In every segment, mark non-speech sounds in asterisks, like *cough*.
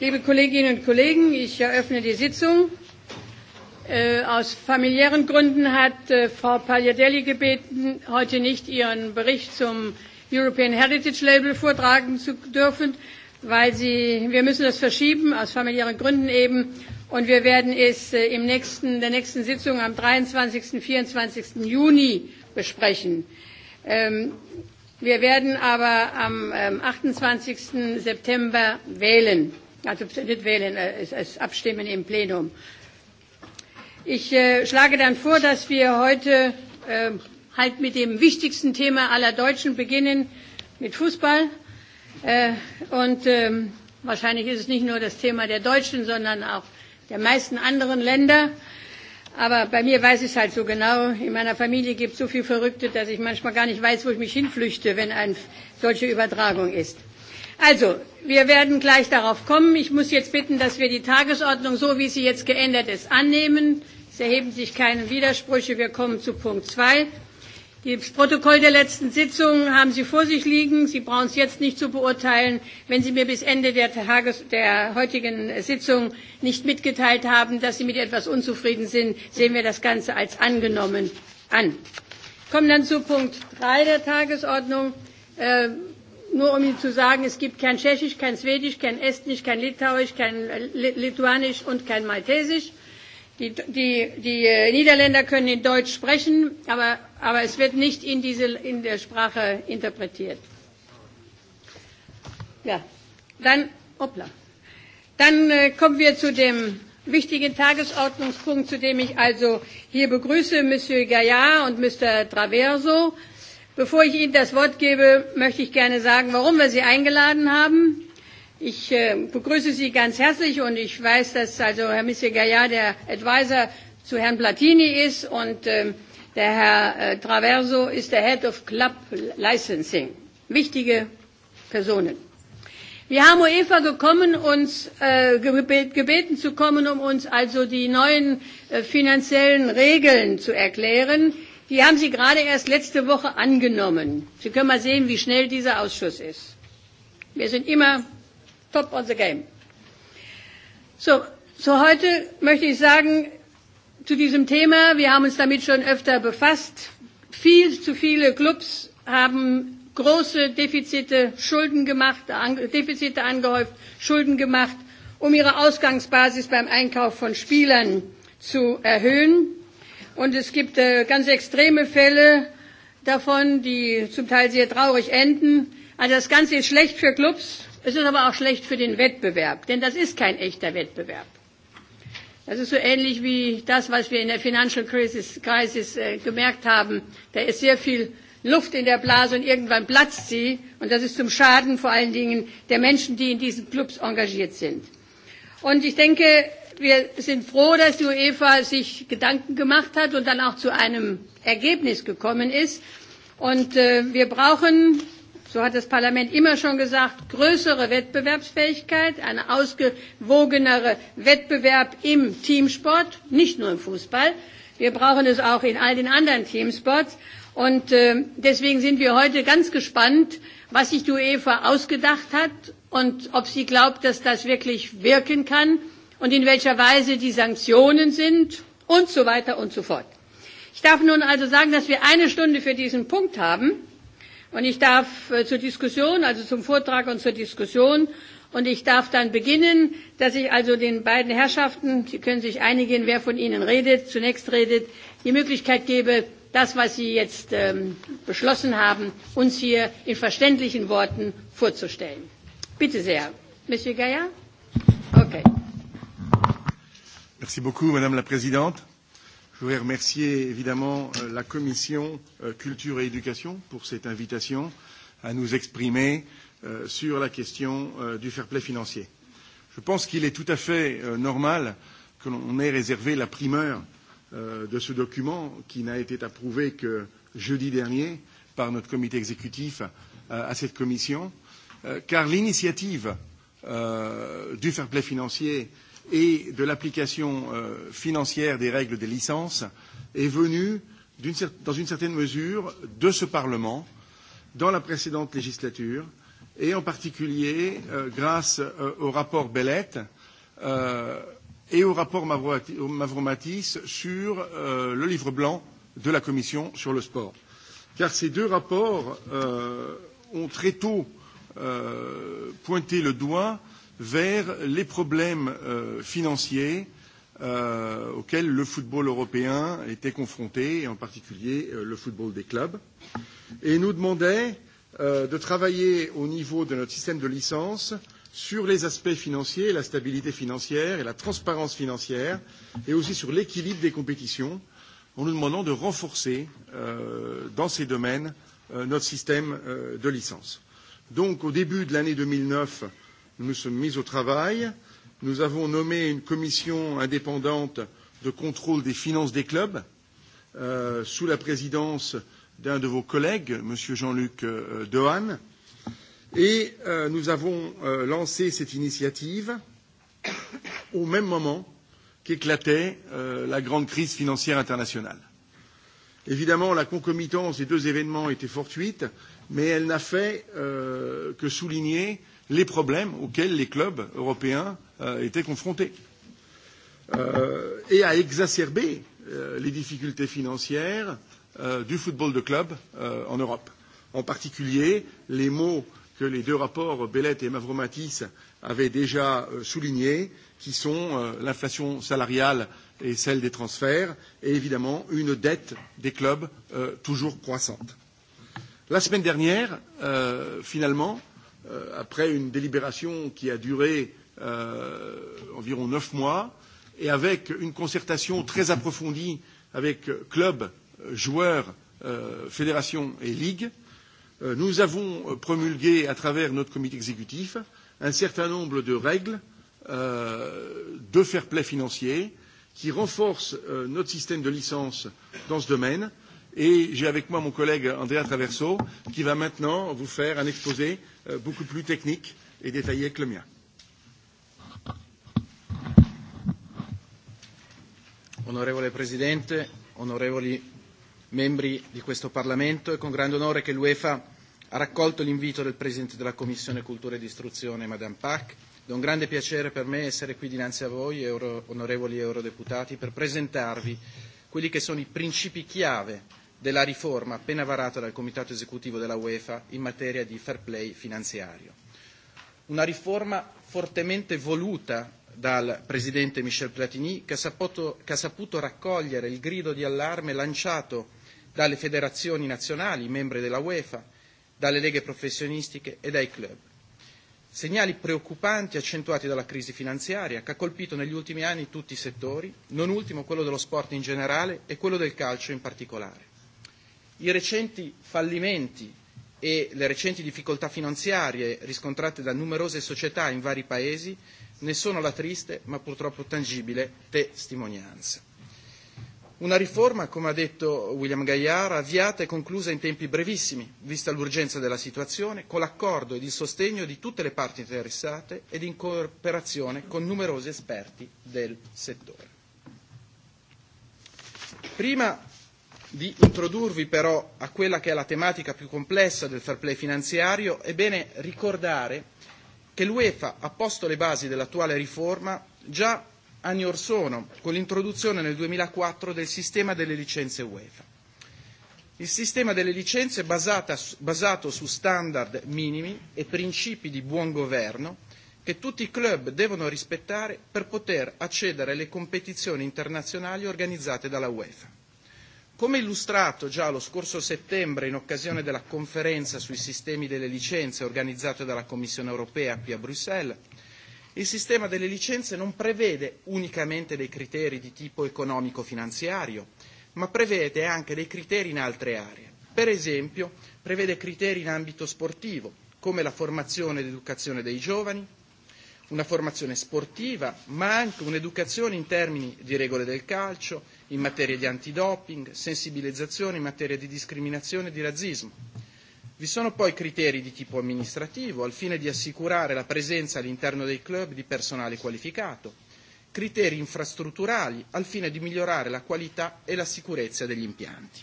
Liebe Kolleginnen und Kollegen, ich eröffne die Sitzung. Äh, aus familiären Gründen hat äh, Frau Pagliadelli gebeten, heute nicht ihren Bericht zum European Heritage Label vortragen zu dürfen, weil sie, wir müssen das verschieben, aus familiären Gründen eben. Und wir werden es äh, im nächsten, der nächsten Sitzung am 23. und 24. Juni besprechen. Ähm, wir werden aber am 28. Ähm, September wählen also nicht wählen, äh, es, es abstimmen im Plenum. Ich äh, schlage dann vor, dass wir heute äh, halt mit dem wichtigsten Thema aller Deutschen beginnen, mit Fußball. Äh, und ähm, wahrscheinlich ist es nicht nur das Thema der Deutschen, sondern auch der meisten anderen Länder. Aber bei mir weiß ich es halt so genau. In meiner Familie gibt es so viele Verrückte, dass ich manchmal gar nicht weiß, wo ich mich hinflüchte, wenn eine solche Übertragung ist. Also, wir werden gleich darauf kommen. Ich muss jetzt bitten, dass wir die Tagesordnung, so wie sie jetzt geändert ist, annehmen. Es erheben sich keine Widersprüche. Wir kommen zu Punkt 2. Das Protokoll der letzten Sitzung haben Sie vor sich liegen. Sie brauchen es jetzt nicht zu beurteilen. Wenn Sie mir bis Ende der, Tages der heutigen Sitzung nicht mitgeteilt haben, dass Sie mit etwas unzufrieden sind, sehen wir das Ganze als angenommen an. Kommen dann zu Punkt 3 der Tagesordnung. Äh, nur um Ihnen zu sagen, es gibt kein Tschechisch, kein Schwedisch, kein Estnisch, kein Litauisch, kein Lituanisch und kein Maltesisch. Die, die, die äh, Niederländer können in Deutsch sprechen, aber, aber es wird nicht in, diese, in der Sprache interpretiert. Ja, dann, hoppla. Dann äh, kommen wir zu dem wichtigen Tagesordnungspunkt, zu dem ich also hier begrüße Monsieur Gaillard und Mr. Traverso Bevor ich Ihnen das Wort gebe, möchte ich gerne sagen, warum wir Sie eingeladen haben. Ich äh, begrüße Sie ganz herzlich und ich weiß, dass also Herr Monsieur Gaillard der Advisor zu Herrn Platini ist und äh, der Herr äh, Traverso ist der Head of Club Licensing. Wichtige Personen. Wir haben UEFA gekommen, uns äh, gebeten zu kommen, um uns also die neuen äh, finanziellen Regeln zu erklären Die haben Sie gerade erst letzte Woche angenommen. Sie können mal sehen, wie schnell dieser Ausschuss ist. Wir sind immer top on the game. So, so heute möchte ich sagen, zu diesem Thema, wir haben uns damit schon öfter befasst. Viel zu viele Clubs haben große Defizite, Schulden gemacht, Defizite angehäuft, Schulden gemacht, um ihre Ausgangsbasis beim Einkauf von Spielern zu erhöhen. Und es gibt äh, ganz extreme Fälle davon, die zum Teil sehr traurig enden. Also das Ganze ist schlecht für Clubs, es ist aber auch schlecht für den Wettbewerb, denn das ist kein echter Wettbewerb. Das ist so ähnlich wie das, was wir in der Financial Crisis, Crisis äh, gemerkt haben. Da ist sehr viel Luft in der Blase und irgendwann platzt sie. Und das ist zum Schaden vor allen Dingen der Menschen, die in diesen Clubs engagiert sind. Und ich denke, wir sind froh, dass die UEFA sich Gedanken gemacht hat und dann auch zu einem Ergebnis gekommen ist. Und äh, wir brauchen, so hat das Parlament immer schon gesagt, größere Wettbewerbsfähigkeit, einen ausgewogeneren Wettbewerb im Teamsport, nicht nur im Fußball. Wir brauchen es auch in all den anderen Teamsports. Und äh, deswegen sind wir heute ganz gespannt, was sich die UEFA ausgedacht hat und ob sie glaubt, dass das wirklich wirken kann und in welcher Weise die Sanktionen sind und so weiter und so fort. Ich darf nun also sagen, dass wir eine Stunde für diesen Punkt haben und ich darf äh, zur Diskussion, also zum Vortrag und zur Diskussion und ich darf dann beginnen, dass ich also den beiden Herrschaften, Sie können sich einigen, wer von Ihnen redet, zunächst redet, die Möglichkeit gebe, das, was Sie jetzt ähm, beschlossen haben, uns hier in verständlichen Worten vorzustellen. Bitte sehr. Monsieur Gaillard? Okay. Merci beaucoup, Madame la Présidente. Je voudrais remercier évidemment euh, la Commission euh, Culture et Éducation pour cette invitation à nous exprimer euh, sur la question du fair play financier. Je pense qu'il est tout à fait normal que l'on ait réservé la primeur de ce document qui n'a été approuvé que jeudi dernier par notre comité exécutif à cette commission, car l'initiative du fair play financier euh, et de l'application euh, financière des règles des licences est venue, une, dans une certaine mesure, de ce Parlement dans la précédente législature, et en particulier euh, grâce euh, au rapport Bellette euh, et au rapport Mavromatis sur euh, le livre blanc de la Commission sur le sport. Car ces deux rapports euh, ont très tôt euh, pointé le doigt euh, vers les problèmes euh, financiers euh, auxquels le football européen était confronté, et en particulier euh, le football des clubs, et nous demandait euh, de travailler au niveau de notre système de licence sur les aspects financiers, la stabilité financière et la transparence financière, et aussi sur l'équilibre des compétitions, en nous demandant de renforcer euh, dans ces domaines euh, notre système euh, de licence. Donc, au début de l'année 2009, nous nous sommes mis au travail. Nous avons nommé une commission indépendante de contrôle des finances des clubs euh, sous la présidence d'un de vos collègues, M. Jean-Luc euh, Dehaene. Et euh, nous avons euh, lancé cette initiative au même moment qu'éclatait euh, la grande crise financière internationale. Évidemment, la concomitance des deux événements était fortuite, mais elle n'a fait euh, que souligner euh, les problèmes auxquels les clubs européens euh, étaient confrontés euh, et à exacerber euh, les difficultés financières euh, du football de club euh, en Europe. En particulier, les mots que les deux rapports Bellet et Mavromatis avaient déjà euh, soulignés, qui sont euh, l'inflation salariale et celle des transferts, et évidemment une dette des clubs euh, toujours croissante. La semaine dernière, euh, finalement, euh, après une délibération qui a duré euh, environ neuf mois et avec une concertation très approfondie avec clubs, joueurs, euh, fédérations et ligues, euh, nous avons promulgué à travers notre comité exécutif un certain nombre de règles euh, de fair play financier qui renforcent euh, notre système de licence dans ce domaine euh, Et j'ai avec moi mon collègue Andrea Traverso, qui va maintenant vous faire un exposé euh, beaucoup plus technique et détaillé que le mien. Onorevole Presidente, onorevoli membri di questo Parlamento, è con grande onore che l'UEFA ha raccolto l'invito del Presidente della Commissione Cultura e Distruzione, Madame Pack. È un grande piacere per me essere qui dinanzi a voi, euro, onorevoli eurodeputati, per presentarvi quelli che sono i principi chiave della riforma appena varata dal Comitato esecutivo della UEFA in materia di fair play finanziario. Una riforma fortemente voluta dal presidente Michel Platini che ha, saputo, che ha saputo raccogliere il grido di allarme lanciato dalle federazioni nazionali, membri della UEFA, dalle leghe professionistiche e dai club. Segnali preoccupanti accentuati dalla crisi finanziaria che ha colpito negli ultimi anni tutti i settori, non ultimo quello dello sport in generale e quello del calcio in particolare. I recenti fallimenti e le recenti difficoltà finanziarie riscontrate da numerose società in vari paesi ne sono la triste ma purtroppo tangibile testimonianza. Una riforma, come ha detto William Gaillard, avviata e conclusa in tempi brevissimi, vista l'urgenza della situazione, con l'accordo ed il sostegno di tutte le parti interessate ed in cooperazione con numerosi esperti del settore. Prima di introdurvi però a quella che è la tematica più complessa del fair play finanziario, è bene ricordare che l'UEFA ha posto le basi dell'attuale riforma già anni or sono, con l'introduzione nel 2004 del sistema delle licenze UEFA. Il sistema delle licenze è basata, basato su standard minimi e principi di buon governo che tutti i club devono rispettare per poter accedere alle competizioni internazionali organizzate dalla UEFA. Come illustrato già lo scorso settembre in occasione della conferenza sui sistemi delle licenze organizzata dalla Commissione europea qui a Bruxelles, il sistema delle licenze non prevede unicamente dei criteri di tipo economico-finanziario, ma prevede anche dei criteri in altre aree. Per esempio, prevede criteri in ambito sportivo, come la formazione ed educazione dei giovani, una formazione sportiva, ma anche un'educazione in termini di regole del calcio, in materia di antidoping, sensibilizzazione in materia di discriminazione e di razzismo. Vi sono poi criteri di tipo amministrativo al fine di assicurare la presenza all'interno dei club di personale qualificato, criteri infrastrutturali al fine di migliorare la qualità e la sicurezza degli impianti.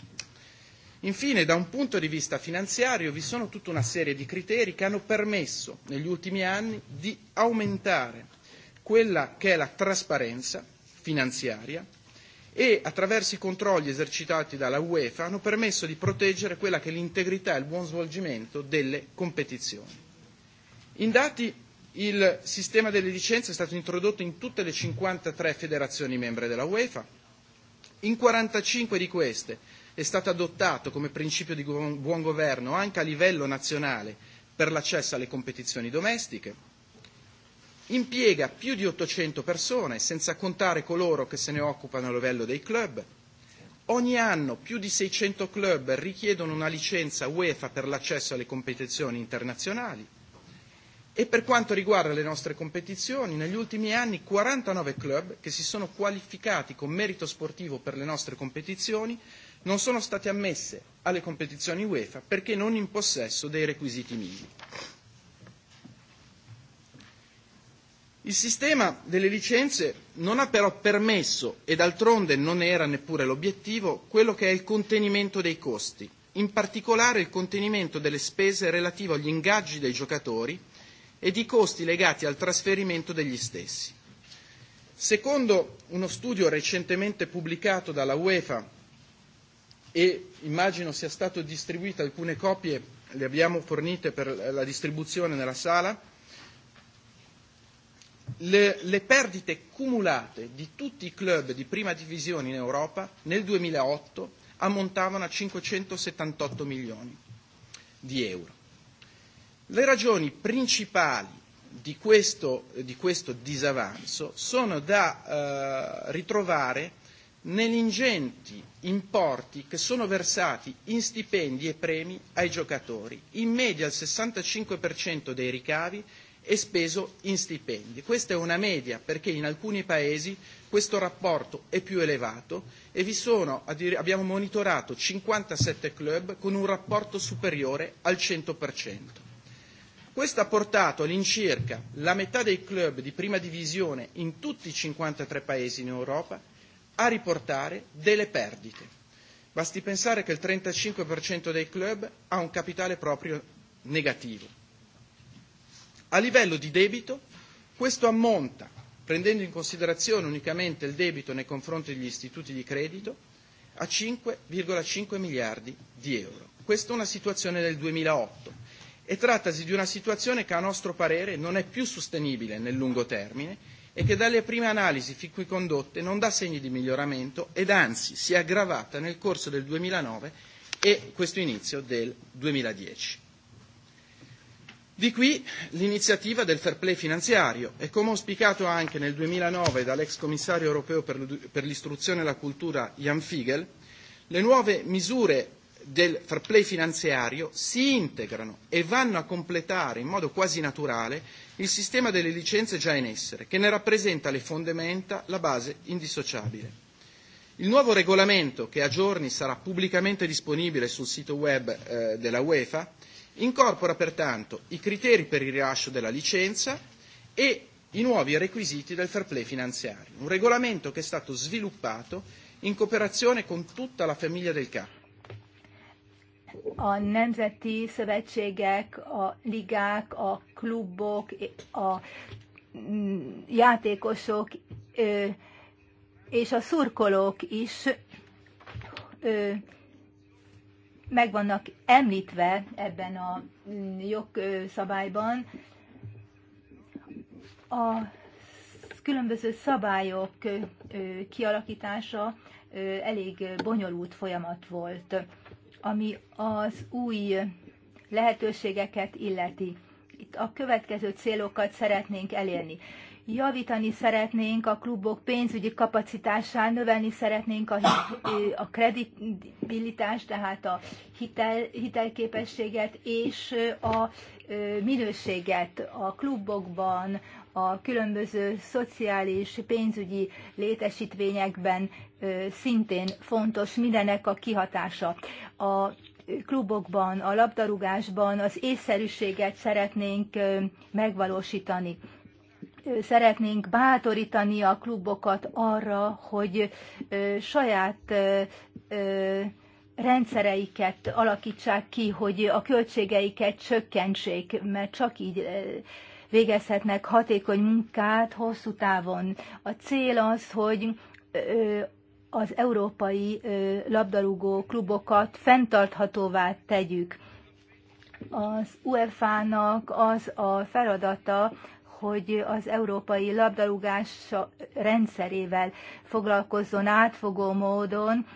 Infine, da un punto di vista finanziario, vi sono tutta una serie di criteri che hanno permesso negli ultimi anni di aumentare quella che è la trasparenza finanziaria e attraverso i controlli esercitati dalla UEFA hanno permesso di proteggere quella che è l'integrità e il buon svolgimento delle competizioni. In dati il sistema delle licenze è stato introdotto in tutte le 53 federazioni membre della UEFA, in 45 di queste è stato adottato come principio di buon governo anche a livello nazionale per l'accesso alle competizioni domestiche, impiega più di 800 persone, senza contare coloro che se ne occupano a livello dei club. Ogni anno più di 600 club richiedono una licenza UEFA per l'accesso alle competizioni internazionali. E per quanto riguarda le nostre competizioni, negli ultimi anni 49 club che si sono qualificati con merito sportivo per le nostre competizioni non sono stati ammessi alle competizioni UEFA perché non in possesso dei requisiti minimi. Il sistema delle licenze non ha però permesso, e d'altronde non era neppure l'obiettivo, quello che è il contenimento dei costi, in particolare il contenimento delle spese relative agli ingaggi dei giocatori e di costi legati al trasferimento degli stessi. Secondo uno studio recentemente pubblicato dalla UEFA e immagino sia stato distribuito alcune copie, le abbiamo fornite per la distribuzione nella sala, le, le perdite cumulate di tutti i club di prima divisione in Europa nel 2008 ammontavano a 578 milioni di euro. Le ragioni principali di questo, di questo disavanzo sono da eh, ritrovare negli ingenti importi che sono versati in stipendi e premi ai giocatori, in media il 65% dei ricavi e speso in stipendi. Questa è una media perché in alcuni paesi questo rapporto è più elevato e vi sono, abbiamo monitorato 57 club con un rapporto superiore al 100%. Questo ha portato all'incirca la metà dei club di prima divisione in tutti i 53 paesi in Europa a riportare delle perdite. Basti pensare che il 35% dei club ha un capitale proprio negativo. A livello di debito questo ammonta, prendendo in considerazione unicamente il debito nei confronti degli istituti di credito, a 5,5 miliardi di euro. Questa è una situazione del 2008 e trattasi di una situazione che a nostro parere non è più sostenibile nel lungo termine e che dalle prime analisi fin qui condotte non dà segni di miglioramento ed anzi si è aggravata nel corso del 2009 e questo inizio del 2010. Di qui l'iniziativa del fair play finanziario e come auspicato anche nel 2009 dall'ex commissario europeo per l'istruzione e la cultura Jan Figel, le nuove misure del fair play finanziario si integrano e vanno a completare in modo quasi naturale il sistema delle licenze già in essere, che ne rappresenta le fondamenta, la base indissociabile. Il nuovo regolamento, che a giorni sarà pubblicamente disponibile sul sito web eh, della UEFA, Incorpora pertanto i criteri per il rilascio della licenza e i nuovi requisiti del fair play finanziario, un regolamento che è stato sviluppato in cooperazione con tutta la famiglia del CAP. A nemzeti szövetségek, a ligák, a klubok, a mm, játékosok és a szurkolók is meg vannak említve ebben a mm, jogszabályban. A különböző szabályok kialakítása elég bonyolult folyamat volt, ami az új lehetőségeket illeti. Itt a következő célokat szeretnénk elérni javítani szeretnénk a klubok pénzügyi kapacitásán, növelni szeretnénk a, a kredibilitást, tehát a hitel, hitelképességet és a minőséget a klubokban, a különböző szociális, pénzügyi létesítményekben szintén fontos mindenek a kihatása. A klubokban, a labdarúgásban az észszerűséget szeretnénk megvalósítani szeretnénk bátorítani a klubokat arra, hogy saját rendszereiket alakítsák ki, hogy a költségeiket csökkentsék, mert csak így végezhetnek hatékony munkát hosszú távon. A cél az, hogy az európai labdarúgó klubokat fenntarthatóvá tegyük. Az UEFA-nak az a feladata, hogy az európai labdarúgás rendszerével foglalkozzon átfogó módon,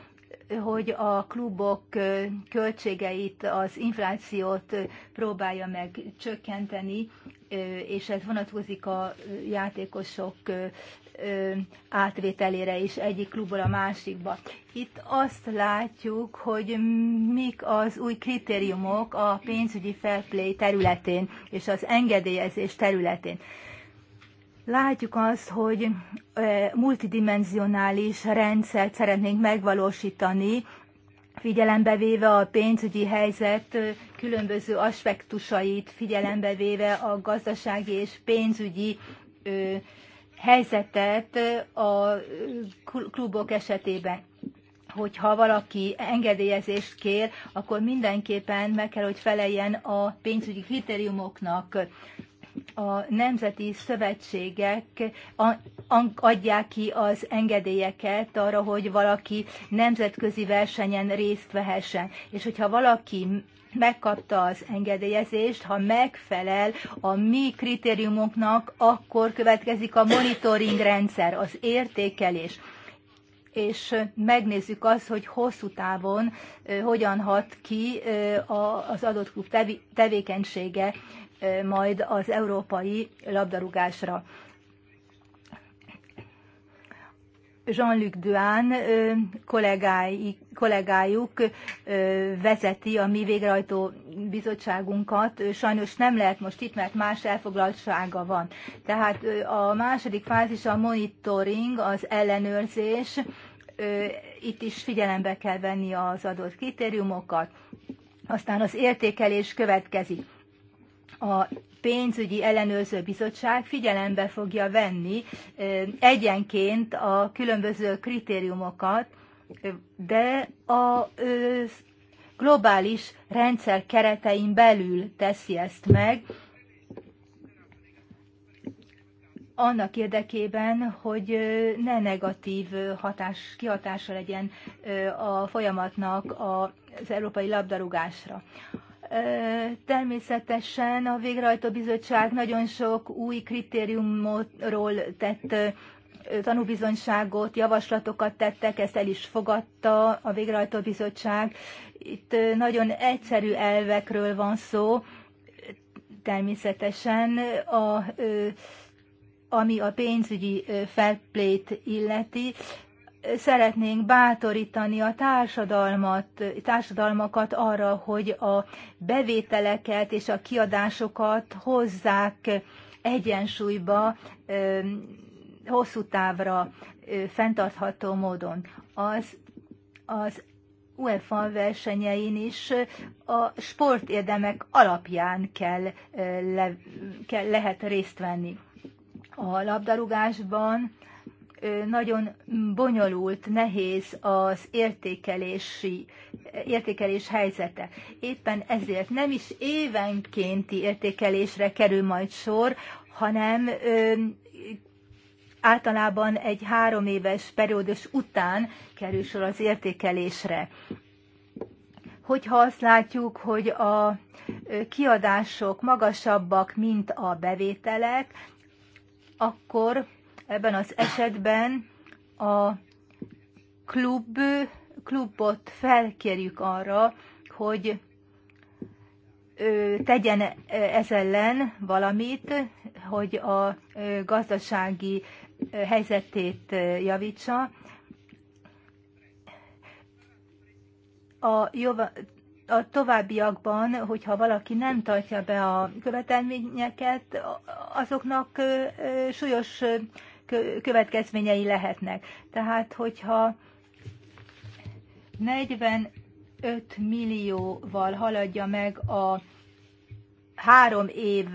hogy a klubok költségeit, az inflációt próbálja meg csökkenteni, és ez vonatkozik a játékosok átvételére is egyik klubból a másikba. Itt azt látjuk, hogy mik az új kritériumok a pénzügyi fair play területén és az engedélyezés területén. Látjuk azt, hogy multidimensionális rendszert szeretnénk megvalósítani, figyelembe véve a pénzügyi helyzet különböző aspektusait, figyelembe véve a gazdasági és pénzügyi helyzetet a klubok esetében hogyha valaki engedélyezést kér, akkor mindenképpen meg kell, hogy feleljen a pénzügyi kritériumoknak. A nemzeti szövetségek adják ki az engedélyeket arra, hogy valaki nemzetközi versenyen részt vehessen. És hogyha valaki megkapta az engedélyezést, ha megfelel a mi kritériumunknak, akkor következik a monitoring rendszer, az értékelés és megnézzük azt, hogy hosszú távon hogyan hat ki az adott klub tevékenysége majd az európai labdarúgásra. Jean-Luc Duán kollégái, kollégájuk vezeti a mi végrehajtó bizottságunkat. Sajnos nem lehet most itt, mert más elfoglaltsága van. Tehát a második fázis a monitoring, az ellenőrzés. Itt is figyelembe kell venni az adott kritériumokat. Aztán az értékelés következik. A pénzügyi ellenőrző bizottság figyelembe fogja venni egyenként a különböző kritériumokat, de a globális rendszer keretein belül teszi ezt meg, annak érdekében, hogy ne negatív hatás, kihatása legyen a folyamatnak az európai labdarúgásra. Természetesen a végrehajtó bizottság nagyon sok új kritériumról tett tanúbizonyságot, javaslatokat tettek, ezt el is fogadta a végrehajtó bizottság. Itt nagyon egyszerű elvekről van szó, természetesen a ami a pénzügyi felplét illeti, szeretnénk bátorítani a társadalmat, társadalmakat arra, hogy a bevételeket és a kiadásokat hozzák egyensúlyba hosszú távra fenntartható módon. Az, az UEFA versenyein is a sportérdemek alapján kell, le, kell lehet részt venni. A labdarúgásban nagyon bonyolult, nehéz az értékelési, értékelés helyzete. Éppen ezért nem is évenkénti értékelésre kerül majd sor, hanem ö, általában egy három éves periódus után kerül sor az értékelésre. Hogyha azt látjuk, hogy a kiadások magasabbak, mint a bevételek, akkor Ebben az esetben a klub, klubot felkérjük arra, hogy tegyen ez ellen valamit, hogy a gazdasági helyzetét javítsa. A, jova, a továbbiakban, hogyha valaki nem tartja be a követelményeket, azoknak súlyos következményei lehetnek. Tehát, hogyha 45 millióval haladja meg a három év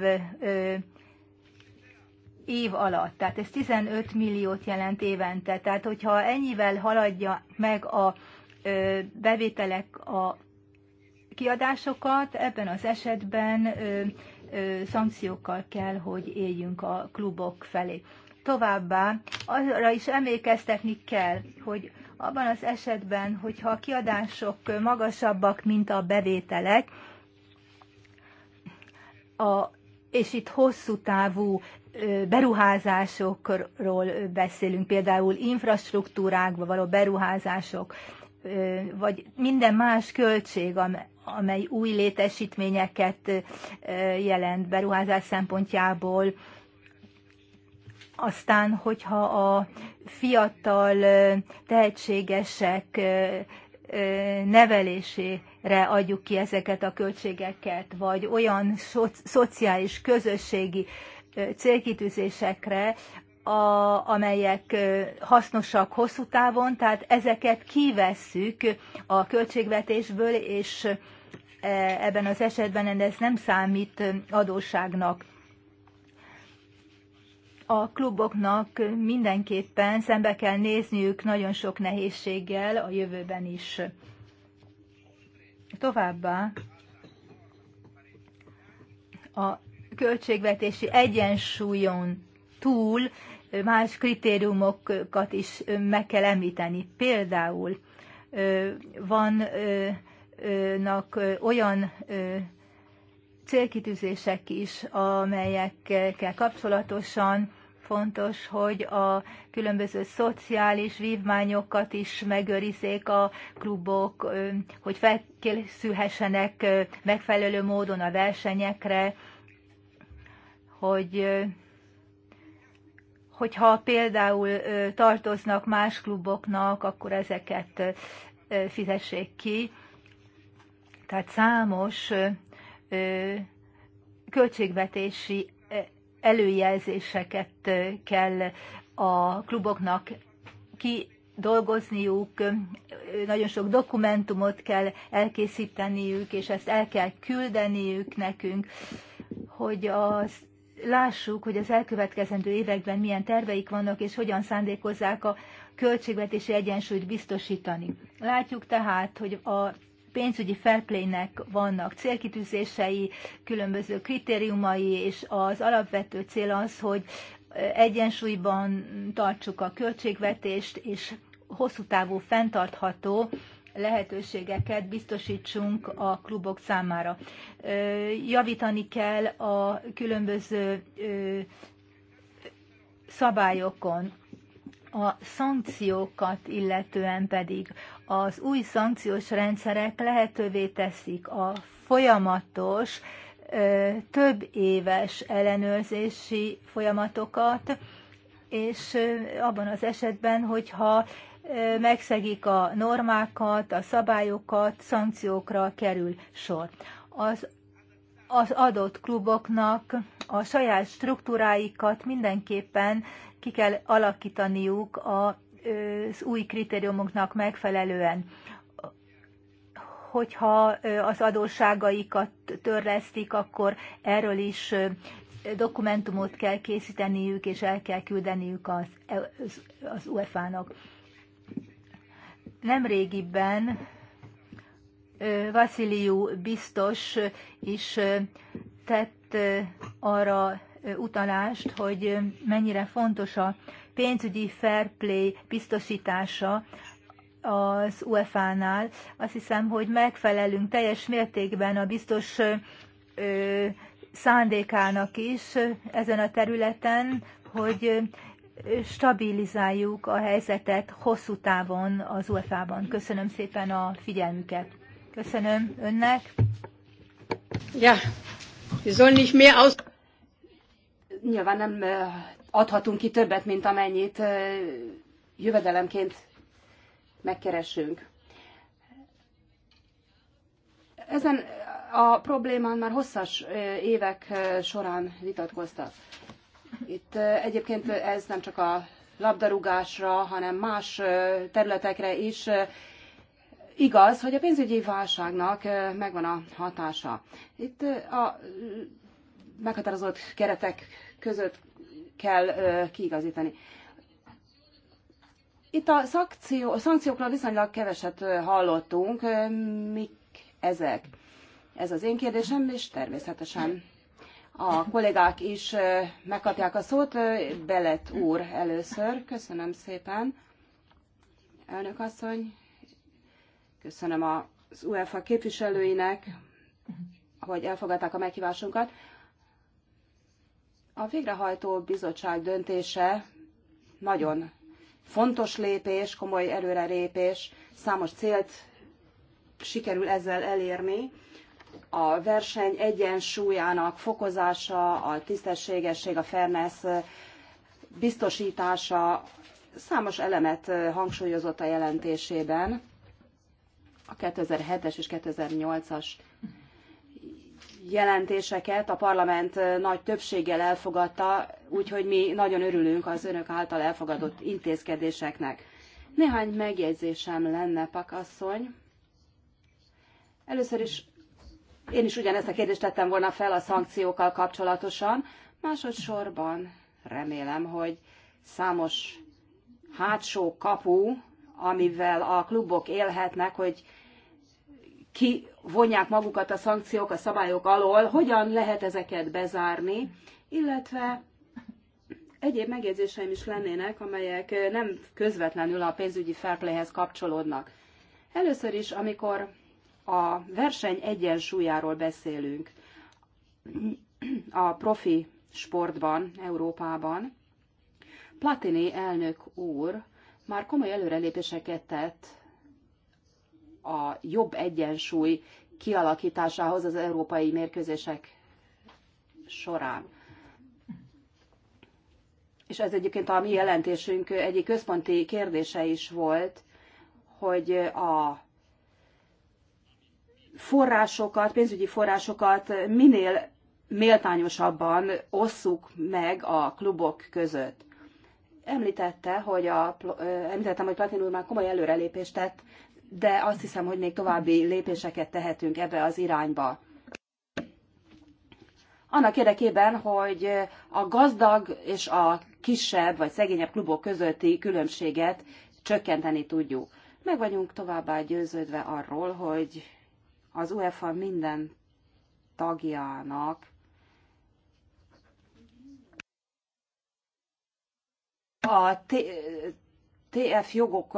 év alatt, tehát ez 15 milliót jelent évente. Tehát, hogyha ennyivel haladja meg a bevételek a kiadásokat, ebben az esetben ö, ö, szankciókkal kell, hogy éljünk a klubok felé. Továbbá arra is emlékeztetni kell, hogy abban az esetben, hogyha a kiadások magasabbak, mint a bevételek, a, és itt hosszú távú beruházásokról beszélünk, például infrastruktúrákba való beruházások, vagy minden más költség, amely új létesítményeket jelent beruházás szempontjából, aztán, hogyha a fiatal tehetségesek nevelésére adjuk ki ezeket a költségeket, vagy olyan szo- szociális, közösségi célkitűzésekre, a, amelyek hasznosak hosszú távon, tehát ezeket kivesszük a költségvetésből, és ebben az esetben ez nem számít adósságnak a kluboknak mindenképpen szembe kell nézniük nagyon sok nehézséggel a jövőben is. Továbbá a költségvetési egyensúlyon túl más kritériumokat is meg kell említeni. Például vannak olyan célkitűzések is, amelyekkel kapcsolatosan fontos, hogy a különböző szociális vívmányokat is megőrizzék a klubok, hogy felkészülhessenek megfelelő módon a versenyekre, hogy hogyha például tartoznak más kluboknak, akkor ezeket fizessék ki. Tehát számos költségvetési előjelzéseket kell a kluboknak ki dolgozniuk, nagyon sok dokumentumot kell elkészíteniük, és ezt el kell küldeniük nekünk, hogy az lássuk, hogy az elkövetkezendő években milyen terveik vannak, és hogyan szándékozzák a költségvetési egyensúlyt biztosítani. Látjuk tehát, hogy a pénzügyi fairplay-nek vannak célkitűzései, különböző kritériumai, és az alapvető cél az, hogy egyensúlyban tartsuk a költségvetést, és hosszú távú fenntartható lehetőségeket biztosítsunk a klubok számára. Javítani kell a különböző szabályokon. A szankciókat illetően pedig az új szankciós rendszerek lehetővé teszik a folyamatos, több éves ellenőrzési folyamatokat, és abban az esetben, hogyha megszegik a normákat, a szabályokat, szankciókra kerül sor. Az, az adott kluboknak a saját struktúráikat mindenképpen ki kell alakítaniuk az új kritériumoknak megfelelően. Hogyha az adósságaikat törlesztik, akkor erről is dokumentumot kell készíteniük, és el kell küldeniük az, az, az UEFA-nak. Nemrégiben Vasiliu biztos is tett arra utalást, hogy mennyire fontos a pénzügyi fair play biztosítása az UEFA-nál. Azt hiszem, hogy megfelelünk teljes mértékben a biztos szándékának is ezen a területen, hogy stabilizáljuk a helyzetet hosszú távon az UEFA-ban. Köszönöm szépen a figyelmüket. Köszönöm önnek. Ja, wir sollen nicht mehr aus nyilván nem adhatunk ki többet, mint amennyit jövedelemként megkeresünk. Ezen a problémán már hosszas évek során vitatkoztak. Itt egyébként ez nem csak a labdarúgásra, hanem más területekre is igaz, hogy a pénzügyi válságnak megvan a hatása. Itt a meghatározott keretek között kell kiigazítani. Itt a szakció, szankciókról viszonylag keveset hallottunk. Mik ezek? Ez az én kérdésem, és természetesen a kollégák is megkapják a szót. Belet úr először. Köszönöm szépen. Elnök asszony, köszönöm az UEFA képviselőinek, hogy elfogadták a meghívásunkat. A végrehajtó bizottság döntése nagyon fontos lépés, komoly előrelépés, számos célt sikerül ezzel elérni. A verseny egyensúlyának fokozása, a tisztességesség, a fairness biztosítása számos elemet hangsúlyozott a jelentésében. A 2007-es és 2008-as jelentéseket a parlament nagy többséggel elfogadta, úgyhogy mi nagyon örülünk az önök által elfogadott intézkedéseknek. Néhány megjegyzésem lenne, pakasszony. Először is én is ugyanezt a kérdést tettem volna fel a szankciókkal kapcsolatosan. Másodszorban remélem, hogy számos hátsó kapu, amivel a klubok élhetnek, hogy ki vonják magukat a szankciók a szabályok alól, hogyan lehet ezeket bezárni, illetve egyéb megjegyzéseim is lennének, amelyek nem közvetlenül a pénzügyi fairplayhez kapcsolódnak. Először is, amikor a verseny egyensúlyáról beszélünk a profi sportban, Európában, Platini elnök úr már komoly előrelépéseket tett a jobb egyensúly kialakításához az európai mérkőzések során. És ez egyébként a mi jelentésünk egyik központi kérdése is volt, hogy a forrásokat, pénzügyi forrásokat minél méltányosabban osszuk meg a klubok között. Említette, hogy a, említettem, hogy Platin úr már komoly előrelépést tett de azt hiszem, hogy még további lépéseket tehetünk ebbe az irányba. Annak érdekében, hogy a gazdag és a kisebb vagy szegényebb klubok közötti különbséget csökkenteni tudjuk. Meg vagyunk továbbá győződve arról, hogy az UEFA minden tagjának a TF jogok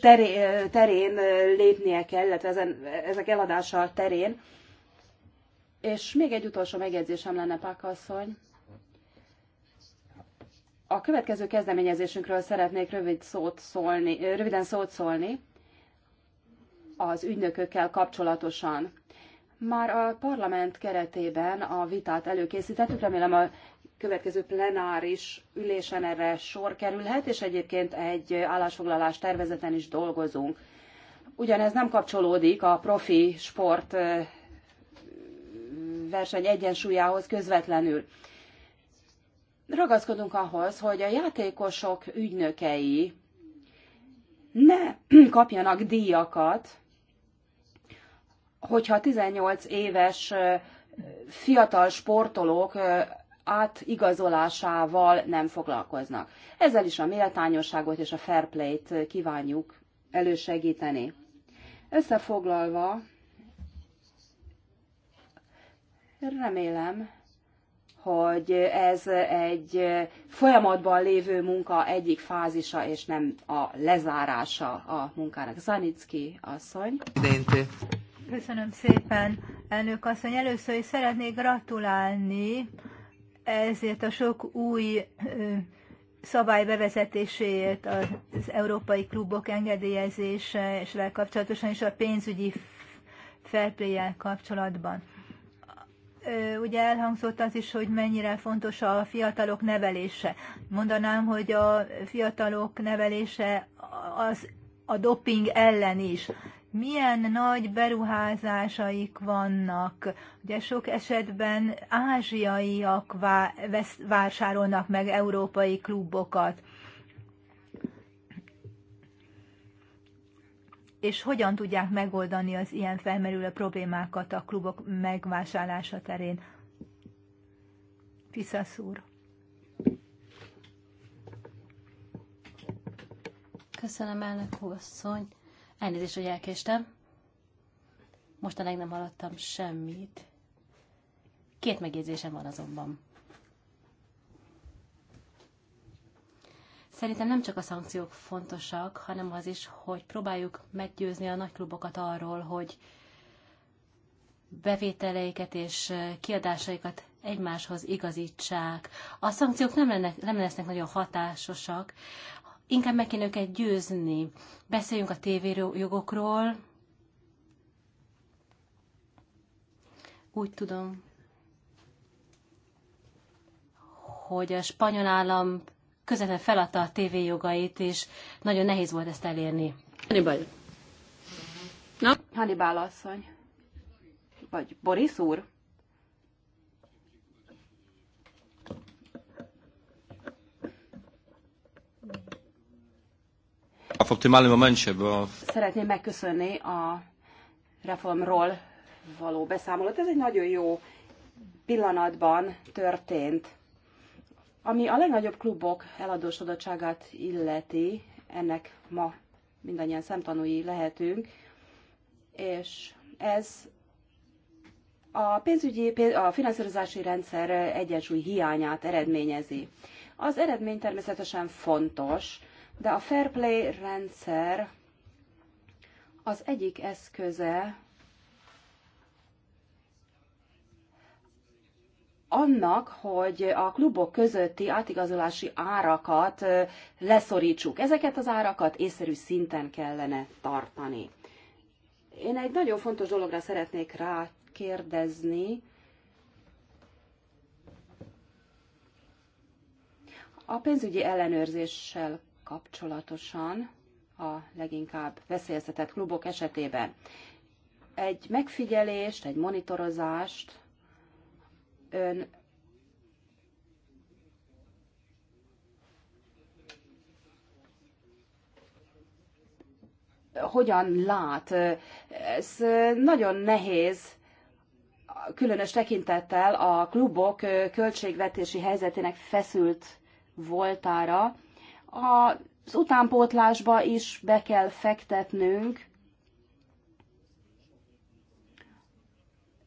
terén, terén lépnie kell, illetve ezen, ezek eladása terén. És még egy utolsó megjegyzésem lenne, Pákasszony. A következő kezdeményezésünkről szeretnék rövid szót szólni, röviden szót szólni az ügynökökkel kapcsolatosan. Már a parlament keretében a vitát előkészítettük, remélem a következő plenáris ülésen erre sor kerülhet, és egyébként egy állásfoglalás tervezeten is dolgozunk. Ugyanez nem kapcsolódik a profi sport verseny egyensúlyához közvetlenül. Ragaszkodunk ahhoz, hogy a játékosok ügynökei ne *clears throat* kapjanak díjakat, hogyha 18 éves fiatal sportolók átigazolásával nem foglalkoznak. Ezzel is a méltányosságot és a fair play-t kívánjuk elősegíteni. Összefoglalva, remélem, hogy ez egy folyamatban lévő munka egyik fázisa, és nem a lezárása a munkának. Zanicki asszony. Köszönöm szépen, elnök asszony. Először is szeretnék gratulálni ezért a sok új szabály bevezetéséért az európai klubok engedélyezése és kapcsolatosan és a pénzügyi fairplay kapcsolatban. Ugye elhangzott az is, hogy mennyire fontos a fiatalok nevelése. Mondanám, hogy a fiatalok nevelése az a doping ellen is milyen nagy beruházásaik vannak. Ugye sok esetben ázsiaiak vásárolnak meg európai klubokat. És hogyan tudják megoldani az ilyen felmerülő problémákat a klubok megvásárlása terén? Fiszasz Köszönöm, elnök asszony. Elnézést, hogy elkéstem. Mostanáig nem hallottam semmit. Két megjegyzésem van azonban. Szerintem nem csak a szankciók fontosak, hanem az is, hogy próbáljuk meggyőzni a nagyklubokat arról, hogy bevételeiket és kiadásaikat egymáshoz igazítsák. A szankciók nem, lenne, nem lesznek nagyon hatásosak, Inkább meg kéne őket győzni. Beszéljünk a tévéjogokról. Úgy tudom, hogy a spanyol állam közvetlenül feladta a tévéjogait, és nagyon nehéz volt ezt elérni. Hannibal. Na? Hannibal asszony. Vagy Boris úr? w optymalnym momencie, bo... Szeretném megköszönni a reformról való beszámolót. Ez egy nagyon jó pillanatban történt. Ami a legnagyobb klubok eladósodottságát illeti, ennek ma mindannyian szemtanúi lehetünk, és ez a pénzügyi, a finanszírozási rendszer egyensúly hiányát eredményezi. Az eredmény természetesen fontos, de a fair play rendszer az egyik eszköze annak, hogy a klubok közötti átigazolási árakat leszorítsuk. Ezeket az árakat észszerű szinten kellene tartani. Én egy nagyon fontos dologra szeretnék rákérdezni. A pénzügyi ellenőrzéssel kapcsolatosan a leginkább veszélyeztetett klubok esetében. Egy megfigyelést, egy monitorozást ön hogyan lát. Ez nagyon nehéz, különös tekintettel a klubok költségvetési helyzetének feszült voltára, az utánpótlásba is be kell fektetnünk.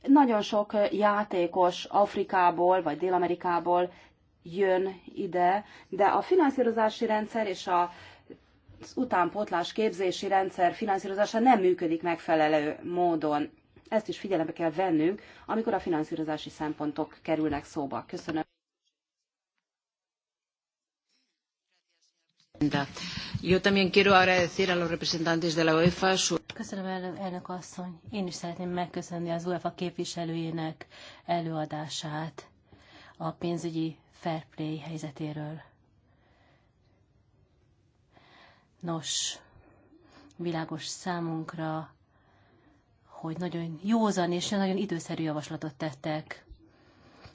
Nagyon sok játékos Afrikából vagy Dél-Amerikából jön ide, de a finanszírozási rendszer és a az utánpótlás képzési rendszer finanszírozása nem működik megfelelő módon. Ezt is figyelembe kell vennünk, amikor a finanszírozási szempontok kerülnek szóba. Köszönöm. Köszönöm, elnök asszony. Én is szeretném megköszönni az UEFA képviselőjének előadását a pénzügyi fair play helyzetéről. Nos, világos számunkra, hogy nagyon józan és nagyon időszerű javaslatot tettek.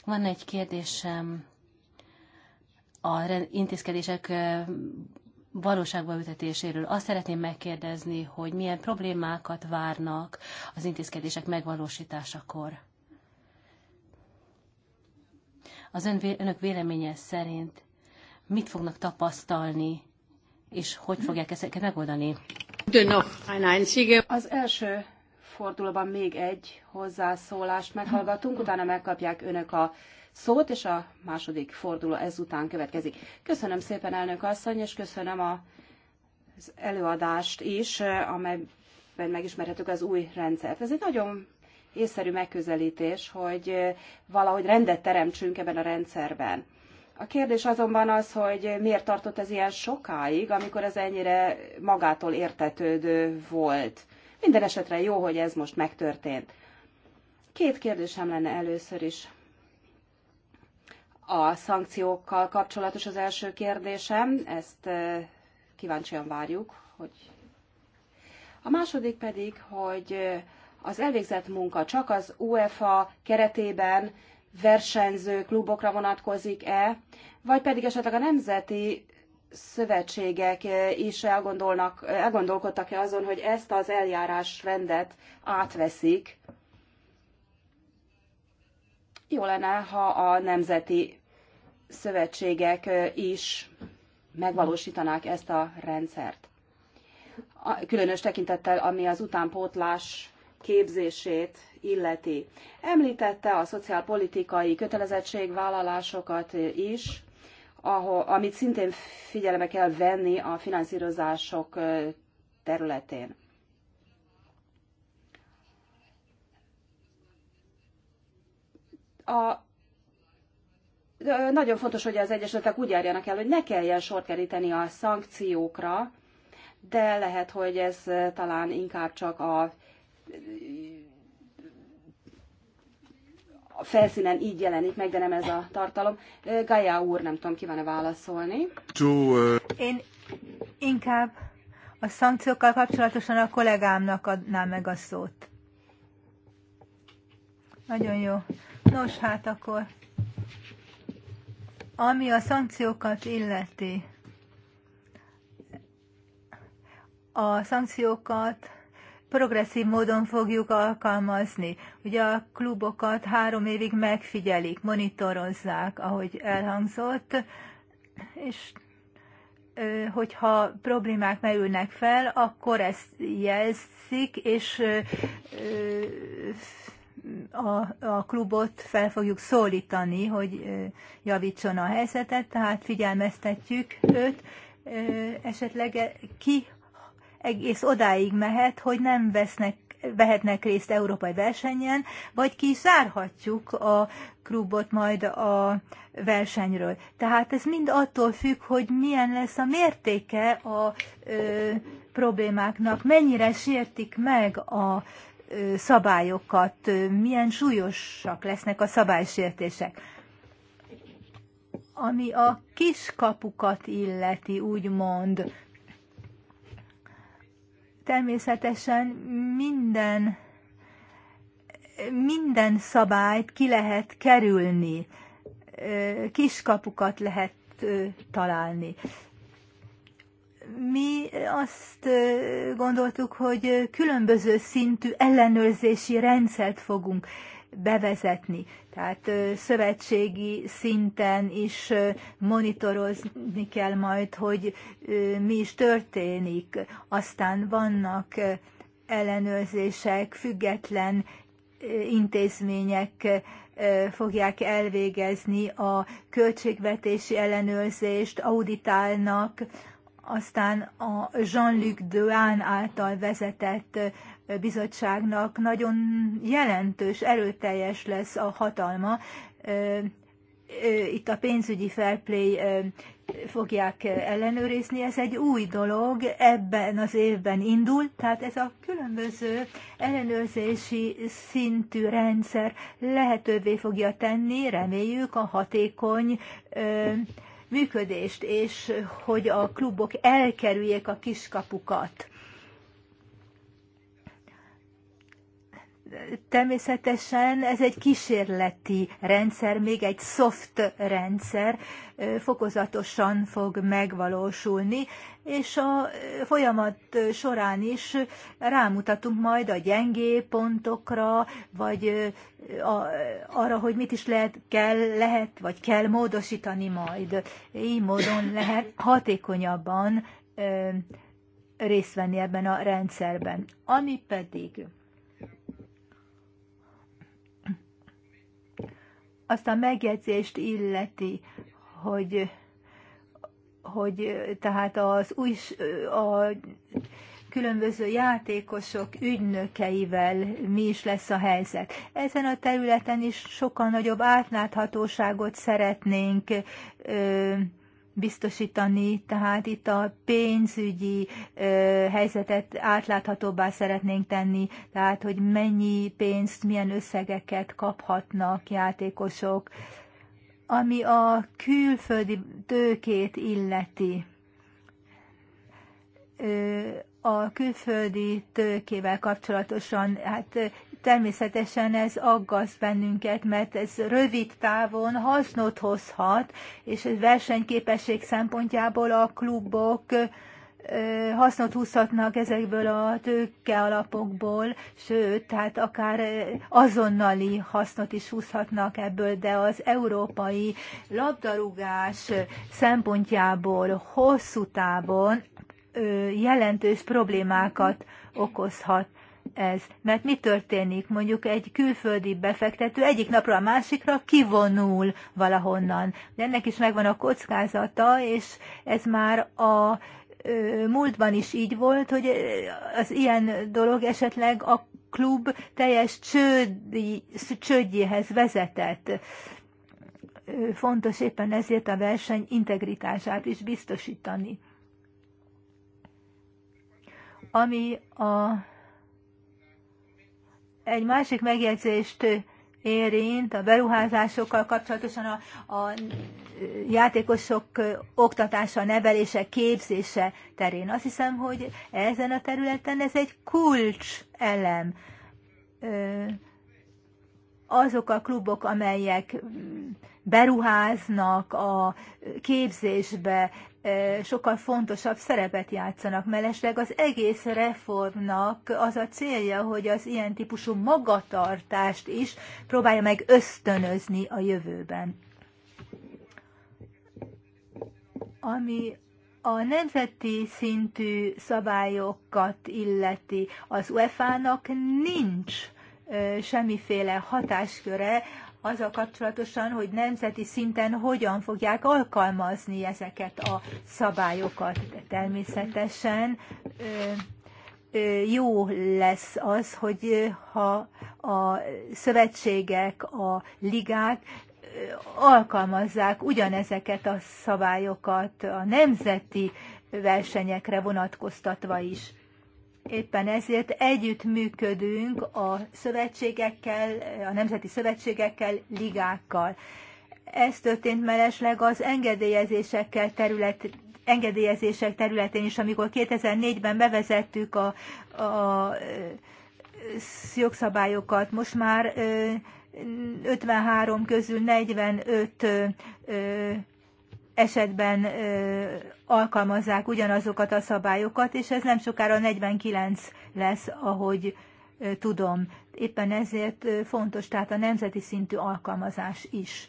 Van egy kérdésem a intézkedések valóságba ütetéséről. Azt szeretném megkérdezni, hogy milyen problémákat várnak az intézkedések megvalósításakor. Az ön, önök véleménye szerint mit fognak tapasztalni, és hogy fogják ezeket megoldani? Az első fordulóban még egy hozzászólást meghallgatunk, utána megkapják önök a szót, és a második forduló ezután következik. Köszönöm szépen, elnök asszony, és köszönöm a, az előadást is, amelyben megismerhetük az új rendszert. Ez egy nagyon észszerű megközelítés, hogy valahogy rendet teremtsünk ebben a rendszerben. A kérdés azonban az, hogy miért tartott ez ilyen sokáig, amikor ez ennyire magától értetődő volt. Minden esetre jó, hogy ez most megtörtént. Két kérdésem lenne először is. A szankciókkal kapcsolatos az első kérdésem, ezt kíváncsian várjuk, hogy a második pedig, hogy az elvégzett munka csak az UEFA keretében versenyző klubokra vonatkozik-e, vagy pedig esetleg a nemzeti szövetségek is elgondolnak, elgondolkodtak-e azon, hogy ezt az eljárásrendet átveszik jó lenne, ha a nemzeti szövetségek is megvalósítanák ezt a rendszert. Különös tekintettel, ami az utánpótlás képzését illeti. Említette a szociálpolitikai kötelezettségvállalásokat is, ahol, amit szintén figyelembe kell venni a finanszírozások területén. a nagyon fontos, hogy az egyesületek úgy járjanak el, hogy ne kelljen sor keríteni a szankciókra, de lehet, hogy ez talán inkább csak a, a felszínen így jelenik meg, de nem ez a tartalom. Gaia úr, nem tudom, van e válaszolni. Én inkább a szankciókkal kapcsolatosan a kollégámnak adnám meg a szót. Nagyon jó. Nos, hát akkor, ami a szankciókat illeti, a szankciókat progresszív módon fogjuk alkalmazni. Ugye a klubokat három évig megfigyelik, monitorozzák, ahogy elhangzott, és hogyha problémák merülnek fel, akkor ezt jelzik, és a, a klubot fel fogjuk szólítani, hogy javítson a helyzetet, tehát figyelmeztetjük őt, esetleg e, ki egész odáig mehet, hogy nem vesznek vehetnek részt európai versenyen, vagy zárhatjuk a klubot majd a versenyről. Tehát ez mind attól függ, hogy milyen lesz a mértéke a ö, problémáknak, mennyire sértik meg a szabályokat, milyen súlyosak lesznek a szabálysértések. Ami a kiskapukat illeti, úgymond, természetesen minden, minden szabályt ki lehet kerülni, kiskapukat lehet találni mi azt gondoltuk, hogy különböző szintű ellenőrzési rendszert fogunk bevezetni. Tehát szövetségi szinten is monitorozni kell majd, hogy mi is történik. Aztán vannak ellenőrzések, független intézmények fogják elvégezni a költségvetési ellenőrzést, auditálnak, aztán a Jean-Luc Dehaene által vezetett bizottságnak nagyon jelentős, erőteljes lesz a hatalma. Itt a pénzügyi fair play fogják ellenőrizni. Ez egy új dolog, ebben az évben indul, tehát ez a különböző ellenőrzési szintű rendszer lehetővé fogja tenni, reméljük, a hatékony működést, és hogy a klubok elkerüljék a kiskapukat. Természetesen ez egy kísérleti rendszer, még egy soft rendszer, fokozatosan fog megvalósulni, és a folyamat során is rámutatunk majd a gyengé pontokra, vagy a, arra, hogy mit is lehet, kell, lehet, vagy kell módosítani majd. Így módon lehet hatékonyabban részt venni ebben a rendszerben. Ami pedig Azt a megjegyzést illeti, hogy, hogy tehát az új, a különböző játékosok ügynökeivel mi is lesz a helyzet. Ezen a területen is sokkal nagyobb átláthatóságot szeretnénk ö, biztosítani, tehát itt a pénzügyi ö, helyzetet átláthatóbbá szeretnénk tenni, tehát hogy mennyi pénzt, milyen összegeket kaphatnak játékosok, ami a külföldi tőkét illeti. Ö, a külföldi tőkével kapcsolatosan, hát Természetesen ez aggaszt bennünket, mert ez rövid távon hasznot hozhat, és versenyképesség szempontjából a klubok hasznot húzhatnak ezekből a tőke alapokból, sőt, tehát akár azonnali hasznot is húzhatnak ebből, de az európai labdarúgás szempontjából hosszú távon jelentős problémákat okozhat ez. Mert mi történik? Mondjuk egy külföldi befektető egyik napra a másikra kivonul valahonnan. De ennek is megvan a kockázata, és ez már a múltban is így volt, hogy az ilyen dolog esetleg a klub teljes csőd, csődjéhez vezetett. Fontos éppen ezért a verseny integritását is biztosítani. Ami a egy másik megjegyzést érint a beruházásokkal kapcsolatosan a, a játékosok oktatása, nevelése, képzése terén. Azt hiszem, hogy ezen a területen ez egy kulcs elem azok a klubok, amelyek mm, beruháznak a képzésbe, e, sokkal fontosabb szerepet játszanak. Mellesleg az egész reformnak az a célja, hogy az ilyen típusú magatartást is próbálja meg ösztönözni a jövőben. Ami a nemzeti szintű szabályokat illeti, az UEFA-nak nincs semmiféle hatásköre a kapcsolatosan, hogy nemzeti szinten hogyan fogják alkalmazni ezeket a szabályokat. Természetesen jó lesz az, hogy ha a szövetségek, a ligák alkalmazzák ugyanezeket a szabályokat a nemzeti versenyekre vonatkoztatva is. Éppen ezért együttműködünk a szövetségekkel, a nemzeti szövetségekkel, ligákkal. Ez történt mellesleg az engedélyezésekkel terület, engedélyezések területén is, amikor 2004-ben bevezettük a, a jogszabályokat. Most már 53 közül 45 esetben alkalmazzák ugyanazokat a szabályokat, és ez nem sokára 49 lesz, ahogy tudom. Éppen ezért fontos, tehát a nemzeti szintű alkalmazás is.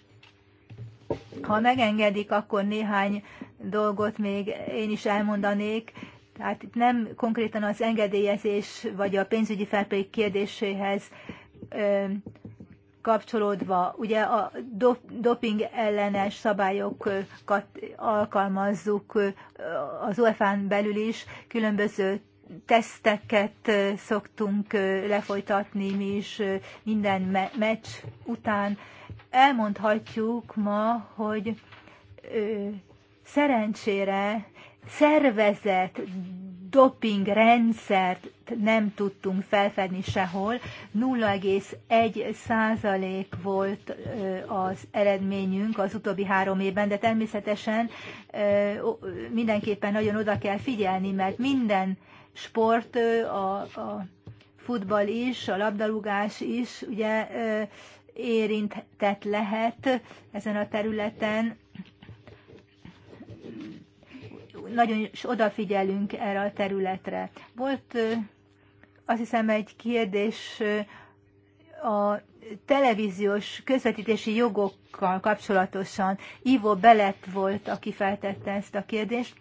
Ha megengedik, akkor néhány dolgot még én is elmondanék. Tehát itt nem konkrétan az engedélyezés vagy a pénzügyi felpék kérdéséhez kapcsolódva, ugye a doping ellenes szabályokat alkalmazzuk az UEFA-n belül is, különböző teszteket szoktunk lefolytatni mi is minden me meccs után. Elmondhatjuk ma, hogy ö, szerencsére szervezett doping rendszert nem tudtunk felfedni sehol. 0,1 százalék volt az eredményünk az utóbbi három évben, de természetesen mindenképpen nagyon oda kell figyelni, mert minden sport, a, a futball is, a labdarúgás is, ugye érintett lehet ezen a területen, nagyon is odafigyelünk erre a területre. Volt azt hiszem egy kérdés a televíziós közvetítési jogokkal kapcsolatosan. Ivo Belet volt, aki feltette ezt a kérdést.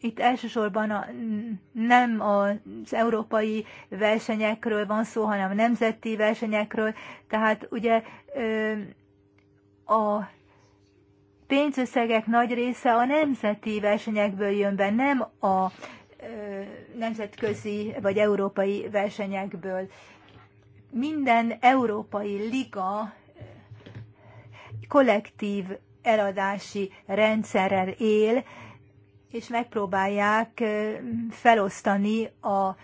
Itt elsősorban a, nem az európai versenyekről van szó, hanem a nemzeti versenyekről. Tehát ugye a pénzösszegek nagy része a nemzeti versenyekből jön be, nem a nemzetközi vagy európai versenyekből. Minden európai liga kollektív eladási rendszerrel él, és megpróbálják felosztani a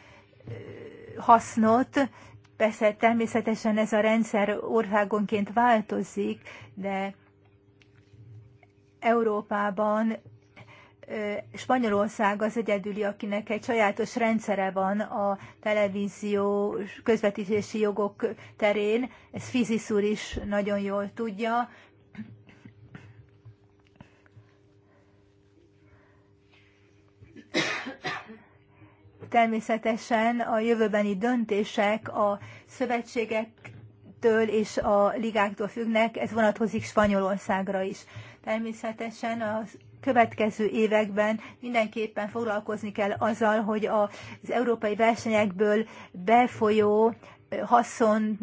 hasznot. Persze természetesen ez a rendszer országonként változik, de Európában Spanyolország az egyedüli, akinek egy sajátos rendszere van a televízió közvetítési jogok terén. Ez Fizis úr is nagyon jól tudja. Természetesen a jövőbeni döntések a szövetségektől és a ligáktól függnek, ez vonatkozik Spanyolországra is. Természetesen a következő években mindenképpen foglalkozni kell azzal, hogy az európai versenyekből befolyó haszon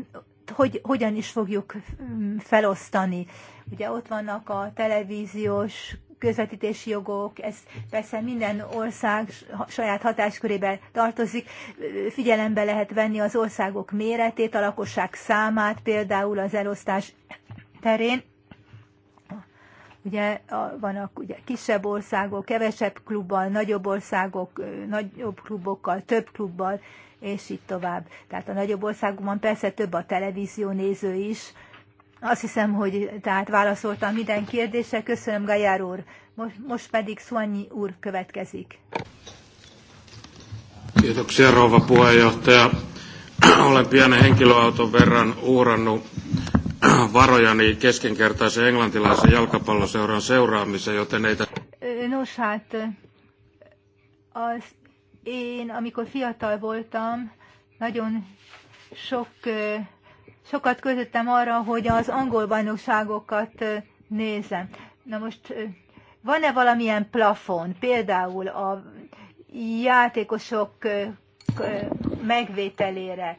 hogy, hogyan is fogjuk mm, felosztani. Ugye ott vannak a televíziós közvetítési jogok, ez persze minden ország saját hatáskörébe tartozik. Figyelembe lehet venni az országok méretét, a lakosság számát, például az elosztás terén. Ugye vannak ugye kisebb országok, kevesebb klubbal, nagyobb országok, nagyobb klubokkal, több klubbal, és így tovább. Tehát a nagyobb országokban persze több a televízió néző is. Azt hiszem, hogy tehát válaszoltam minden kérdésre. Köszönöm, Gajár úr. Most, most pedig Szuanyi úr következik. Kiitoksia, rouva puheenjohtaja. Olen pienen henkilöauton verran uurannut *clears throat* varojani keskinkertaisen englantilaisen jalkapalloseuran seuraamiseen, joten ei... Nos hát, az én, amikor fiatal voltam, nagyon sok, sokat közöttem arra, hogy az angol bajnokságokat nézem. Na most van-e valamilyen plafon, például a játékosok megvételére,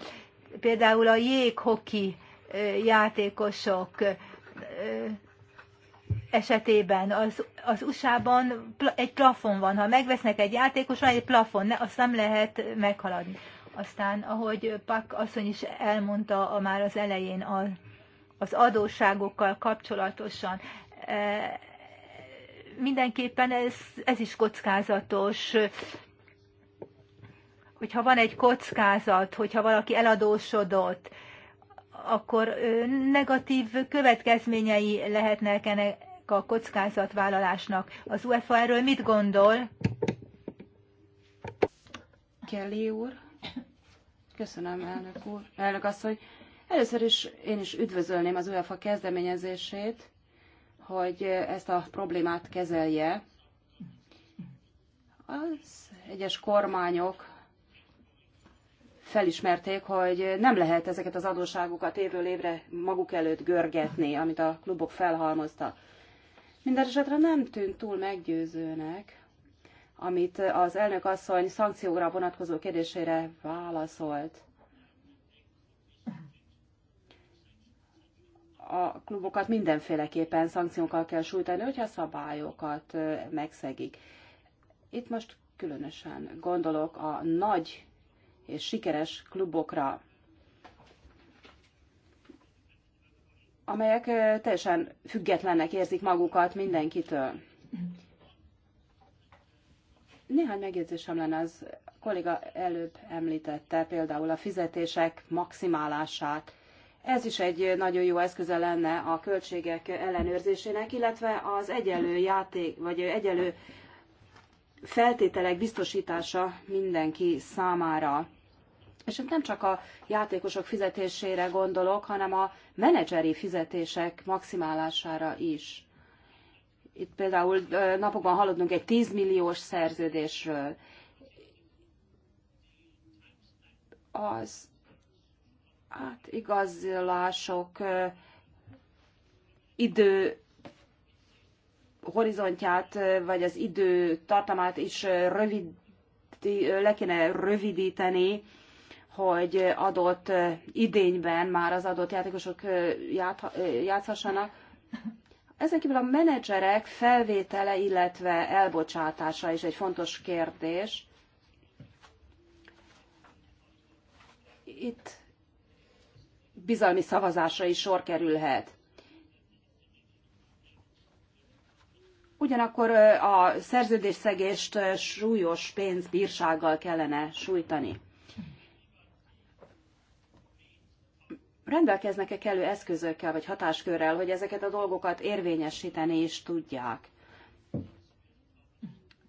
például a jéghoki játékosok esetében az, az USA-ban egy plafon van. Ha megvesznek egy játékos, van egy plafon, ne, azt nem lehet meghaladni. Aztán, ahogy Pak asszony is elmondta a, már az elején a, az adósságokkal kapcsolatosan, e, mindenképpen ez, ez is kockázatos, hogyha van egy kockázat, hogyha valaki eladósodott, akkor negatív következményei lehetnek ennek a kockázatvállalásnak. Az UEFA erről mit gondol? Kelly úr. Köszönöm, elnök úr. Elnök asszony. Először is én is üdvözölném az UEFA kezdeményezését, hogy ezt a problémát kezelje. Az egyes kormányok felismerték, hogy nem lehet ezeket az adóságokat évről évre maguk előtt görgetni, amit a klubok felhalmoztak. Mindenesetre nem tűnt túl meggyőzőnek, amit az elnök asszony szankcióra vonatkozó kérdésére válaszolt. A klubokat mindenféleképpen szankciókkal kell sújtani, hogyha szabályokat megszegik. Itt most különösen gondolok a nagy és sikeres klubokra, amelyek teljesen függetlennek érzik magukat mindenkitől. Néhány megjegyzésem lenne az kolléga előbb említette például a fizetések maximálását. Ez is egy nagyon jó eszköze lenne a költségek ellenőrzésének, illetve az egyenlő játék, vagy egyenlő feltételek biztosítása mindenki számára. És itt nem csak a játékosok fizetésére gondolok, hanem a menedzseri fizetések maximálására is. Itt például napokban hallottunk egy 10 milliós szerződésről. Az átigazolások idő horizontját, vagy az idő tartamát is rövid, le kéne rövidíteni, hogy adott idényben már az adott játékosok játszhassanak. Ezen kívül a menedzserek felvétele, illetve elbocsátása is egy fontos kérdés. Itt bizalmi szavazásra is sor kerülhet. Ugyanakkor a szerződésszegést súlyos pénzbírsággal kellene sújtani. Rendelkeznek-e kellő eszközökkel vagy hatáskörrel, hogy ezeket a dolgokat érvényesíteni is tudják?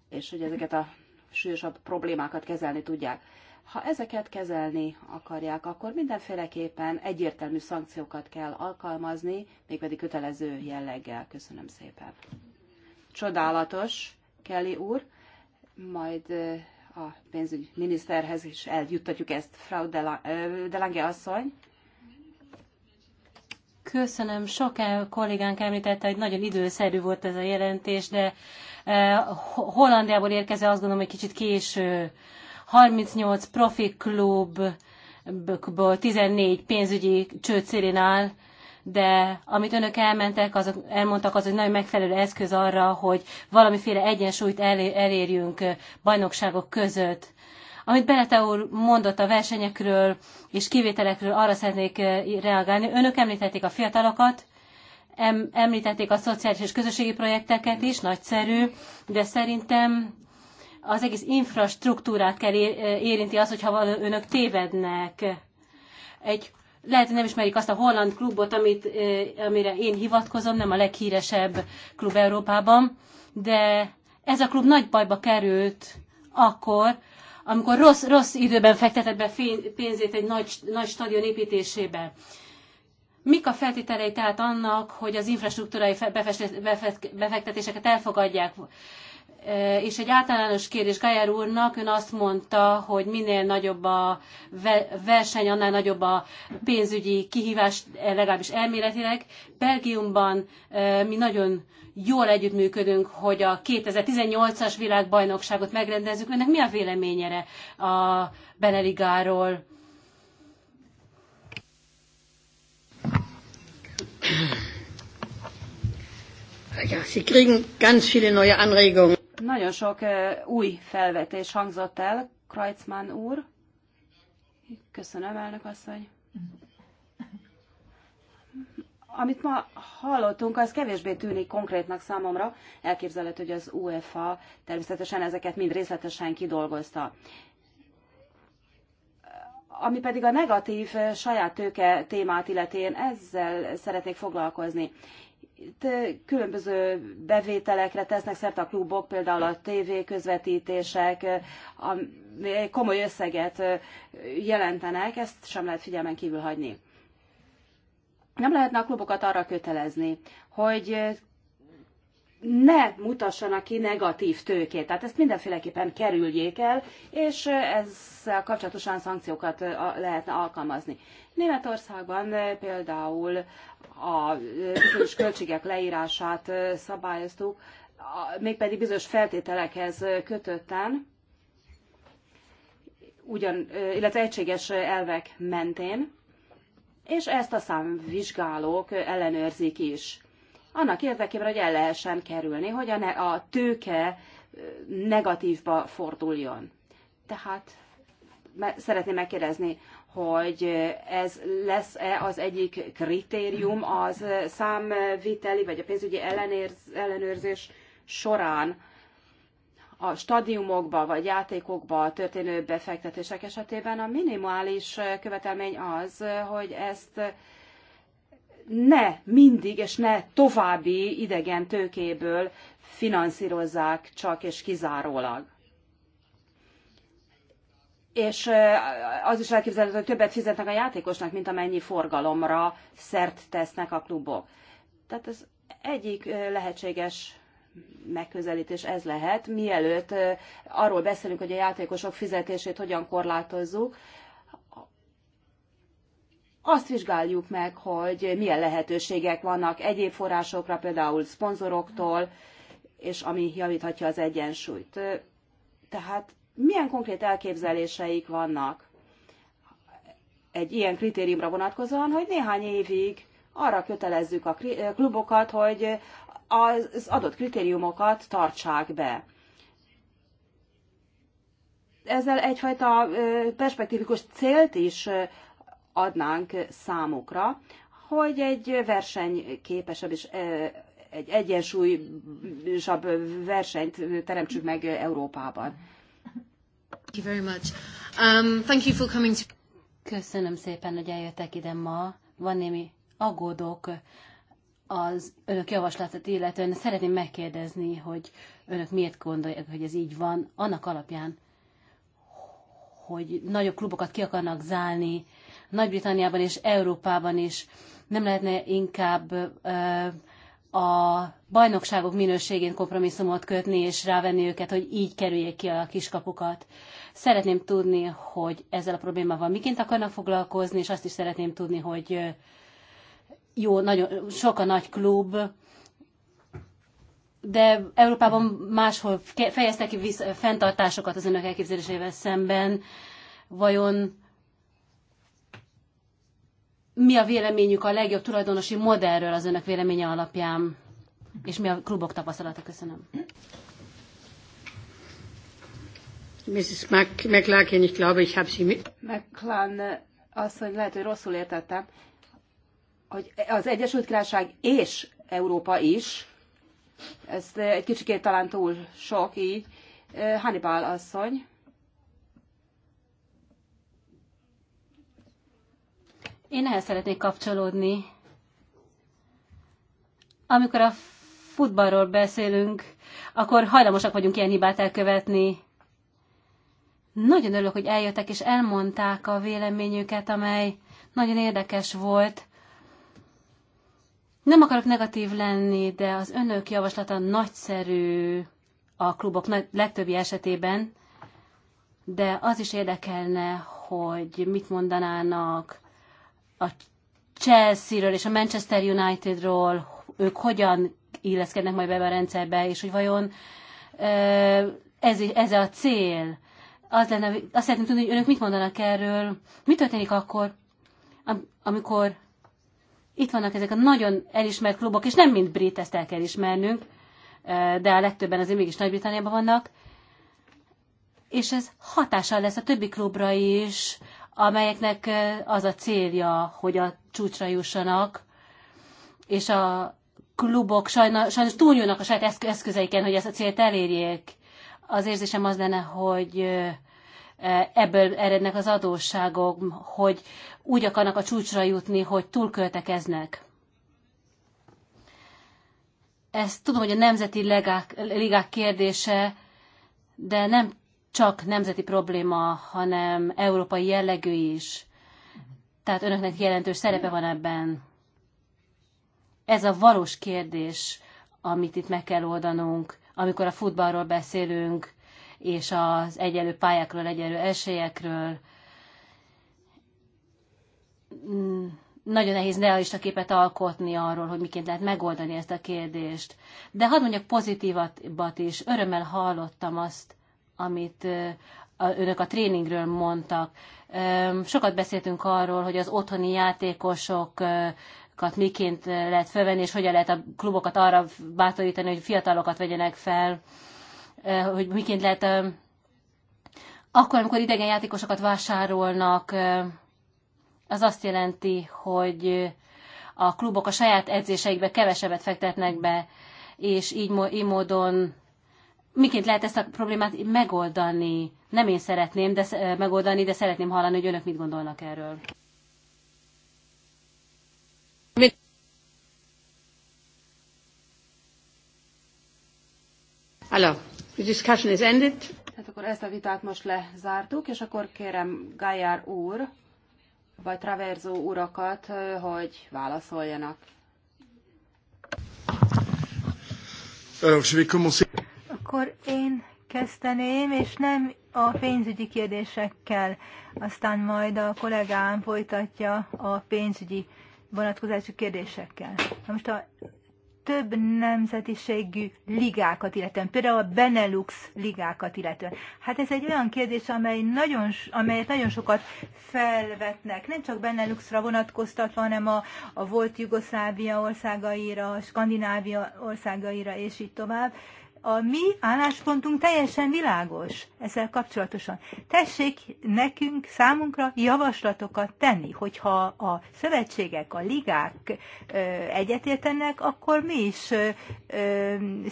És hogy ezeket a súlyosabb problémákat kezelni tudják. Ha ezeket kezelni akarják, akkor mindenféleképpen egyértelmű szankciókat kell alkalmazni, mégpedig kötelező jelleggel. Köszönöm szépen csodálatos, Kelly úr, majd a pénzügyminiszterhez is eljuttatjuk ezt, Frau Delange asszony. Köszönöm. Sok eh, kollégánk említette, hogy nagyon időszerű volt ez a jelentés, de eh, Hollandiából érkezve azt gondolom, hogy kicsit késő. 38 profi klubból 14 pénzügyi csőd áll, de amit önök elmentek, azok, elmondtak, az egy nagyon megfelelő eszköz arra, hogy valamiféle egyensúlyt elérjünk bajnokságok között. Amit Belete úr mondott a versenyekről és kivételekről, arra szeretnék reagálni. Önök említették a fiatalokat, említették a szociális és közösségi projekteket is, nagyszerű, de szerintem az egész infrastruktúrát kell érinti az, hogyha önök tévednek. Egy lehet, hogy nem ismerik azt a holland klubot, amit, amire én hivatkozom, nem a leghíresebb klub Európában, de ez a klub nagy bajba került akkor, amikor rossz, rossz időben fektetett be pénzét egy nagy, nagy stadion építésébe. Mik a feltételei tehát annak, hogy az infrastruktúrai befektetéseket elfogadják? És egy általános kérdés Gajer úrnak, ön azt mondta, hogy minél nagyobb a verseny, annál nagyobb a pénzügyi kihívás, eh, legalábbis elméletileg. Belgiumban mi nagyon jól együttműködünk, hogy a 2018-as világbajnokságot megrendezzük. Önnek mi a véleményere a Beneligáról? Ja, Sie kriegen ganz viele neue Anregungen. Nagyon sok eh, új felvetés hangzott el, Kreutzmann úr. Köszönöm, elnök asszony. Amit ma hallottunk, az kevésbé tűnik konkrétnak számomra. Elképzelhető, hogy az UEFA természetesen ezeket mind részletesen kidolgozta. Ami pedig a negatív eh, saját tőke témát illetén, ezzel szeretnék foglalkozni itt különböző bevételekre tesznek szert a klubok, például a TV közvetítések, ami komoly összeget jelentenek, ezt sem lehet figyelmen kívül hagyni. Nem lehetne a klubokat arra kötelezni, hogy ne mutassanak ki negatív tőkét. Tehát ezt mindenféleképpen kerüljék el, és ezzel kapcsolatosan szankciókat lehetne alkalmazni. Németországban például a bizonyos költségek leírását szabályoztuk, mégpedig bizonyos feltételekhez kötötten, ugyan, illetve egységes elvek mentén, és ezt a számvizsgálók ellenőrzik is annak érdekében, hogy el lehessen kerülni, hogy a, ne, a tőke negatívba forduljon. Tehát szeretném megkérdezni, hogy ez lesz-e az egyik kritérium az számviteli vagy a pénzügyi ellenérz, ellenőrzés során a stadiumokba vagy játékokba történő befektetések esetében a minimális követelmény az, hogy ezt ne mindig és ne további idegen tőkéből finanszírozzák csak és kizárólag. És az is elképzelhető, hogy többet fizetnek a játékosnak, mint amennyi forgalomra szert tesznek a klubok. Tehát az egyik lehetséges megközelítés ez lehet, mielőtt arról beszélünk, hogy a játékosok fizetését hogyan korlátozzuk, azt vizsgáljuk meg, hogy milyen lehetőségek vannak egyéb forrásokra, például szponzoroktól, és ami javíthatja az egyensúlyt. Tehát milyen konkrét elképzeléseik vannak egy ilyen kritériumra vonatkozóan, hogy néhány évig arra kötelezzük a klubokat, hogy az adott kritériumokat tartsák be. Ezzel egyfajta perspektívikus célt is adnánk számukra, hogy egy versenyképesebb és egy egyensúlyosabb versenyt teremtsük meg Európában. Thank you very much. Um, thank you for coming to... Köszönöm szépen, hogy eljöttek ide ma. Van némi aggódók az önök javaslatát illetően. Szeretném megkérdezni, hogy önök miért gondolják, hogy ez így van, annak alapján, hogy nagyobb klubokat ki akarnak zálni, nagy-Britanniában és Európában is. Nem lehetne inkább a bajnokságok minőségén kompromisszumot kötni, és rávenni őket, hogy így kerüljék ki a kiskapukat. Szeretném tudni, hogy ezzel a problémával miként akarnak foglalkozni, és azt is szeretném tudni, hogy jó, nagyon, sok a nagy klub, de Európában máshol fejeztek ki fenntartásokat az önök elképzelésével szemben. Vajon mi a véleményük a legjobb tulajdonosi modellről az önök véleménye alapján, és mi a klubok tapasztalata? Köszönöm. Mrs. McLaren, ich glaube, ich habe Sie mit. McLaren eh, mondja, lehet, hogy rosszul értettem, hogy az Egyesült Királyság és Európa is, ez eh, egy kicsikét talán túl sok így, eh, Hannibal asszony, Én ehhez szeretnék kapcsolódni. Amikor a futballról beszélünk, akkor hajlamosak vagyunk ilyen hibát elkövetni. Nagyon örülök, hogy eljöttek és elmondták a véleményüket, amely nagyon érdekes volt. Nem akarok negatív lenni, de az önök javaslata nagyszerű a klubok legtöbbi esetében, de az is érdekelne, hogy mit mondanának a Chelsea-ről és a Manchester united United-ról, ők hogyan illeszkednek majd be a rendszerbe, és hogy vajon ez, ez a cél. Az lenne, azt szeretném tudni, hogy önök mit mondanak erről, mi történik akkor, amikor itt vannak ezek a nagyon elismert klubok, és nem mind brit, ezt el kell ismernünk, de a legtöbben azért mégis Nagy-Britanniában vannak, és ez hatással lesz a többi klubra is, amelyeknek az a célja, hogy a csúcsra jussanak, és a klubok sajnos, sajnos túlnyúlnak a saját eszközeiken, hogy ezt a célt elérjék. Az érzésem az lenne, hogy e, ebből erednek az adósságok, hogy úgy akarnak a csúcsra jutni, hogy túlköltekeznek. Ezt tudom, hogy a nemzeti legák, ligák kérdése, de nem csak nemzeti probléma, hanem európai jellegű is. Tehát önöknek jelentős szerepe van ebben. Ez a valós kérdés, amit itt meg kell oldanunk, amikor a futballról beszélünk, és az egyenlő pályákról, egyenlő esélyekről. Nagyon nehéz realista képet alkotni arról, hogy miként lehet megoldani ezt a kérdést. De hadd mondjak pozitívat is. Örömmel hallottam azt, amit önök a tréningről mondtak. Sokat beszéltünk arról, hogy az otthoni játékosok miként lehet felvenni, és hogyan lehet a klubokat arra bátorítani, hogy fiatalokat vegyenek fel, hogy miként lehet akkor, amikor idegen játékosokat vásárolnak, az azt jelenti, hogy a klubok a saját edzéseikbe kevesebbet fektetnek be, és így módon miként lehet ezt a problémát megoldani? Nem én szeretném de, eh, megoldani, de szeretném hallani, hogy önök mit gondolnak erről. Hello. the discussion is ended. Tehát akkor ezt a vitát most lezártuk, és akkor kérem Gajár úr, vagy Traverzó urakat, eh, hogy válaszoljanak. Alors, je vais commencer akkor én kezdeném, és nem a pénzügyi kérdésekkel, aztán majd a kollégám folytatja a pénzügyi vonatkozású kérdésekkel. Na most a több nemzetiségű ligákat illetően, például a Benelux ligákat illetően. Hát ez egy olyan kérdés, amely nagyon, amelyet nagyon sokat felvetnek, nem csak Beneluxra vonatkoztatva, hanem a, a volt Jugoszlávia országaira, a Skandinávia országaira, és így tovább. A mi álláspontunk teljesen világos ezzel kapcsolatosan. Tessék nekünk, számunkra javaslatokat tenni, hogyha a szövetségek, a ligák egyetértenek, akkor mi is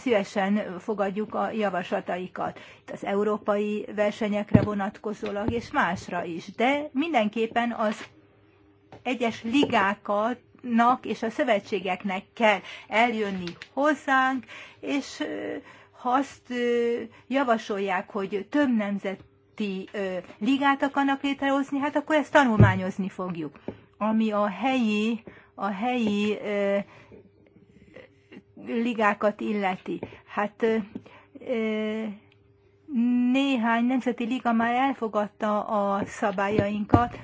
szívesen fogadjuk a javaslataikat. Itt az európai versenyekre vonatkozólag és másra is. De mindenképpen az egyes ligákat és a szövetségeknek kell eljönni hozzánk, és ha azt javasolják, hogy több nemzeti ligát akarnak létrehozni, hát akkor ezt tanulmányozni fogjuk. Ami a helyi, a helyi ligákat illeti. Hát néhány nemzeti liga már elfogadta a szabályainkat,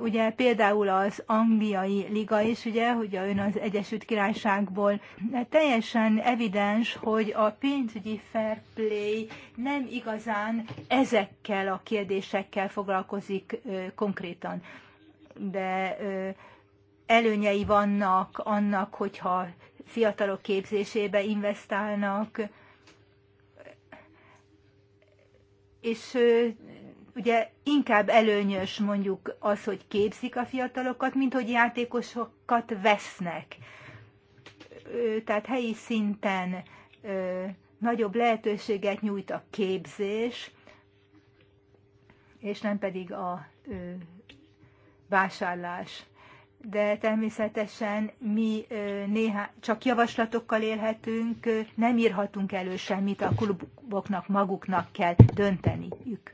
ugye például az angliai liga is, ugye, hogy ön az Egyesült Királyságból. Teljesen evidens, hogy a pénzügyi fair play nem igazán ezekkel a kérdésekkel foglalkozik konkrétan, de előnyei vannak annak, hogyha fiatalok képzésébe investálnak, és ugye inkább előnyös mondjuk az, hogy képzik a fiatalokat, mint hogy játékosokat vesznek. Tehát helyi szinten nagyobb lehetőséget nyújt a képzés, és nem pedig a vásárlás. De természetesen mi néha csak javaslatokkal élhetünk, nem írhatunk elő semmit, a kluboknak maguknak kell dönteniük.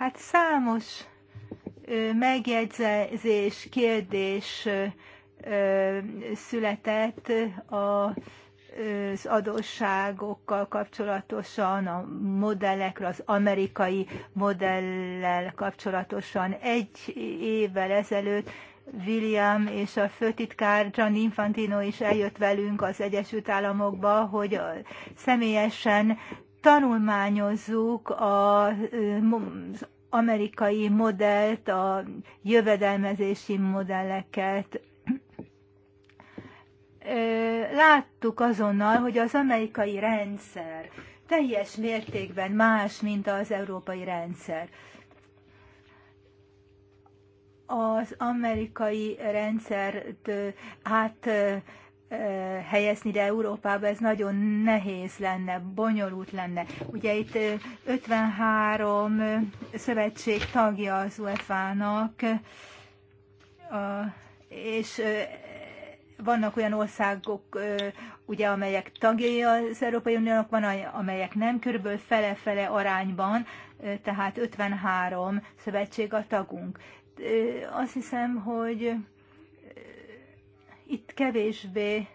Hát számos megjegyzés, kérdés született a az adósságokkal kapcsolatosan, a modellekre, az amerikai modellel kapcsolatosan. Egy évvel ezelőtt William és a főtitkár John Infantino is eljött velünk az Egyesült Államokba, hogy személyesen tanulmányozzuk az amerikai modellt, a jövedelmezési modelleket. Láttuk azonnal, hogy az amerikai rendszer teljes mértékben más, mint az európai rendszer. Az amerikai rendszert hát helyezni, de Európába ez nagyon nehéz lenne, bonyolult lenne. Ugye itt 53 szövetség tagja az UEFA-nak, és vannak olyan országok, ugye, amelyek tagjai az Európai Uniónak, van, amelyek nem, körülbelül fele-fele arányban, tehát 53 szövetség a tagunk. Azt hiszem, hogy itt kevésbé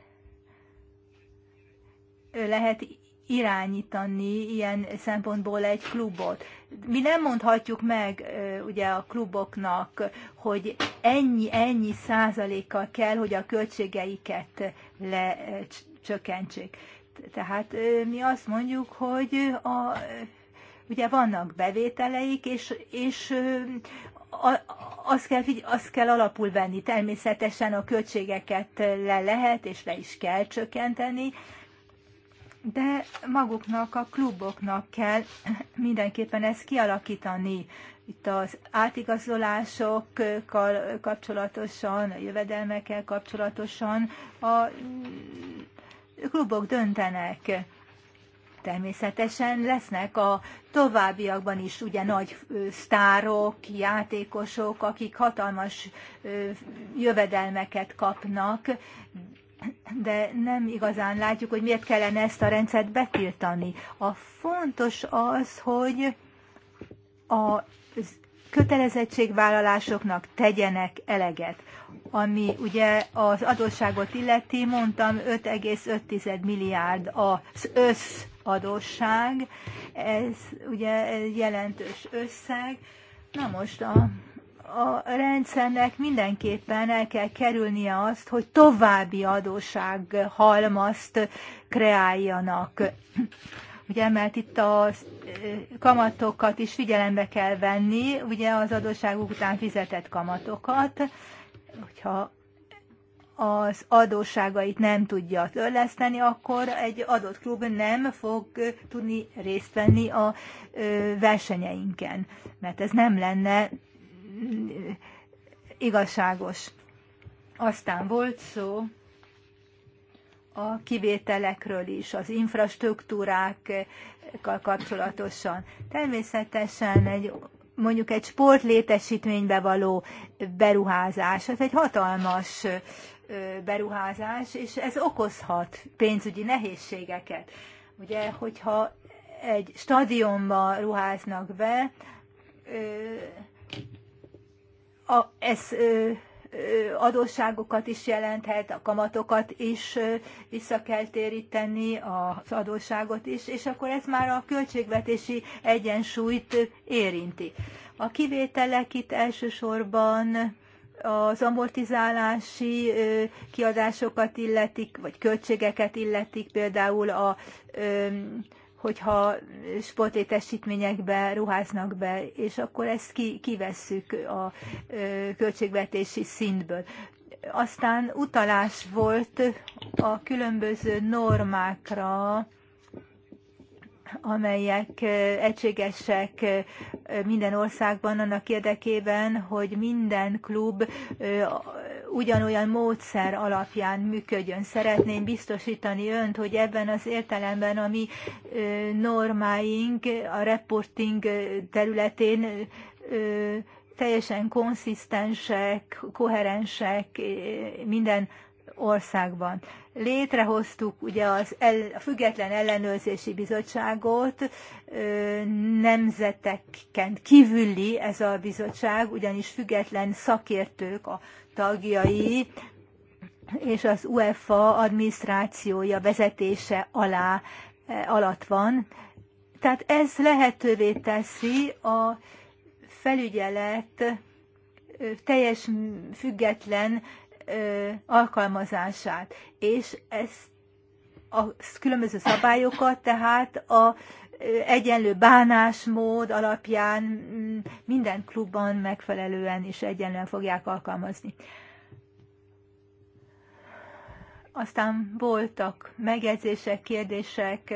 lehet irányítani ilyen szempontból egy klubot. Mi nem mondhatjuk meg ugye a kluboknak, hogy ennyi, ennyi százalékkal kell, hogy a költségeiket lecsökkentsék. Tehát mi azt mondjuk, hogy a, ugye vannak bevételeik, és, és azt kell, az kell alapul venni. Természetesen a költségeket le lehet, és le is kell csökkenteni, de maguknak, a kluboknak kell mindenképpen ezt kialakítani. Itt az átigazolásokkal kapcsolatosan, a jövedelmekkel kapcsolatosan a klubok döntenek Természetesen lesznek a továbbiakban is ugye nagy sztárok, játékosok, akik hatalmas jövedelmeket kapnak, de nem igazán látjuk, hogy miért kellene ezt a rendszert betiltani. A fontos az, hogy a kötelezettségvállalásoknak tegyenek eleget. Ami ugye az adósságot illeti, mondtam, 5,5 milliárd az össz adósság, ez ugye jelentős összeg. Na most a, a rendszernek mindenképpen el kell kerülnie azt, hogy további adósság halmazt kreáljanak. Ugye, mert itt a e, kamatokat is figyelembe kell venni, ugye az adósságuk után fizetett kamatokat, hogyha az adósságait nem tudja törleszteni, akkor egy adott klub nem fog tudni részt venni a versenyeinken, mert ez nem lenne mm, igazságos. Aztán volt szó a kivételekről is, az infrastruktúrákkal kapcsolatosan. Természetesen egy mondjuk egy sportlétesítménybe való beruházás, ez egy hatalmas beruházás, és ez okozhat pénzügyi nehézségeket. Ugye, hogyha egy stadionba ruháznak be, ez adósságokat is jelenthet, a kamatokat is vissza kell téríteni, az adósságot is, és akkor ez már a költségvetési egyensúlyt érinti. A kivételek itt elsősorban az amortizálási kiadásokat illetik, vagy költségeket illetik, például a, hogyha sportlétesítményekbe ruháznak be, és akkor ezt ki, kivesszük a költségvetési szintből. Aztán utalás volt a különböző normákra, amelyek egységesek minden országban annak érdekében, hogy minden klub ugyanolyan módszer alapján működjön. Szeretném biztosítani önt, hogy ebben az értelemben a mi normáink a reporting területén teljesen konszisztensek, koherensek minden országban. Létrehoztuk ugye az el, a Független Ellenőrzési Bizottságot, nemzeteken kívüli ez a bizottság, ugyanis független szakértők a tagjai, és az UEFA adminisztrációja vezetése alá e, alatt van. Tehát ez lehetővé teszi a felügyelet teljes független alkalmazását, és ez a különböző szabályokat tehát a egyenlő bánásmód alapján mm, minden klubban megfelelően és egyenlően fogják alkalmazni. Aztán voltak megjegyzések, kérdések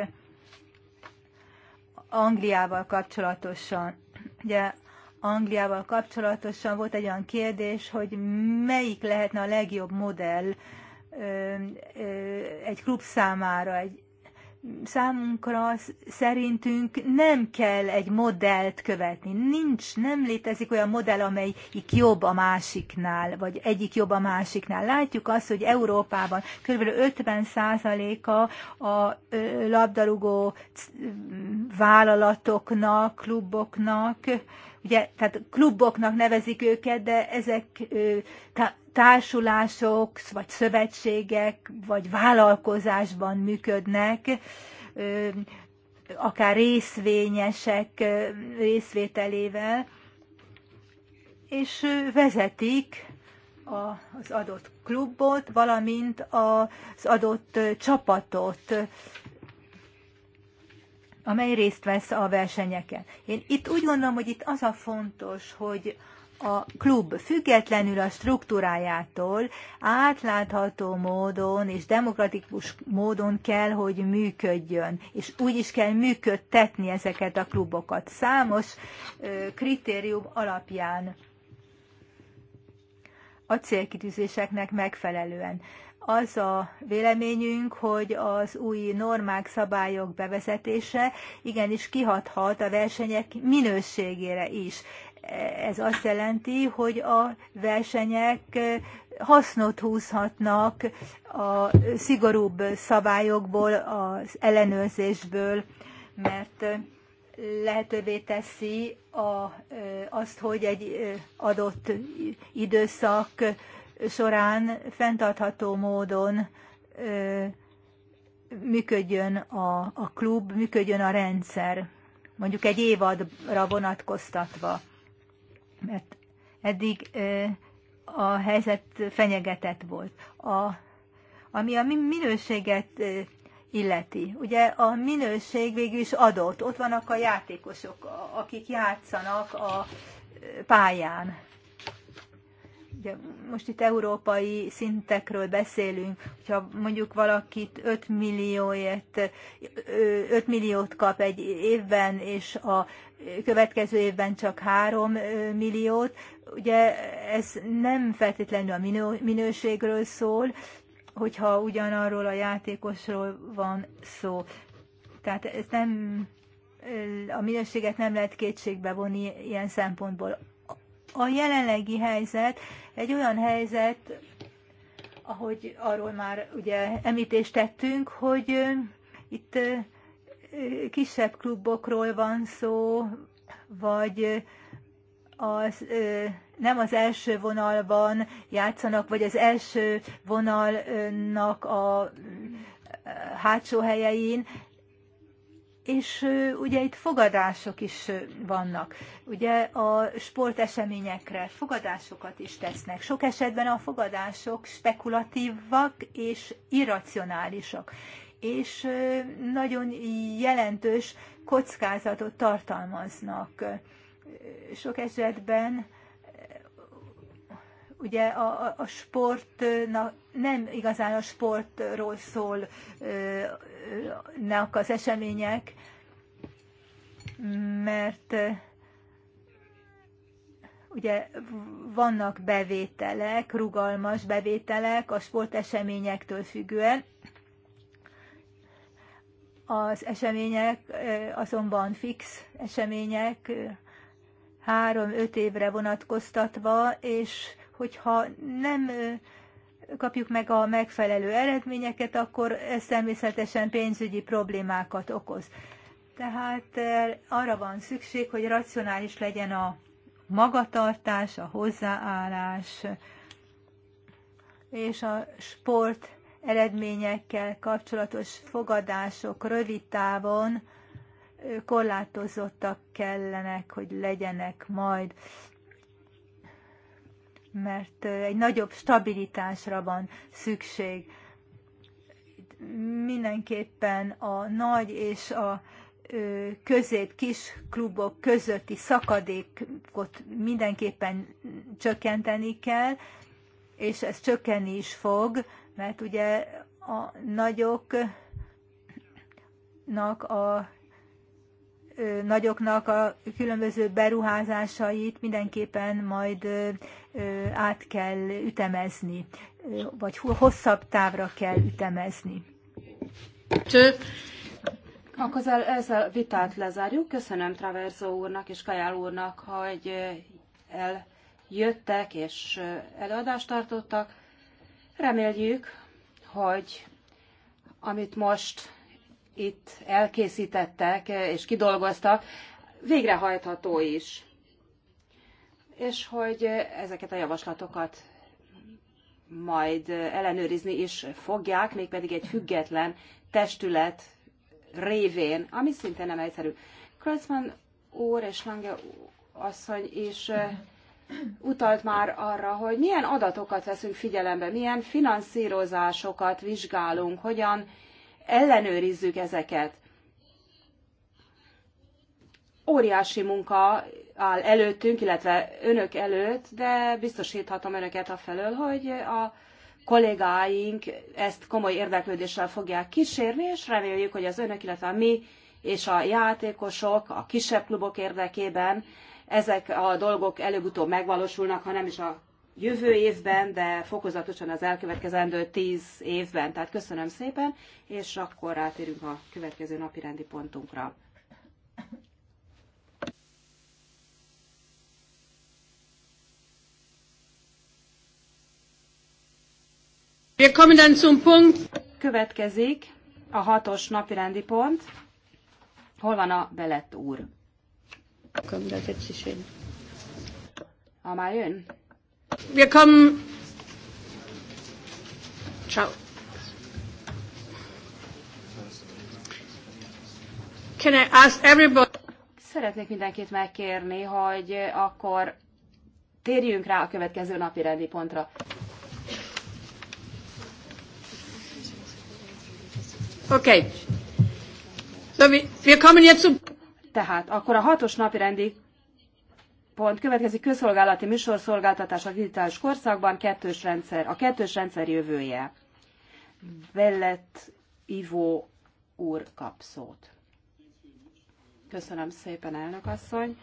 Angliával kapcsolatosan. Ugye Angliával kapcsolatosan volt egy olyan kérdés, hogy melyik lehetne a legjobb modell egy klub számára, egy, számunkra szerintünk nem kell egy modellt követni. Nincs, nem létezik olyan modell, amelyik jobb a másiknál, vagy egyik jobb a másiknál. Látjuk azt, hogy Európában kb. 50%-a a labdarúgó vállalatoknak, kluboknak ugye, tehát kluboknak nevezik őket, de ezek társulások, vagy szövetségek, vagy vállalkozásban működnek, akár részvényesek részvételével, és vezetik az adott klubot, valamint az adott csapatot amely részt vesz a versenyeken. Én itt úgy gondolom, hogy itt az a fontos, hogy a klub függetlenül a struktúrájától átlátható módon és demokratikus módon kell, hogy működjön, és úgy is kell működtetni ezeket a klubokat számos ö, kritérium alapján a célkitűzéseknek megfelelően az a véleményünk, hogy az új normák, szabályok bevezetése igenis kihathat a versenyek minőségére is. Ez azt jelenti, hogy a versenyek hasznot húzhatnak a szigorúbb szabályokból, az ellenőrzésből, mert lehetővé teszi a, azt, hogy egy adott időszak során fenntartható módon működjön a, a klub, működjön a rendszer, mondjuk egy évadra vonatkoztatva. Mert eddig a helyzet fenyegetett volt. A, ami a minőséget illeti. Ugye a minőség végül is adott. Ott vannak a játékosok, akik játszanak a pályán ugye most itt európai szintekről beszélünk, hogyha mondjuk valakit 5 millióért, 5 milliót kap egy évben, és a következő évben csak 3 milliót, ugye ez nem feltétlenül a minő, minőségről szól, hogyha ugyanarról a játékosról van szó. Tehát ez nem a minőséget nem lehet kétségbe vonni ilyen szempontból. A jelenlegi helyzet egy olyan helyzet, ahogy arról már ugye említést tettünk, hogy itt kisebb klubokról van szó, vagy az, nem az első vonalban játszanak, vagy az első vonalnak a hátsó helyein és ugye itt fogadások is vannak. Ugye a sporteseményekre fogadásokat is tesznek. Sok esetben a fogadások spekulatívak és irracionálisak, és nagyon jelentős kockázatot tartalmaznak. Sok esetben ugye a, a sport nem igazán a sportról szól az események, mert eh, ugye vannak bevételek, rugalmas bevételek a sporteseményektől függően. Az események eh, azonban fix események, eh, három-öt évre vonatkoztatva, és hogyha nem kapjuk meg a megfelelő eredményeket, akkor ez természetesen pénzügyi problémákat okoz. Tehát eh, arra van szükség, hogy racionális legyen a magatartás, a hozzáállás, és a sport eredményekkel kapcsolatos fogadások rövid távon eh, korlátozottak kellenek, hogy legyenek majd mert egy nagyobb stabilitásra van szükség. Mindenképpen a nagy és a közép-kis klubok közötti szakadékot mindenképpen csökkenteni kell, és ez csökkenni is fog, mert ugye a nagyoknak a nagyoknak a különböző beruházásait mindenképpen majd át kell ütemezni, vagy hosszabb távra kell ütemezni. Cső. Akkor ezzel a vitát lezárjuk. Köszönöm Traverzó úrnak és Kajál úrnak, hogy eljöttek és előadást tartottak. Reméljük, hogy amit most itt elkészítettek és kidolgoztak, végrehajtható is. És hogy ezeket a javaslatokat majd ellenőrizni is fogják, mégpedig egy független testület révén, ami szintén nem egyszerű. Kreuzmann úr és Lange asszony is eh, utalt már arra, hogy milyen adatokat veszünk figyelembe, milyen finanszírozásokat vizsgálunk, hogyan ellenőrizzük ezeket. Óriási munka áll előttünk, illetve önök előtt, de biztosíthatom önöket a felől, hogy a kollégáink ezt komoly érdeklődéssel fogják kísérni, és reméljük, hogy az önök, illetve a mi és a játékosok a kisebb klubok érdekében ezek a dolgok előbb-utóbb megvalósulnak, ha nem is a jövő évben, de fokozatosan az elkövetkezendő tíz évben. Tehát köszönöm szépen, és akkor rátérünk a következő napi rendi pontunkra. Következik a hatos napirendi pont. Hol van a Belett úr? A das jetzt már jön? Wir kommen. Ciao. Can I ask everybody? Szeretnék mindenkit megkérni, hogy akkor térjünk rá a következő napi rendi pontra. Okay. So, we, we Tehát akkor a hatos napi rendi pont következik közszolgálati műsorszolgáltatás a digitális korszakban, kettős rendszer, a kettős rendszer jövője. Vellet Ivo úr kap szót. Köszönöm szépen, elnök asszony.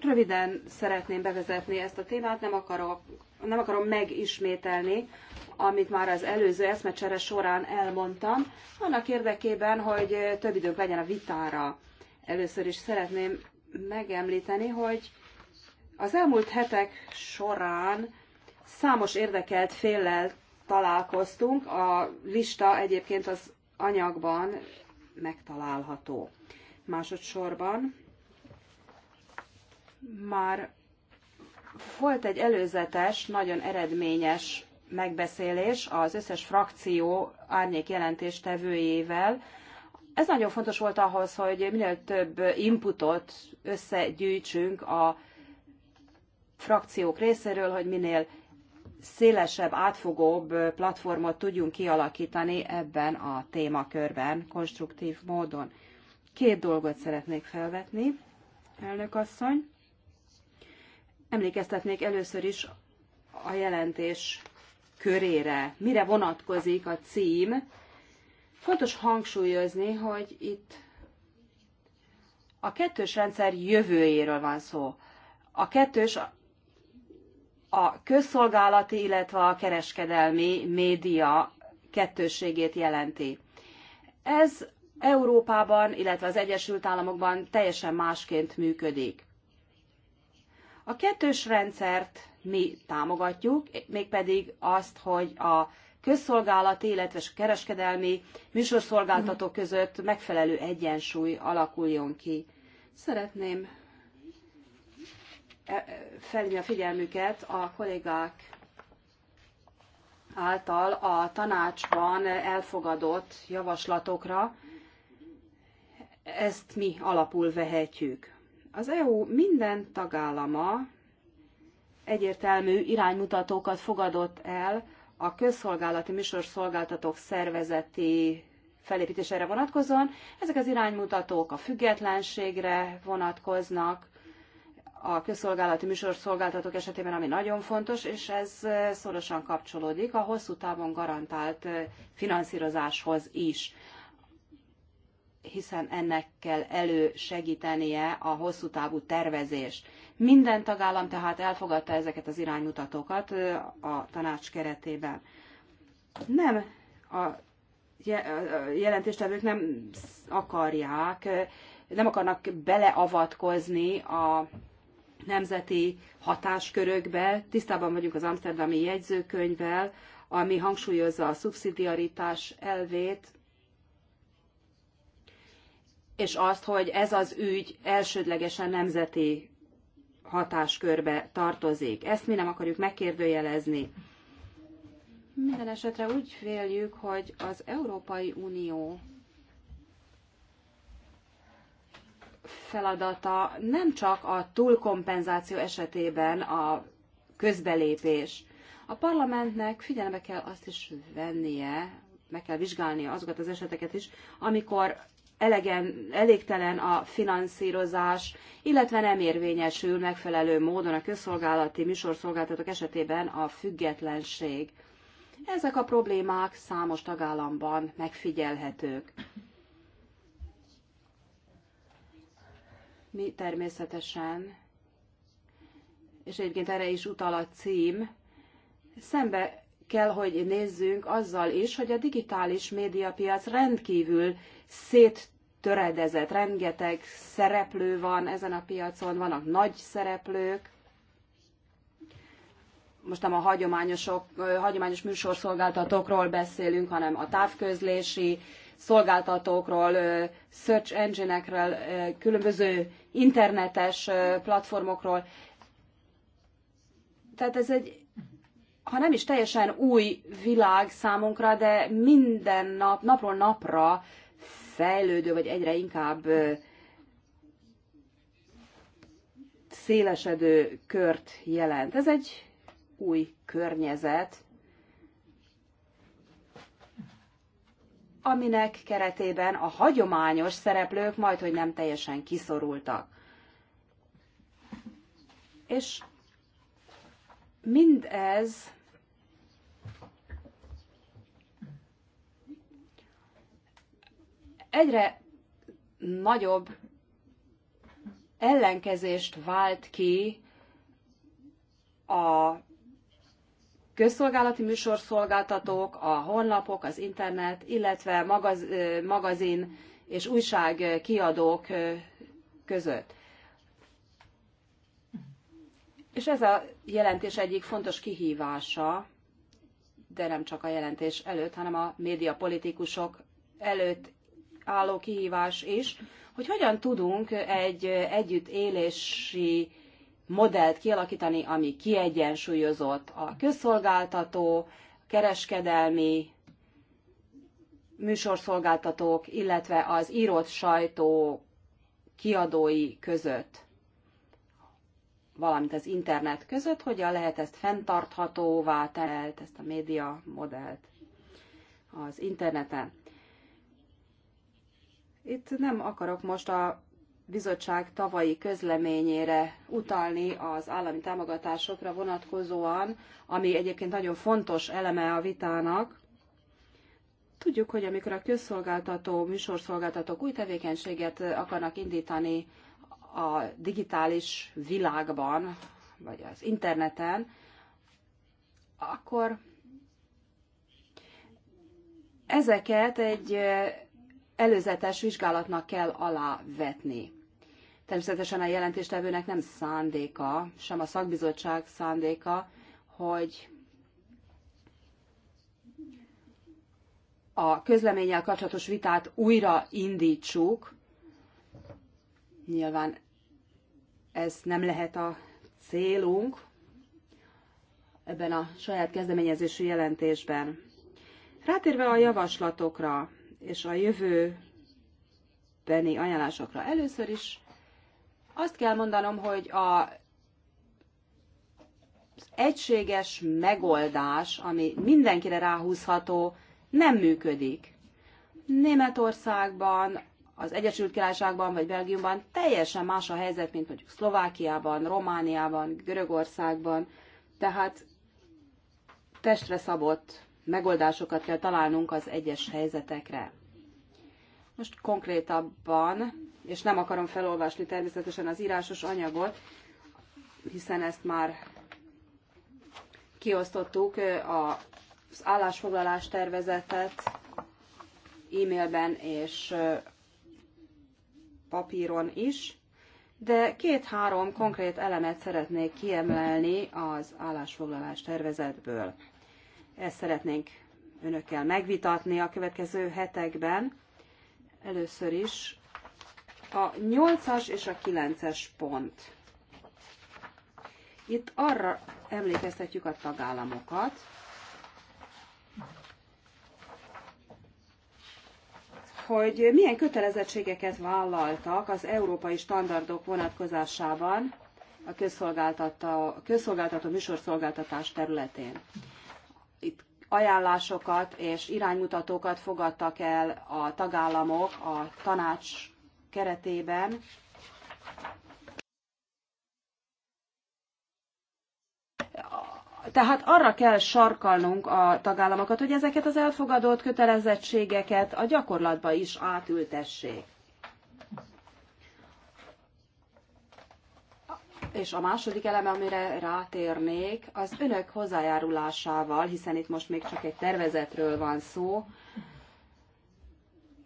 Röviden szeretném bevezetni ezt a témát, nem, akarok, nem akarom megismételni, amit már az előző eszmecsere során elmondtam, annak érdekében, hogy több időnk legyen a vitára. Először is szeretném megemlíteni, hogy az elmúlt hetek során számos érdekelt féllel találkoztunk, a lista egyébként az anyagban megtalálható. Másodszorban már volt egy előzetes, nagyon eredményes megbeszélés az összes frakció árnyék jelentéstevőjével, ez nagyon fontos volt ahhoz, hogy minél több inputot összegyűjtsünk a frakciók részéről, hogy minél szélesebb, átfogóbb platformot tudjunk kialakítani ebben a témakörben, konstruktív módon. Két dolgot szeretnék felvetni, elnök asszony. Emlékeztetnék először is a jelentés körére. Mire vonatkozik a cím, Fontos hangsúlyozni, hogy itt a kettős rendszer jövőjéről van szó. A kettős a közszolgálati, illetve a kereskedelmi média kettősségét jelenti. Ez Európában, illetve az Egyesült Államokban teljesen másként működik. A kettős rendszert mi támogatjuk, mégpedig azt, hogy a közszolgálati, illetve kereskedelmi műsorszolgáltatók között megfelelő egyensúly alakuljon ki. Szeretném e, e, felhívni a figyelmüket a kollégák által a tanácsban elfogadott javaslatokra, ezt mi alapul vehetjük. Az EU minden tagállama egyértelmű iránymutatókat fogadott el a közszolgálati műsorszolgáltatók szervezeti felépítésére vonatkozóan. Ezek az iránymutatók a függetlenségre vonatkoznak, a közszolgálati műsorszolgáltatók esetében, ami nagyon fontos, és ez szorosan kapcsolódik a hosszú távon garantált finanszírozáshoz is hiszen ennek kell elősegítenie a hosszú távú tervezést. Minden tagállam tehát elfogadta ezeket az iránymutatókat a tanács keretében. Nem a jelentéstevők nem akarják, nem akarnak beleavatkozni a nemzeti hatáskörökbe. Tisztában vagyunk az amsterdami jegyzőkönyvvel, ami hangsúlyozza a szubszidiaritás elvét, és azt, hogy ez az ügy elsődlegesen nemzeti hatáskörbe tartozik. Ezt mi nem akarjuk megkérdőjelezni. Minden esetre úgy véljük, hogy az Európai Unió feladata nem csak a túlkompenzáció esetében a közbelépés. A parlamentnek figyelembe kell azt is vennie, meg kell vizsgálnia azokat az eseteket is, amikor elegen, elégtelen a finanszírozás, illetve nem érvényesül megfelelő módon a közszolgálati műsorszolgáltatók esetében a függetlenség. Ezek a problémák számos tagállamban megfigyelhetők. Mi természetesen, és egyébként erre is utal a cím, szembe kell, hogy nézzünk azzal is, hogy a digitális médiapiac rendkívül töredezett, rengeteg szereplő van ezen a piacon, vannak nagy szereplők, most nem a hagyományosok, hagyományos műsorszolgáltatókról beszélünk, hanem a távközlési szolgáltatókról, search engine-ekről, különböző internetes platformokról. Tehát ez egy ha nem is teljesen új világ számunkra, de minden nap, napról napra fejlődő, vagy egyre inkább szélesedő kört jelent. Ez egy új környezet, aminek keretében a hagyományos szereplők majd, hogy nem teljesen kiszorultak. És mindez egyre nagyobb ellenkezést vált ki a közszolgálati műsorszolgáltatók, a honlapok, az internet, illetve magaz, magazin és újság kiadók között. És ez a jelentés egyik fontos kihívása, de nem csak a jelentés előtt, hanem a médiapolitikusok előtt álló kihívás is, hogy hogyan tudunk egy együttélési modellt kialakítani, ami kiegyensúlyozott a közszolgáltató, kereskedelmi műsorszolgáltatók, illetve az írott sajtó kiadói között, valamint az internet között, hogyan lehet ezt fenntarthatóvá telt, ezt a média modellt az interneten. Itt nem akarok most a bizottság tavalyi közleményére utalni az állami támogatásokra vonatkozóan, ami egyébként nagyon fontos eleme a vitának. Tudjuk, hogy amikor a közszolgáltató, műsorszolgáltatók új tevékenységet akarnak indítani a digitális világban, vagy az interneten, akkor ezeket egy előzetes vizsgálatnak kell alávetni. Természetesen a jelentéstevőnek nem szándéka, sem a szakbizottság szándéka, hogy a közleménnyel kapcsolatos vitát újra indítsuk. Nyilván ez nem lehet a célunk ebben a saját kezdeményezésű jelentésben. Rátérve a javaslatokra, és a jövőbeni ajánlásokra. Először is azt kell mondanom, hogy a az egységes megoldás, ami mindenkire ráhúzható, nem működik. Németországban, az Egyesült Királyságban vagy Belgiumban teljesen más a helyzet, mint mondjuk Szlovákiában, Romániában, Görögországban, tehát testre szabott megoldásokat kell találnunk az egyes helyzetekre. Most konkrétabban, és nem akarom felolvasni természetesen az írásos anyagot, hiszen ezt már kiosztottuk az állásfoglalás tervezetet e-mailben és papíron is, de két-három konkrét elemet szeretnék kiemelni az állásfoglalás tervezetből. Ezt szeretnénk önökkel megvitatni a következő hetekben. Először is a 8-as és a 9-es pont. Itt arra emlékeztetjük a tagállamokat, hogy milyen kötelezettségeket vállaltak az európai standardok vonatkozásában a közszolgáltató, közszolgáltató műsorszolgáltatás területén itt ajánlásokat és iránymutatókat fogadtak el a tagállamok a tanács keretében. Tehát arra kell sarkalnunk a tagállamokat, hogy ezeket az elfogadott kötelezettségeket a gyakorlatba is átültessék. És a második eleme, amire rátérnék, az önök hozzájárulásával, hiszen itt most még csak egy tervezetről van szó,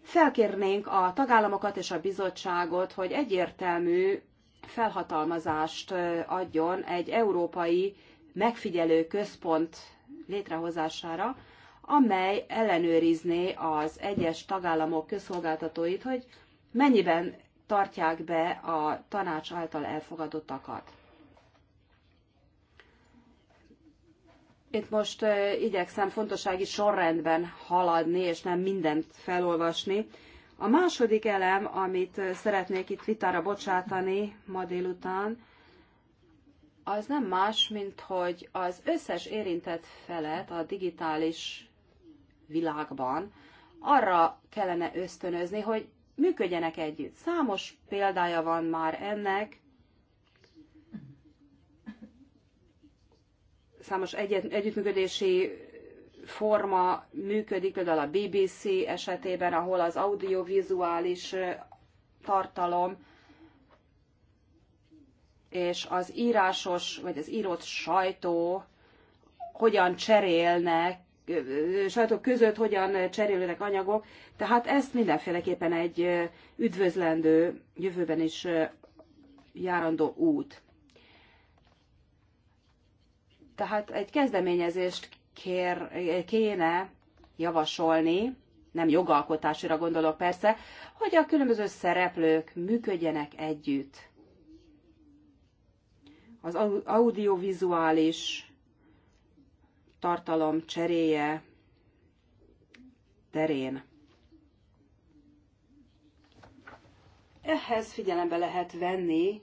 felkérnénk a tagállamokat és a bizottságot, hogy egyértelmű felhatalmazást adjon egy európai megfigyelő központ létrehozására, amely ellenőrizné az egyes tagállamok közszolgáltatóit, hogy mennyiben tartják be a tanács által elfogadottakat. Itt most igyekszem fontossági sorrendben haladni, és nem mindent felolvasni. A második elem, amit szeretnék itt vitára bocsátani ma délután, az nem más, mint hogy az összes érintett felet a digitális világban arra kellene ösztönözni, hogy működjenek együtt. Számos példája van már ennek, számos egyet, együttműködési forma működik, például a BBC esetében, ahol az audiovizuális tartalom és az írásos, vagy az írott sajtó hogyan cserélnek sajátok között hogyan cserélődnek anyagok, tehát ezt mindenféleképpen egy üdvözlendő, jövőben is járandó út. Tehát egy kezdeményezést kér, kéne javasolni, nem jogalkotásra gondolok persze, hogy a különböző szereplők működjenek együtt. Az audiovizuális tartalom cseréje terén. Ehhez figyelembe lehet venni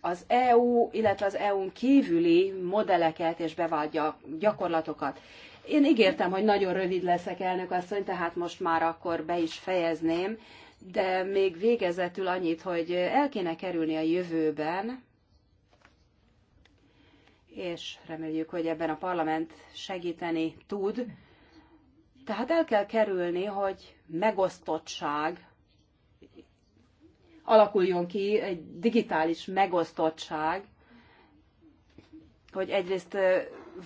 az EU, illetve az EU-n kívüli modelleket és bevált gyakorlatokat. Én ígértem, hogy nagyon rövid leszek, elnök asszony, tehát most már akkor be is fejezném, de még végezetül annyit, hogy el kéne kerülni a jövőben, és reméljük, hogy ebben a parlament segíteni tud. Tehát el kell kerülni, hogy megosztottság alakuljon ki, egy digitális megosztottság, hogy egyrészt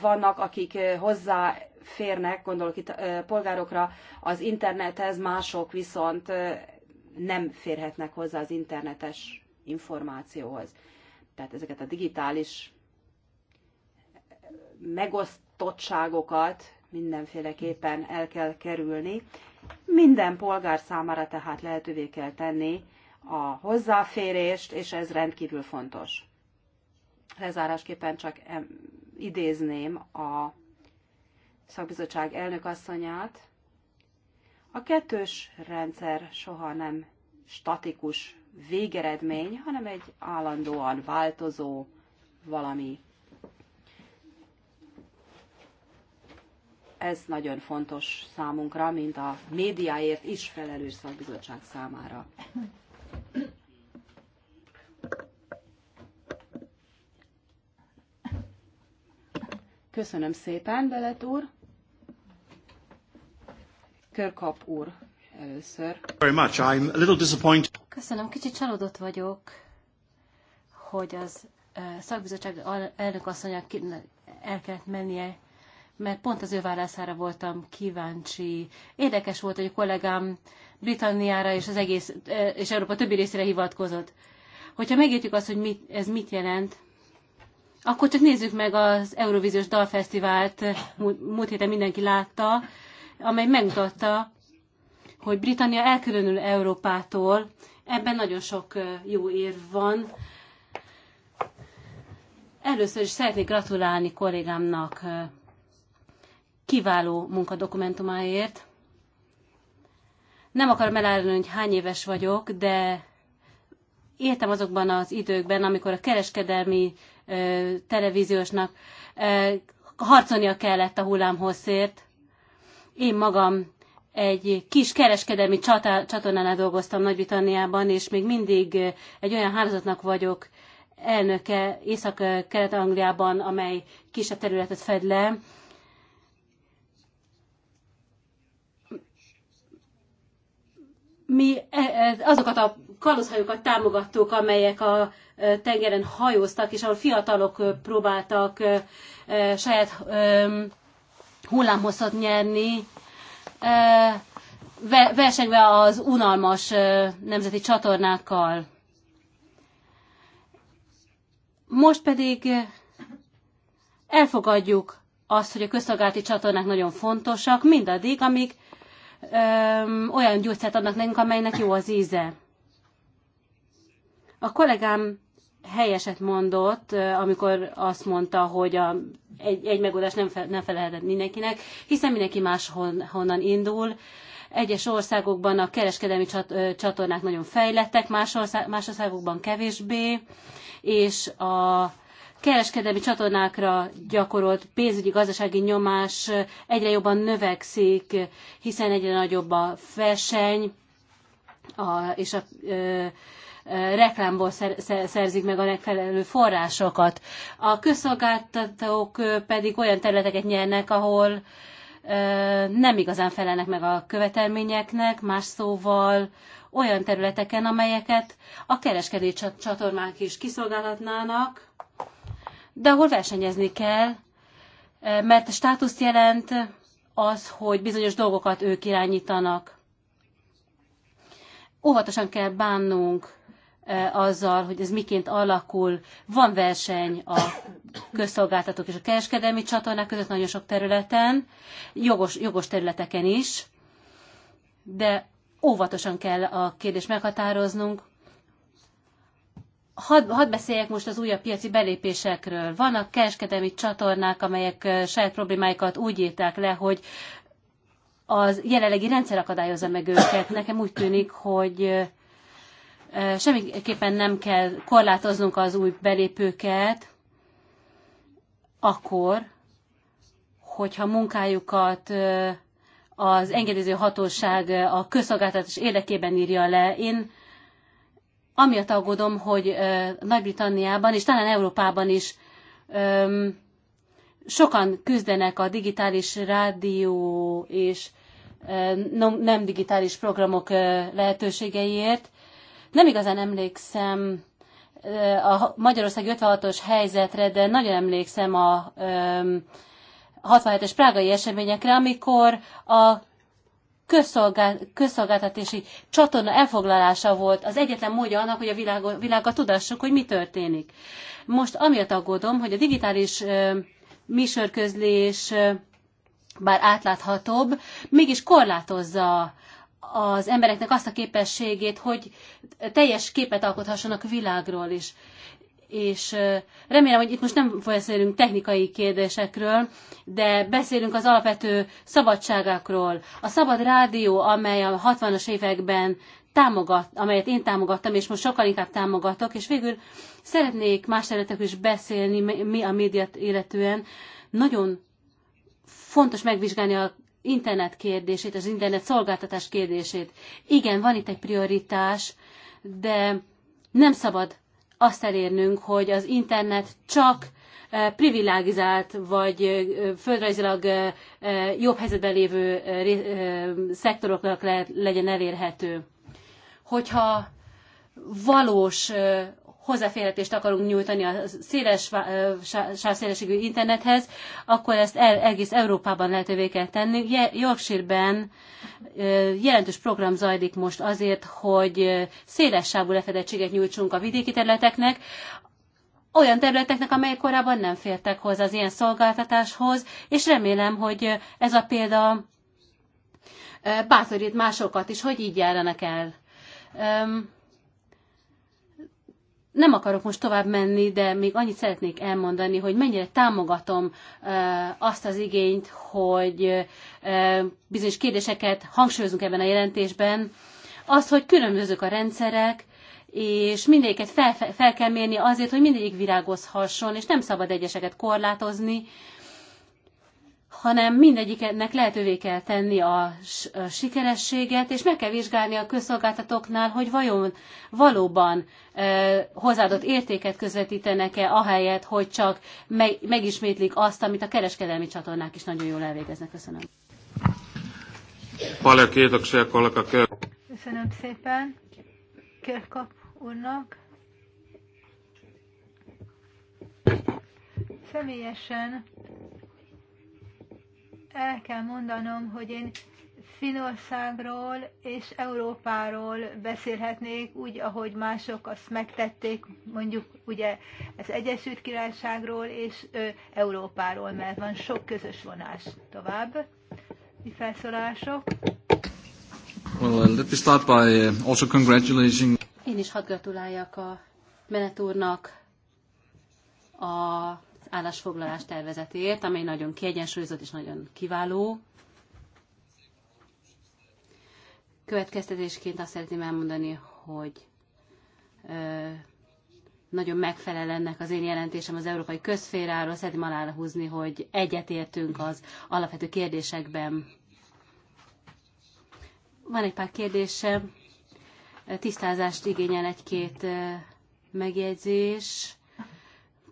vannak, akik hozzáférnek, gondolok itt polgárokra, az internethez, mások viszont nem férhetnek hozzá az internetes információhoz. Tehát ezeket a digitális megosztottságokat mindenféleképpen el kell kerülni. Minden polgár számára tehát lehetővé kell tenni a hozzáférést, és ez rendkívül fontos. Lezárásképpen csak idézném a szakbizottság asszonyát. A kettős rendszer soha nem statikus végeredmény, hanem egy állandóan változó valami. ez nagyon fontos számunkra, mint a médiáért is felelős szakbizottság számára. Köszönöm szépen, Belet úr. Körkap úr először. Very much. I'm a little disappointed. Köszönöm, kicsit csalódott vagyok, hogy az szakbizottság elnök asszonynak el kellett mennie, mert pont az ő válaszára voltam kíváncsi. Érdekes volt, hogy a kollégám Britanniára és az egész, és Európa többi részére hivatkozott. Hogyha megértjük azt, hogy mit, ez mit jelent, akkor csak nézzük meg az Eurovíziós Dalfesztivált, múlt héten mindenki látta, amely megmutatta, hogy Britannia elkülönül Európától, ebben nagyon sok jó érv van. Először is szeretnék gratulálni kollégámnak kiváló munkadokumentumáért. Nem akarom elárulni, hogy hány éves vagyok, de éltem azokban az időkben, amikor a kereskedelmi ö, televíziósnak ö, harcolnia kellett a hullámhosszért. Én magam egy kis kereskedelmi csatornánál dolgoztam Nagy-Britanniában, és még mindig egy olyan hálózatnak vagyok elnöke Észak-Kelet-Angliában, amely kisebb területet fed le, mi e, e, azokat a kalózhajókat támogattuk, amelyek a e, tengeren hajóztak, és ahol fiatalok próbáltak saját hullámhosszat nyerni, versenyve az unalmas nemzeti csatornákkal. Most pedig elfogadjuk azt, hogy a közszolgálati csatornák nagyon fontosak, mindaddig, amíg olyan gyógyszert adnak nekünk, amelynek jó az íze. A kollégám helyeset mondott, amikor azt mondta, hogy a, egy, egy megoldás nem, fe, nem felelhetett mindenkinek, hiszen mindenki máshonnan indul. Egyes országokban a kereskedelmi csatornák nagyon fejlettek, más, ország, más országokban kevésbé, és a kereskedelmi csatornákra gyakorolt pénzügyi gazdasági nyomás egyre jobban növekszik, hiszen egyre nagyobb a verseny, a, és a ö, reklámból szerzik meg a megfelelő forrásokat. A közszolgáltatók pedig olyan területeket nyernek, ahol nem igazán felelnek meg a követelményeknek, más szóval olyan területeken, amelyeket a kereskedés csatornák is kiszolgálhatnának, de ahol versenyezni kell, e, mert a státuszt jelent az, hogy bizonyos dolgokat ők irányítanak. Óvatosan kell bánnunk e, azzal, hogy ez miként alakul. Van verseny a közszolgáltatók és a kereskedelmi csatornák között nagyon sok területen, jogos, jogos területeken is, de óvatosan kell a kérdést meghatároznunk, Hadd had beszéljek most az újabb piaci belépésekről. Vannak kereskedelmi csatornák, amelyek saját problémáikat úgy írták le, hogy az jelenlegi rendszer akadályozza meg őket. Nekem úgy tűnik, hogy semmiképpen nem kell korlátoznunk az új belépőket, akkor, hogyha munkájukat az engedélyző hatóság a közszolgáltatás érdekében írja le. Én amiatt aggódom, hogy Nagy-Britanniában és talán Európában is sokan küzdenek a digitális rádió és nem digitális programok lehetőségeiért. Nem igazán emlékszem a Magyarország 56-os helyzetre, de nagyon emlékszem a 67-es prágai eseményekre, amikor a közszolgáltatási csatorna elfoglalása volt az egyetlen módja annak, hogy a világ, világgal tudassuk, hogy mi történik. Most amiatt aggódom, hogy a digitális ö, műsorközlés bár átláthatóbb, mégis korlátozza az embereknek azt a képességét, hogy teljes képet alkothassanak a világról is és remélem, hogy itt most nem beszélünk technikai kérdésekről, de beszélünk az alapvető szabadságakról, A szabad rádió, amely a 60-as években támogat, amelyet én támogattam, és most sokkal inkább támogatok, és végül szeretnék más területekről is beszélni, mi a médiát illetően. Nagyon fontos megvizsgálni a internet kérdését, az internet szolgáltatás kérdését. Igen, van itt egy prioritás, de nem szabad azt elérnünk, hogy az internet csak privilegizált vagy földrajzilag jobb helyzetben lévő szektoroknak legyen elérhető. Hogyha valós hozzáférhetést akarunk nyújtani a széles, sávszélességű internethez, akkor ezt el, egész Európában lehetővé kell tenni. Yorkshire-ben jelentős program zajlik most azért, hogy széles sávú lefedettséget nyújtsunk a vidéki területeknek, olyan területeknek, amelyek korábban nem fértek hozzá az ilyen szolgáltatáshoz, és remélem, hogy ez a példa bátorít másokat is, hogy így járjanak el. Um, nem akarok most tovább menni, de még annyit szeretnék elmondani, hogy mennyire támogatom azt az igényt, hogy bizonyos kérdéseket hangsúlyozunk ebben a jelentésben, az, hogy különbözők a rendszerek, és mindegyiket fel, fel kell mérni azért, hogy mindegyik virágozhasson, és nem szabad egyeseket korlátozni, hanem mindegyiknek lehetővé kell tenni a sikerességet, és meg kell vizsgálni a közszolgáltatóknál, hogy vajon valóban e, hozzáadott értéket közvetítenek-e, ahelyett, hogy csak megismétlik azt, amit a kereskedelmi csatornák is nagyon jól elvégeznek. Köszönöm. kollega Köszönöm szépen Kérkap úrnak. Személyesen el kell mondanom, hogy én Finországról és Európáról beszélhetnék, úgy, ahogy mások azt megtették, mondjuk ugye az Egyesült Királyságról és ö, Európáról, mert van sok közös vonás. Tovább, mi felszólások? Well, uh, let me start by uh, also congratulating. Én is hadd gratuláljak a menetúrnak. a állásfoglalás tervezetért, amely nagyon kiegyensúlyozott és nagyon kiváló. Következtetésként azt szeretném elmondani, hogy ö, nagyon megfelel ennek az én jelentésem az európai közféráról. Szeretném aláhúzni, hogy egyetértünk az alapvető kérdésekben. Van egy pár kérdésem. Tisztázást igényel egy-két megjegyzés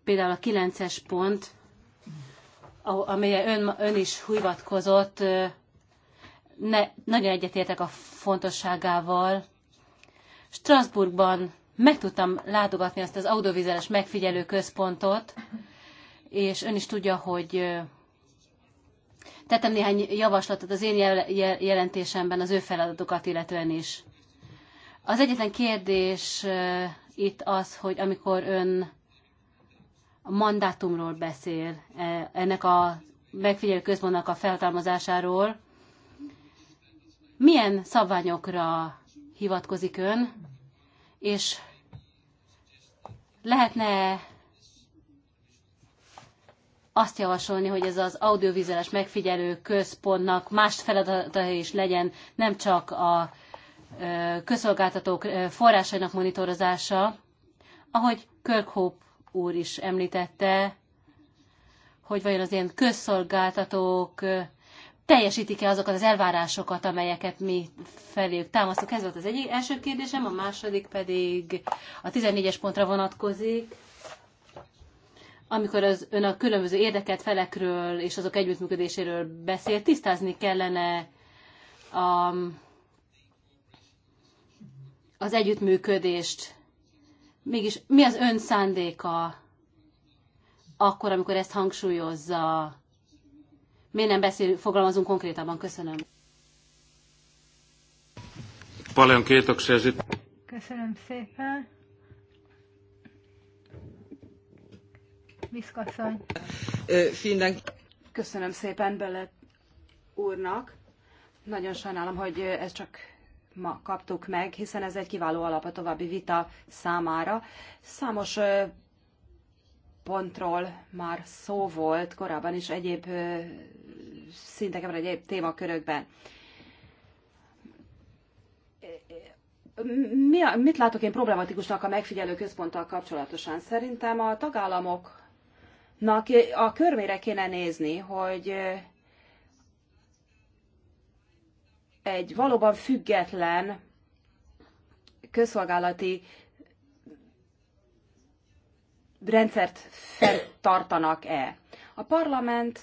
Például a 9-es pont, amelyre ön, ön is hivatkozott, ne, nagyon egyetértek a fontosságával. Strasbourgban meg tudtam látogatni azt az audiovizuális megfigyelő központot, és ön is tudja, hogy tettem néhány javaslatot az én jelentésemben az ő feladatokat illetően is. Az egyetlen kérdés itt az, hogy amikor ön a mandátumról beszél, e, ennek a megfigyelő központnak a felhatalmazásáról. Milyen szabványokra hivatkozik ön, és lehetne azt javasolni, hogy ez az audiovizuális megfigyelő központnak más feladata is legyen, nem csak a e, közszolgáltatók e, forrásainak monitorozása, ahogy Kirkhope úr is említette, hogy vajon az ilyen közszolgáltatók teljesítik-e azokat az elvárásokat, amelyeket mi feléjük támasztok. Ez volt az egyik első kérdésem, a második pedig a 14-es pontra vonatkozik, amikor az ön a különböző érdeket felekről és azok együttműködéséről beszél, tisztázni kellene a, az együttműködést mégis mi az ön szándéka akkor, amikor ezt hangsúlyozza? Miért nem beszél, fogalmazunk konkrétabban? Köszönöm. Paljon szerzit. Köszönöm szépen. Viszkasszony. Köszönöm szépen Bele úrnak. Nagyon sajnálom, hogy ez csak ma kaptuk meg, hiszen ez egy kiváló alap a további vita számára. Számos pontról már szó volt korábban is egyéb szinteken, vagy egyéb témakörökben. Mi, mit látok én problematikusnak a megfigyelő központtal kapcsolatosan? Szerintem a tagállamoknak a körmére kéne nézni, hogy egy valóban független közszolgálati rendszert fenntartanak-e. A parlament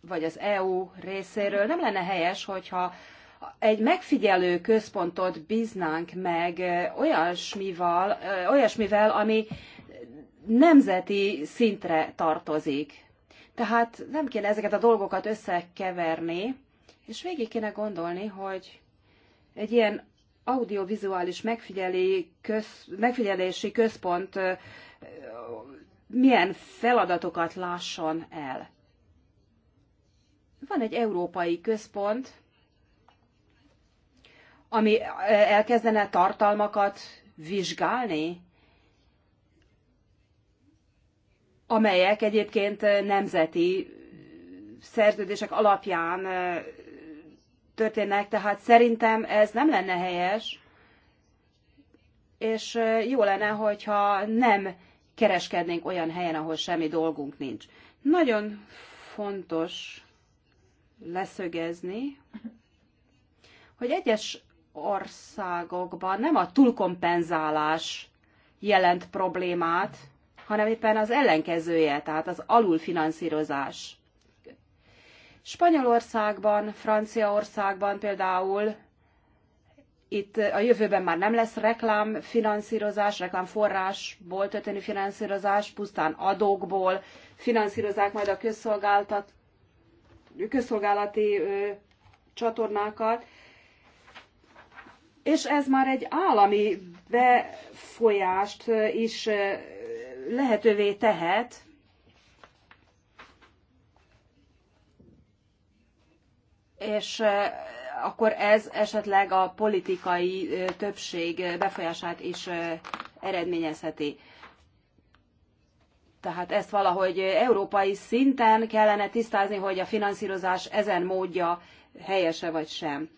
vagy az EU részéről nem lenne helyes, hogyha egy megfigyelő központot bíznánk meg olyasmival, olyasmivel, ami nemzeti szintre tartozik. Tehát nem kéne ezeket a dolgokat összekeverni, és végig kéne gondolni, hogy egy ilyen audiovizuális köz, megfigyelési központ milyen feladatokat lásson el. Van egy európai központ, ami elkezdene tartalmakat vizsgálni, amelyek egyébként nemzeti szerződések alapján történnek, tehát szerintem ez nem lenne helyes, és jó lenne, hogyha nem kereskednénk olyan helyen, ahol semmi dolgunk nincs. Nagyon fontos leszögezni, hogy egyes országokban nem a túlkompenzálás jelent problémát, hanem éppen az ellenkezője, tehát az alulfinanszírozás. Spanyolországban, Franciaországban például itt a jövőben már nem lesz reklámfinanszírozás, reklámforrásból történő finanszírozás, pusztán adókból finanszírozák majd a közszolgáltat, közszolgálati ö, csatornákat. És ez már egy állami befolyást is lehetővé tehet, és akkor ez esetleg a politikai többség befolyását is eredményezheti. Tehát ezt valahogy európai szinten kellene tisztázni, hogy a finanszírozás ezen módja helyese vagy sem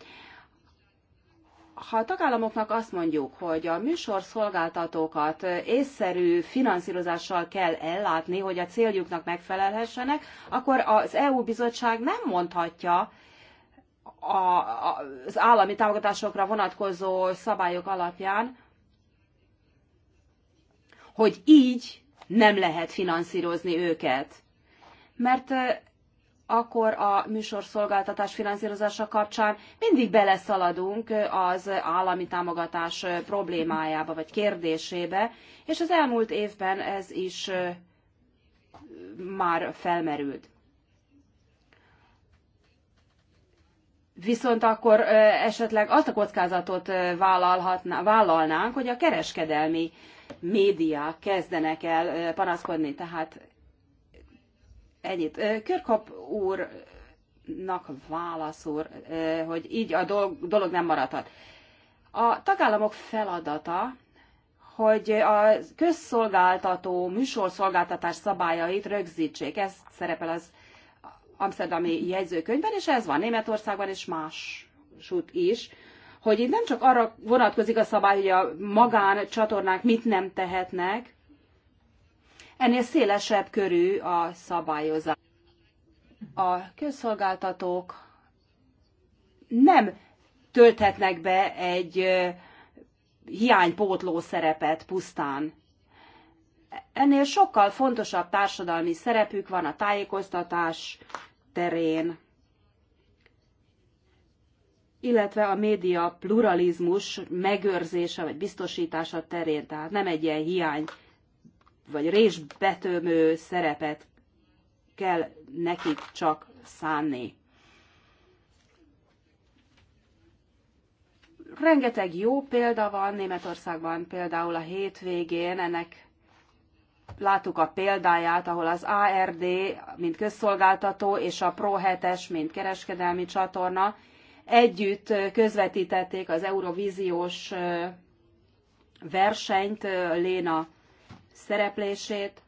ha a tagállamoknak azt mondjuk, hogy a műsorszolgáltatókat észszerű finanszírozással kell ellátni, hogy a céljuknak megfelelhessenek, akkor az EU bizottság nem mondhatja az állami támogatásokra vonatkozó szabályok alapján, hogy így nem lehet finanszírozni őket. Mert akkor a műsorszolgáltatás finanszírozása kapcsán mindig beleszaladunk az állami támogatás problémájába vagy kérdésébe, és az elmúlt évben ez is már felmerült. Viszont akkor esetleg azt a kockázatot vállalnánk, hogy a kereskedelmi médiák kezdenek el panaszkodni. Tehát Ennyit. Körkop úrnak válaszol, hogy így a dolog nem maradhat. A tagállamok feladata, hogy a közszolgáltató műsorszolgáltatás szabályait rögzítsék. Ez szerepel az amsterdami jegyzőkönyvben, és ez van Németországban és más is, hogy itt nem csak arra vonatkozik a szabály, hogy a magán csatornák mit nem tehetnek, Ennél szélesebb körű a szabályozás. A közszolgáltatók nem tölthetnek be egy hiánypótló szerepet pusztán. Ennél sokkal fontosabb társadalmi szerepük van a tájékoztatás terén, illetve a média pluralizmus megőrzése vagy biztosítása terén, tehát nem egy ilyen hiány vagy résbetömő szerepet kell nekik csak szánni. Rengeteg jó példa van Németországban, például a hétvégén ennek láttuk a példáját, ahol az ARD, mint közszolgáltató, és a Pro 7-es, mint kereskedelmi csatorna együtt közvetítették az Eurovíziós versenyt Léna szereplését.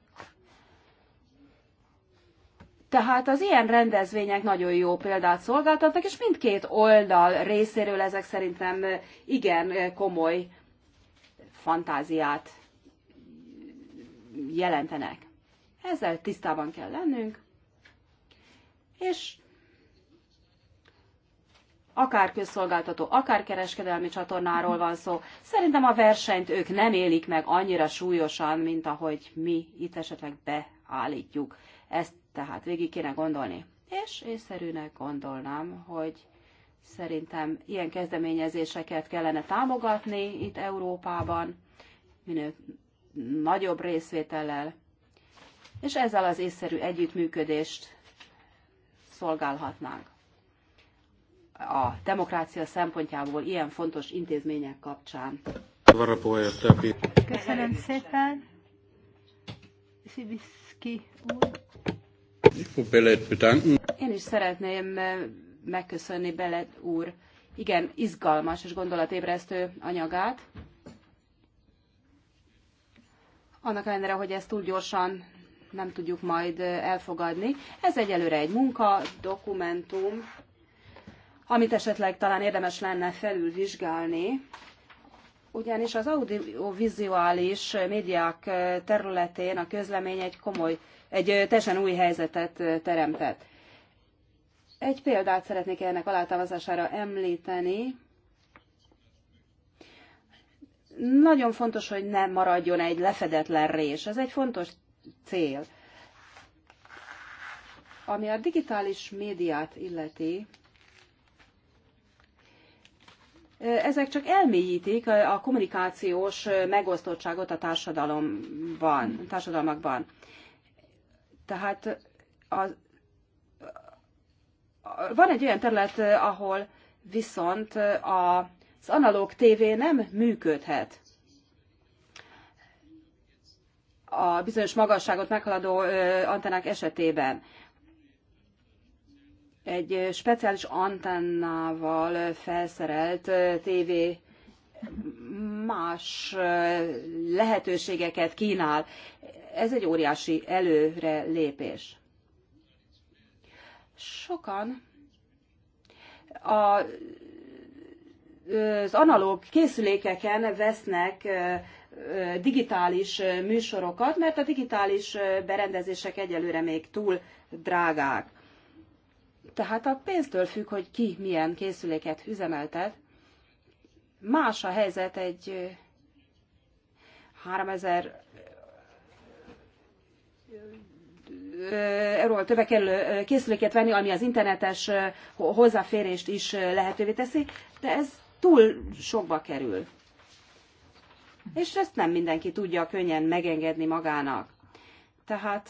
Tehát az ilyen rendezvények nagyon jó példát szolgáltatnak, és mindkét oldal részéről ezek szerintem igen komoly fantáziát jelentenek. Ezzel tisztában kell lennünk, és akár közszolgáltató, akár kereskedelmi csatornáról van szó. Szerintem a versenyt ők nem élik meg annyira súlyosan, mint ahogy mi itt esetleg beállítjuk. Ezt tehát végig kéne gondolni. És észszerűnek gondolnám, hogy szerintem ilyen kezdeményezéseket kellene támogatni itt Európában, minél nagyobb részvétellel, és ezzel az észszerű együttműködést szolgálhatnánk a demokrácia szempontjából ilyen fontos intézmények kapcsán. Köszönöm szépen. Szibiszki úr. Én is szeretném eh, megköszönni Beled úr igen izgalmas és gondolatébresztő anyagát. Annak ellenére, hogy ezt túl gyorsan nem tudjuk majd eh, elfogadni. Ez egyelőre egy munka, dokumentum, amit esetleg talán érdemes lenne felülvizsgálni, ugyanis az audiovizuális médiák területén a közlemény egy komoly, egy teljesen új helyzetet teremtett. Egy példát szeretnék ennek alátámasztására említeni. Nagyon fontos, hogy ne maradjon egy lefedetlen rés. Ez egy fontos cél. Ami a digitális médiát illeti, ezek csak elmélyítik a kommunikációs megosztottságot a társadalomban, társadalmakban. Tehát a, van egy olyan terület, ahol viszont az analóg tévé nem működhet. A bizonyos magasságot meghaladó antennák esetében egy speciális antennával felszerelt tévé más lehetőségeket kínál. Ez egy óriási előre lépés. Sokan a az analóg készülékeken vesznek digitális műsorokat, mert a digitális berendezések egyelőre még túl drágák. Tehát a pénztől függ, hogy ki milyen készüléket üzemeltet. Más a helyzet egy 3000 euróval többek kerül készüléket venni, ami az internetes hozzáférést is lehetővé teszi, de ez túl sokba kerül. És ezt nem mindenki tudja könnyen megengedni magának. Tehát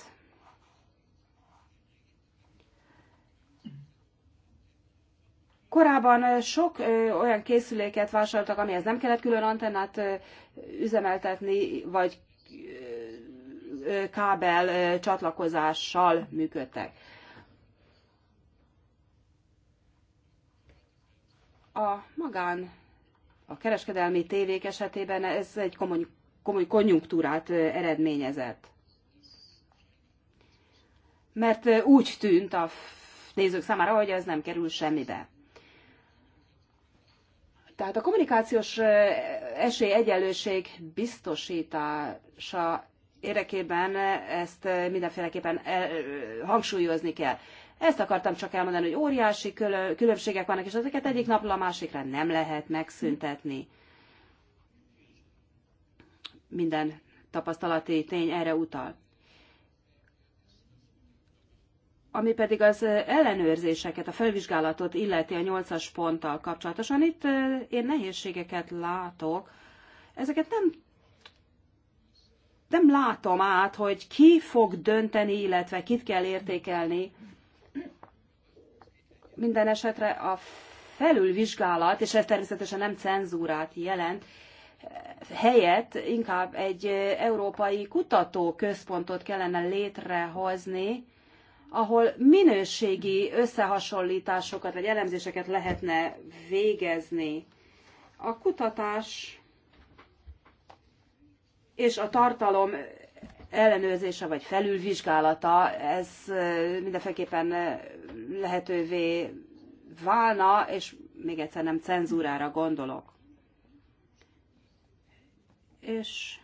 Korábban sok olyan készüléket vásároltak, amihez nem kellett külön antennát üzemeltetni, vagy kábel csatlakozással működtek. A magán, a kereskedelmi tévék esetében ez egy komoly, komoly konjunktúrát eredményezett. Mert úgy tűnt a nézők számára, hogy ez nem kerül semmibe. Tehát a kommunikációs egyenlőség biztosítása érdekében ezt mindenféleképpen hangsúlyozni kell. Ezt akartam csak elmondani, hogy óriási különbségek vannak, és ezeket egyik napról a másikra nem lehet megszüntetni. Minden tapasztalati tény erre utal. ami pedig az ellenőrzéseket, a felvizsgálatot illeti a nyolcas ponttal kapcsolatosan, itt én nehézségeket látok. Ezeket nem nem látom át, hogy ki fog dönteni, illetve kit kell értékelni. Minden esetre a felülvizsgálat, és ez természetesen nem cenzúrát jelent, helyett inkább egy európai kutatóközpontot kellene létrehozni, ahol minőségi összehasonlításokat vagy elemzéseket lehetne végezni. A kutatás és a tartalom ellenőrzése vagy felülvizsgálata, ez mindenféleképpen lehetővé válna, és még egyszer nem cenzúrára gondolok. És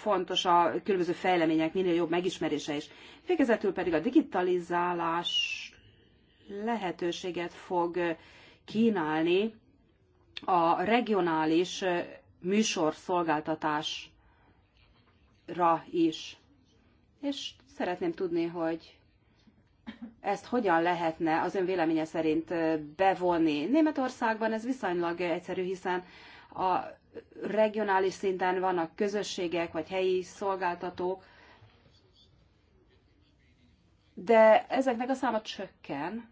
fontos a különböző fejlemények minél jobb megismerése is. Végezetül pedig a digitalizálás lehetőséget fog kínálni a regionális műsorszolgáltatásra is. És szeretném tudni, hogy ezt hogyan lehetne az ön véleménye szerint bevonni. Németországban ez viszonylag egyszerű, hiszen a regionális szinten vannak közösségek vagy helyi szolgáltatók, de ezeknek a száma csökken,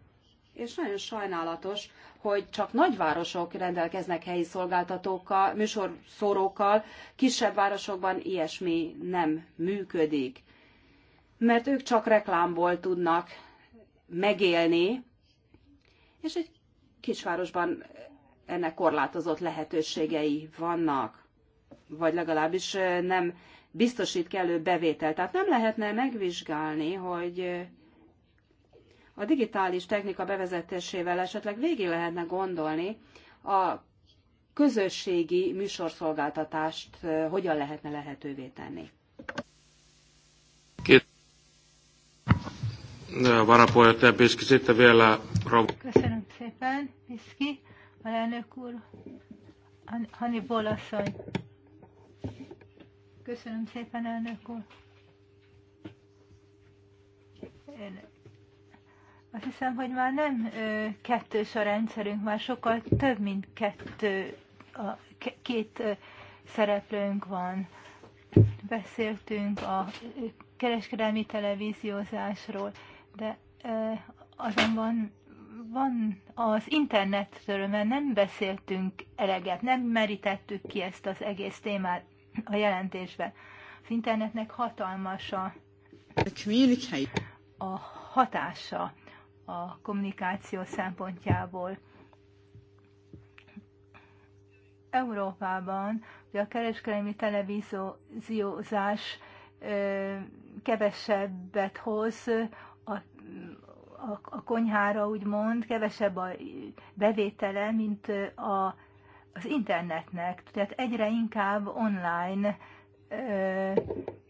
és nagyon sajnálatos, hogy csak nagyvárosok rendelkeznek helyi szolgáltatókkal, műsorszórókkal, kisebb városokban ilyesmi nem működik. Mert ők csak reklámból tudnak megélni, és egy kisvárosban ennek korlátozott lehetőségei vannak, vagy legalábbis nem biztosít kellő bevételt. Tehát nem lehetne megvizsgálni, hogy a digitális technika bevezetésével esetleg végig lehetne gondolni a közösségi műsorszolgáltatást hogyan lehetne lehetővé tenni. Köszönöm szépen, a alelnök úr, hani asszony. Köszönöm szépen, elnök úr. Én azt hiszem, hogy már nem ö, kettős a rendszerünk, már sokkal több, mint kettő, a, két ö, szereplőnk van. Beszéltünk a kereskedelmi televíziózásról, de ö, azonban van az internetről, mert nem beszéltünk eleget, nem merítettük ki ezt az egész témát a jelentésben. Az internetnek hatalmas a, a hatása a kommunikáció szempontjából. Európában ugye a kereskedelmi televíziózás kevesebbet hoz a, a, a konyhára, úgymond, kevesebb a bevétele, mint a, az internetnek. Tehát egyre inkább online ö,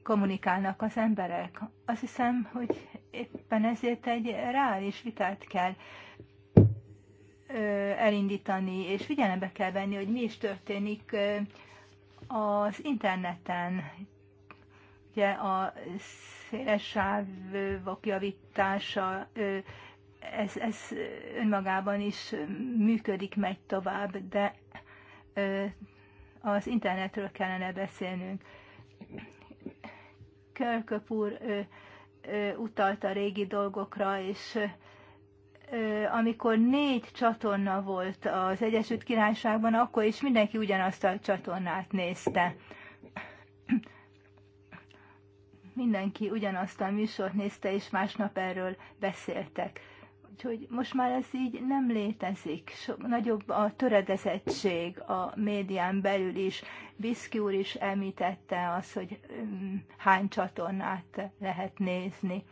kommunikálnak az emberek. Azt hiszem, hogy éppen ezért egy reális vitát kell elindítani, és figyelembe kell venni, hogy mi is történik az interneten. Ugye a széles sávok javítása, ez, ez önmagában is működik, megy tovább, de az internetről kellene beszélnünk. Körköp úr utalt a régi dolgokra, és amikor négy csatorna volt az Egyesült Királyságban, akkor is mindenki ugyanazt a csatornát nézte. Mindenki ugyanazt a műsort nézte, és másnap erről beszéltek. Úgyhogy most már ez így nem létezik. Sok, nagyobb a töredezettség a médián belül is. Viszki úr is említette azt, hogy mm, hány csatornát lehet nézni.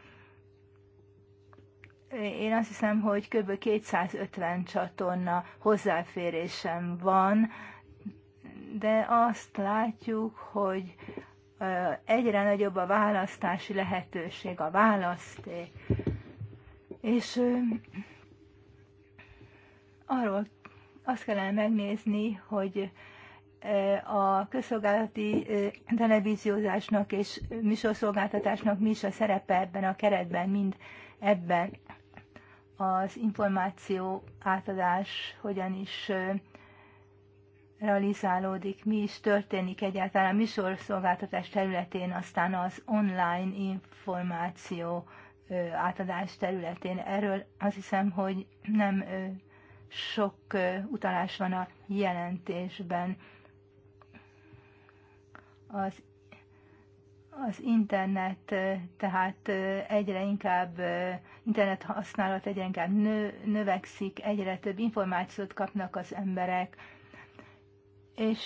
Én azt hiszem, hogy kb. 250 csatorna hozzáférésem van, de azt látjuk, hogy egyre nagyobb a választási lehetőség, a választék és arról azt kellene megnézni, hogy a közszolgálati televíziózásnak és műsorszolgáltatásnak mi is a szerepe ebben a keretben, mind ebben az információ átadás hogyan is realizálódik, mi is történik egyáltalán a műsorszolgáltatás területén, aztán az online információ átadás területén. Erről azt hiszem, hogy nem sok utalás van a jelentésben. Az, az internet tehát egyre inkább, internet használat egyre inkább nő, növekszik, egyre több információt kapnak az emberek, és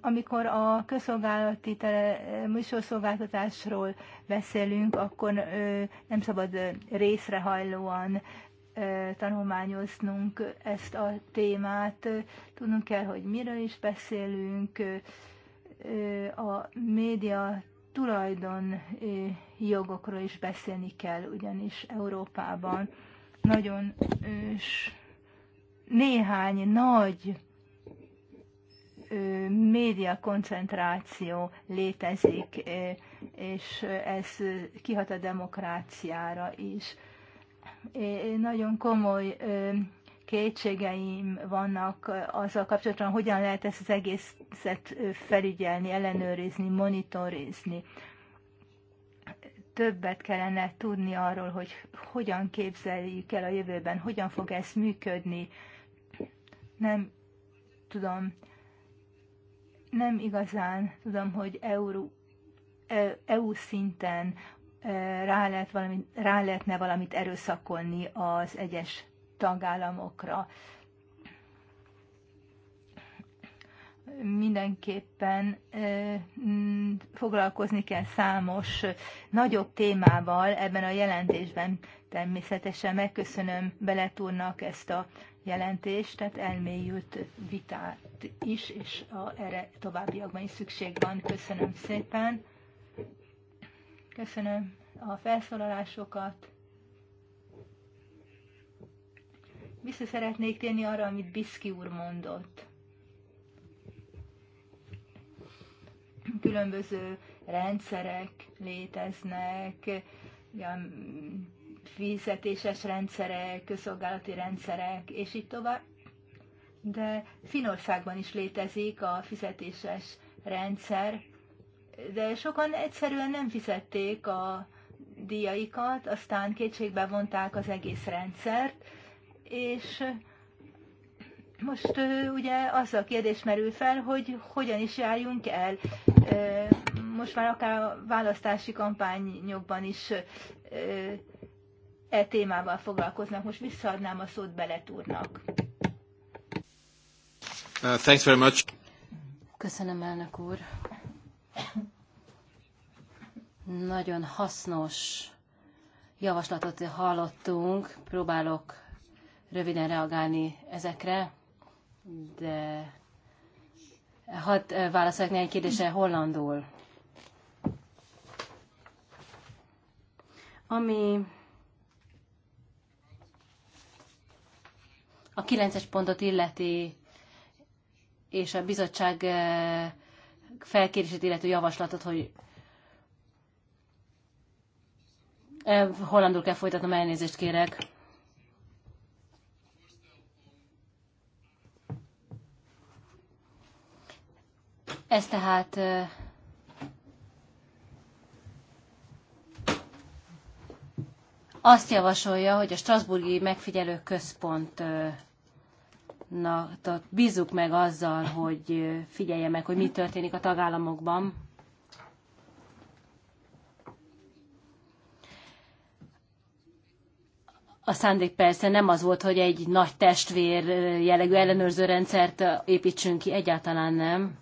amikor a közszolgálati tele, műsorszolgáltatásról beszélünk, akkor nem szabad részrehajlóan tanulmányoznunk ezt a témát. Tudnunk kell, hogy miről is beszélünk. A média tulajdon jogokról is beszélni kell, ugyanis Európában nagyon néhány nagy média koncentráció létezik, és ez kihat a demokráciára is. Nagyon komoly kétségeim vannak azzal kapcsolatban, hogyan lehet ezt az egészet felügyelni, ellenőrizni, monitorizni. Többet kellene tudni arról, hogy hogyan képzeljük el a jövőben, hogyan fog ez működni. Nem tudom, nem igazán tudom, hogy euró, EU e szinten e, rá, lehet valami, rá lehetne valamit erőszakolni az egyes tagállamokra. mindenképpen e, foglalkozni kell számos nagyobb témával ebben a jelentésben. Természetesen megköszönöm Beletúrnak ezt a jelentés, tehát elmélyült vitát is, és a, erre továbbiakban is szükség van. Köszönöm szépen. Köszönöm a felszólalásokat. Vissza szeretnék térni arra, amit Biszki úr mondott. Különböző rendszerek léteznek, ilyen fizetéses rendszerek, közszolgálati rendszerek, és így tovább. De Finországban is létezik a fizetéses rendszer, de sokan egyszerűen nem fizették a díjaikat, aztán kétségbe vonták az egész rendszert, és most ugye az a kérdés merül fel, hogy hogyan is járjunk el. Most már akár a választási kampányokban is e témával foglalkoznak. Most visszaadnám a szót Beletúrnak. Uh, thanks very much. Köszönöm, elnök úr. Nagyon hasznos javaslatot hallottunk. Próbálok röviden reagálni ezekre, de hadd eh, válaszoljak néhány kérdésre hollandul. Ami A 9 pontot illeti, és a bizottság eh, felkérését illető javaslatot, hogy eh, hollandul kell folytatnom, elnézést kérek. Ez tehát eh, azt javasolja, hogy a Strasburgi Megfigyelő Központ Na, tehát bízzuk meg azzal, hogy figyelje meg, hogy mi történik a tagállamokban. A szándék persze nem az volt, hogy egy nagy testvér jellegű ellenőrző rendszert építsünk ki, egyáltalán nem.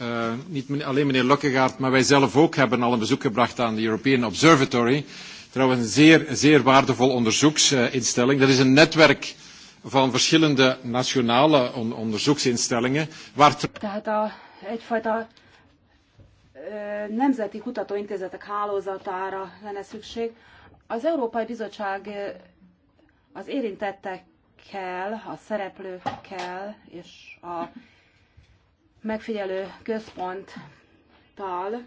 Uh, niet alleen meneer Lukkegaard, maar wij zelf ook hebben al een bezoek gebracht aan de European Observatory. Uh, Trouwens, een zeer, zeer waardevol onderzoeksinstelling. Dat is een netwerk van verschillende nationale on onderzoeksinstellingen. Waar Tehát a, egyfajta ö, nemzeti kutatóintézetek hálózatára lenne szükség. Az Európai Bizottság az érintettekkel, a szereplőkkel és a megfigyelő központtal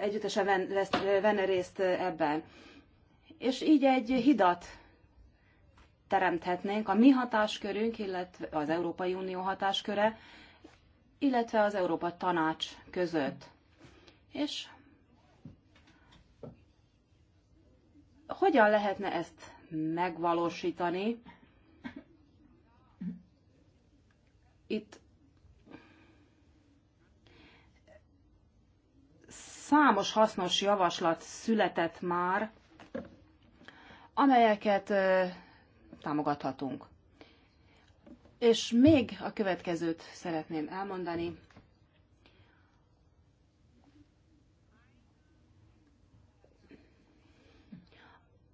együttesen venne részt ebben. És így egy hidat teremthetnénk, a mi hatáskörünk, illetve az Európai Unió hatásköre, illetve az Európa Tanács között. És hogyan lehetne ezt megvalósítani? Itt számos hasznos javaslat született már, amelyeket támogathatunk. És még a következőt szeretném elmondani.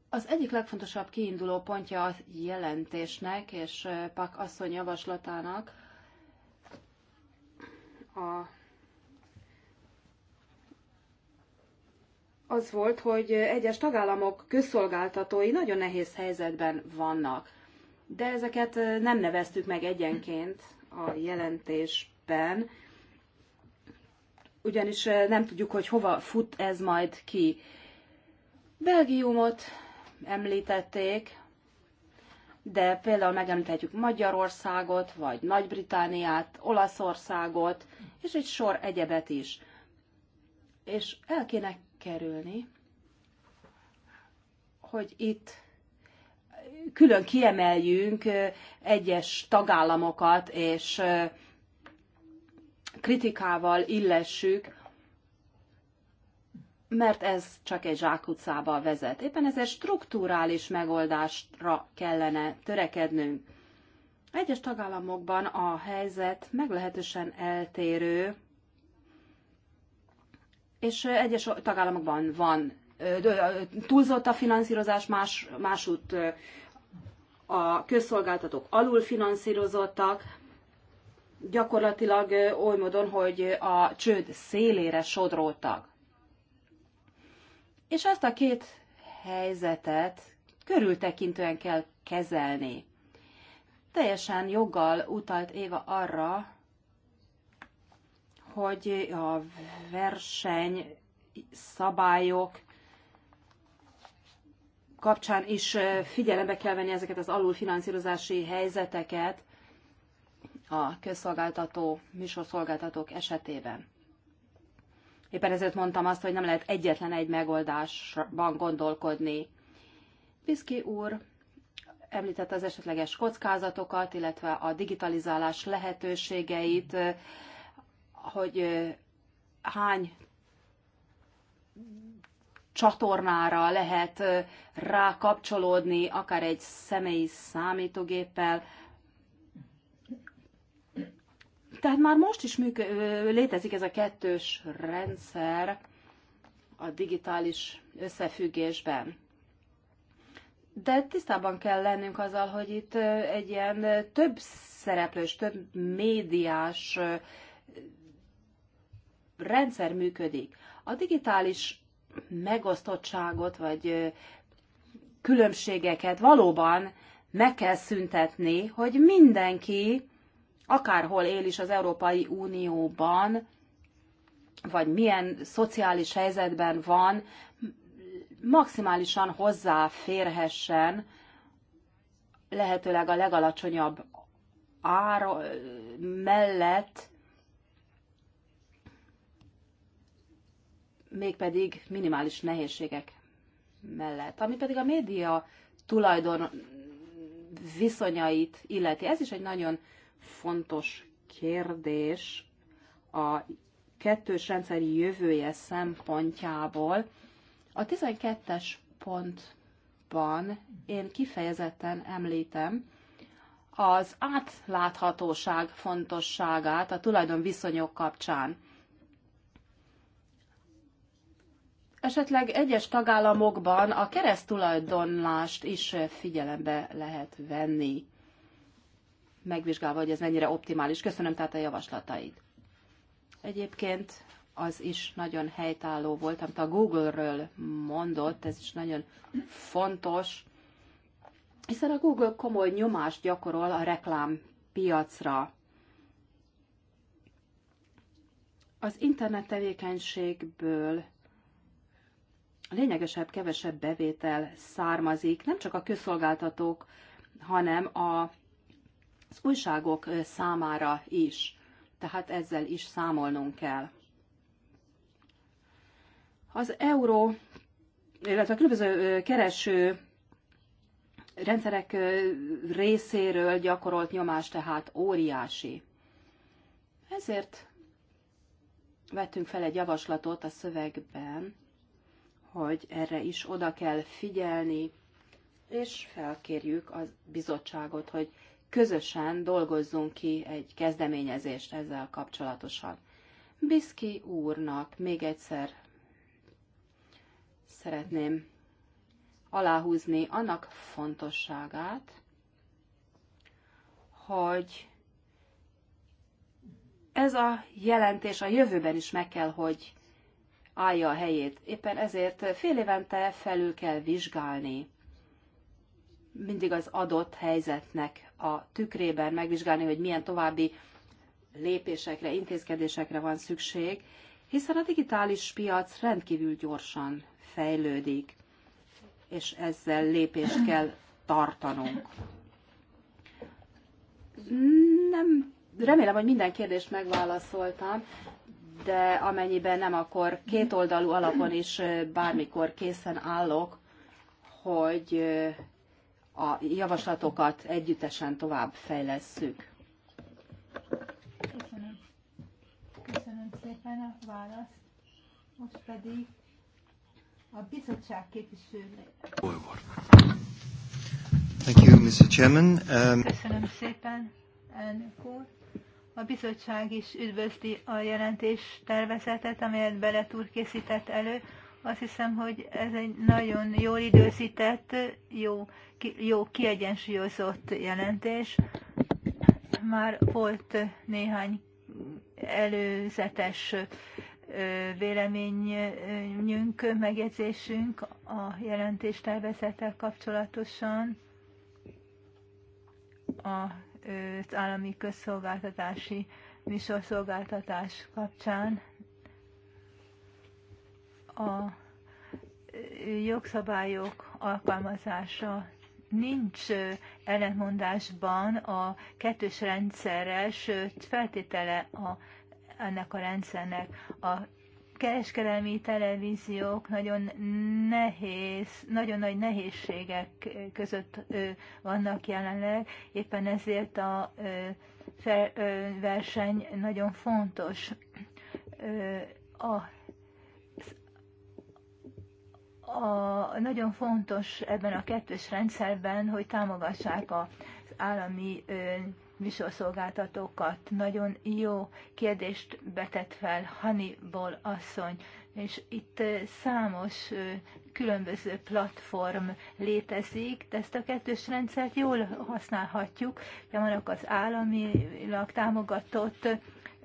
Az egyik legfontosabb kiinduló pontja a jelentésnek és Pak asszony javaslatának a az volt, hogy egyes tagállamok közszolgáltatói nagyon nehéz helyzetben vannak. De ezeket nem neveztük meg egyenként a jelentésben, ugyanis nem tudjuk, hogy hova fut ez majd ki. Belgiumot említették, de például megemlíthetjük Magyarországot, vagy Nagy-Britániát, Olaszországot, és egy sor egyebet is. És el kéne kerülni, hogy itt külön kiemeljünk egyes tagállamokat, és kritikával illessük, mert ez csak egy zsákutcába vezet. Éppen ezért strukturális megoldásra kellene törekednünk. Egyes tagállamokban a helyzet meglehetősen eltérő, és egyes tagállamokban van túlzott a finanszírozás, más, másút a közszolgáltatók alulfinanszírozottak, gyakorlatilag oly módon, hogy a csőd szélére sodródtak. És ezt a két helyzetet körültekintően kell kezelni. Teljesen joggal utalt Éva arra, hogy a verseny szabályok kapcsán is figyelembe kell venni ezeket az alulfinanszírozási helyzeteket a közszolgáltató, műsorszolgáltatók esetében. Éppen ezért mondtam azt, hogy nem lehet egyetlen egy megoldásban gondolkodni. Viszki úr említette az esetleges kockázatokat, illetve a digitalizálás lehetőségeit, hogy hány csatornára lehet rákapcsolódni, akár egy személyi számítógéppel. Tehát már most is műk- létezik ez a kettős rendszer a digitális összefüggésben. De tisztában kell lennünk azzal, hogy itt egy ilyen több szereplős, több médiás rendszer működik. A digitális megosztottságot vagy különbségeket valóban meg kell szüntetni, hogy mindenki, akárhol él is az Európai Unióban, vagy milyen szociális helyzetben van, maximálisan hozzáférhessen lehetőleg a legalacsonyabb ár mellett mégpedig minimális nehézségek mellett. Ami pedig a média tulajdon viszonyait illeti. Ez is egy nagyon fontos kérdés a kettős rendszer jövője szempontjából. A 12-es pontban én kifejezetten említem az átláthatóság fontosságát a tulajdonviszonyok kapcsán. esetleg egyes tagállamokban a keresztulajdonlást is figyelembe lehet venni, megvizsgálva, hogy ez mennyire optimális. Köszönöm tehát a javaslatait. Egyébként az is nagyon helytálló volt, amit a Google-ről mondott, ez is nagyon fontos, hiszen a Google komoly nyomást gyakorol a reklám piacra. Az internet tevékenységből lényegesebb, kevesebb bevétel származik, nem csak a közszolgáltatók, hanem a, az újságok számára is. Tehát ezzel is számolnunk kell. Az euró, illetve a különböző kereső rendszerek részéről gyakorolt nyomás tehát óriási. Ezért vettünk fel egy javaslatot a szövegben, hogy erre is oda kell figyelni, és felkérjük a bizottságot, hogy közösen dolgozzunk ki egy kezdeményezést ezzel kapcsolatosan. Biszki úrnak még egyszer szeretném aláhúzni annak fontosságát, hogy ez a jelentés a jövőben is meg kell, hogy állja a helyét. Éppen ezért fél évente felül kell vizsgálni, mindig az adott helyzetnek a tükrében megvizsgálni, hogy milyen további lépésekre, intézkedésekre van szükség, hiszen a digitális piac rendkívül gyorsan fejlődik, és ezzel lépést kell tartanunk. Nem, remélem, hogy minden kérdést megválaszoltam, de amennyiben nem, akkor kétoldalú alapon is bármikor készen állok, hogy a javaslatokat együttesen tovább fejlesszük. Köszönöm. Köszönöm szépen a választ. Most pedig a bizottság képviselője. Thank you, Mr. Chairman. Um... Köszönöm szépen, elnök úr. A bizottság is üdvözli a jelentés tervezetet, amelyet Beletúr készített elő. Azt hiszem, hogy ez egy nagyon jól időzített, jó, jó kiegyensúlyozott jelentés. Már volt néhány előzetes véleményünk, megjegyzésünk a jelentés tervezettel kapcsolatosan. A az állami közszolgáltatási műsorszolgáltatás kapcsán a jogszabályok alkalmazása nincs ellentmondásban a kettős rendszerrel, sőt feltétele a, ennek a rendszernek a kereskedelmi televíziók nagyon nehéz, nagyon nagy nehézségek között vannak jelenleg, éppen ezért a verseny nagyon fontos. A, a, nagyon fontos ebben a kettős rendszerben, hogy támogassák az állami műsorszolgáltatókat. Nagyon jó kérdést betett fel Hannibal asszony, és itt számos különböző platform létezik, de ezt a kettős rendszert jól használhatjuk. De vannak az államilag támogatott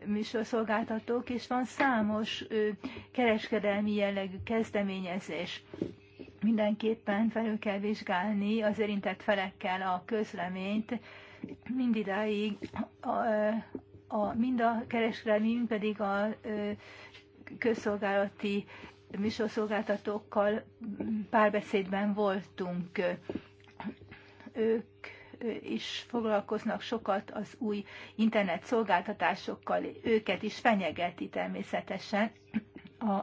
műsorszolgáltatók, és van számos kereskedelmi jellegű kezdeményezés mindenképpen felül kell vizsgálni az érintett felekkel a közleményt, mindidáig a, a, mind a kereskedelmi, mind pedig a közszolgálati műsorszolgáltatókkal párbeszédben voltunk. Ők is foglalkoznak sokat az új internet szolgáltatásokkal, őket is fenyegeti természetesen a,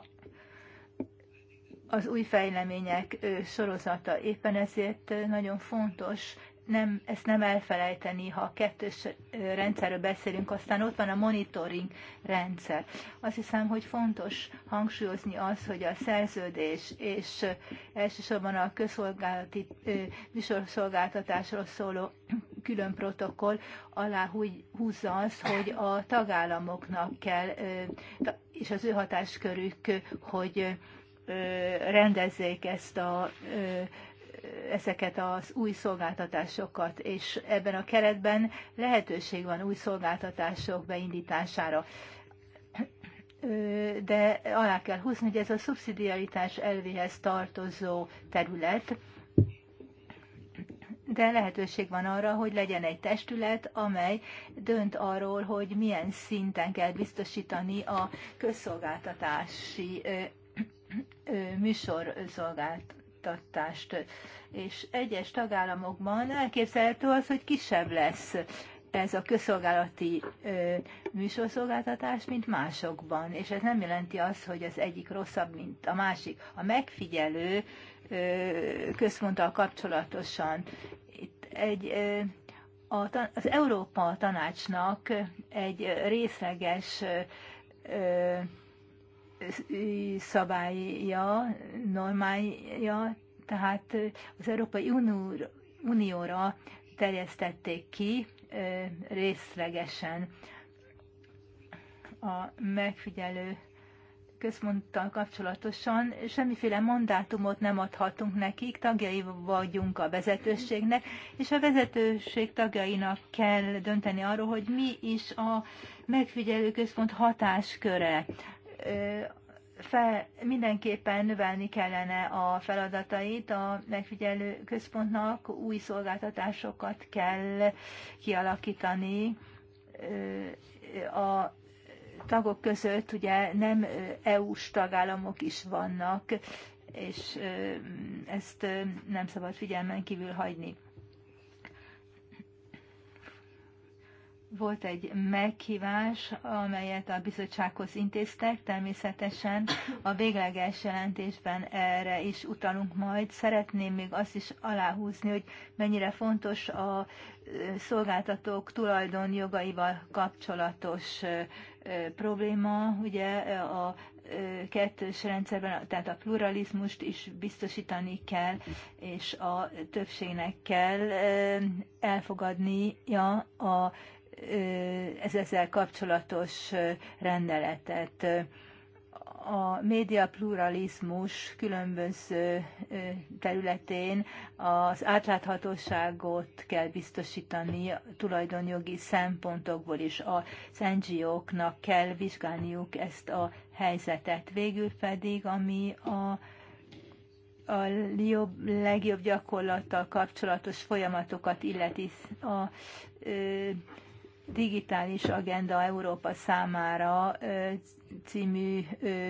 az új fejlemények sorozata. Éppen ezért nagyon fontos nem, ezt nem elfelejteni, ha a kettős rendszerről beszélünk, aztán ott van a monitoring rendszer. Azt hiszem, hogy fontos hangsúlyozni az, hogy a szerződés és elsősorban a közszolgálati műsorszolgáltatásról szóló külön protokoll alá húzza az, hogy a tagállamoknak kell, és az ő hatáskörük, hogy rendezzék ezt a ezeket az új szolgáltatásokat, és ebben a keretben lehetőség van új szolgáltatások beindítására. De alá kell húzni, hogy ez a szubszidiaritás elvéhez tartozó terület, de lehetőség van arra, hogy legyen egy testület, amely dönt arról, hogy milyen szinten kell biztosítani a közszolgáltatási műsorszolgáltatást juttatást. És egyes tagállamokban elképzelhető az, hogy kisebb lesz ez a közszolgálati ö, műsorszolgáltatás, mint másokban. És ez nem jelenti azt, hogy az egyik rosszabb, mint a másik. A megfigyelő központtal kapcsolatosan itt egy ö, a, az Európa Tanácsnak egy részleges ö, szabálya, normája, tehát az Európai Unióra, terjesztették ki részlegesen a megfigyelő központtal kapcsolatosan semmiféle mandátumot nem adhatunk nekik, tagjai vagyunk a vezetőségnek, és a vezetőség tagjainak kell dönteni arról, hogy mi is a megfigyelő központ hatásköre fel, mindenképpen növelni kellene a feladatait a megfigyelő központnak, új szolgáltatásokat kell kialakítani. A tagok között ugye nem EU-s tagállamok is vannak, és ezt nem szabad figyelmen kívül hagyni. Volt egy meghívás, amelyet a bizottsághoz intéztek, természetesen a végleges jelentésben erre is utalunk majd. Szeretném még azt is aláhúzni, hogy mennyire fontos a szolgáltatók tulajdonjogaival kapcsolatos probléma, ugye a kettős rendszerben, tehát a pluralizmust is biztosítani kell, és a többségnek kell elfogadnia a ez ezzel kapcsolatos rendeletet. A média pluralizmus különböző területén az átláthatóságot kell biztosítani tulajdonjogi szempontokból is. a NGO-knak kell vizsgálniuk ezt a helyzetet. Végül pedig, ami a a jobb, legjobb gyakorlattal kapcsolatos folyamatokat illeti a ö, digitális agenda Európa számára című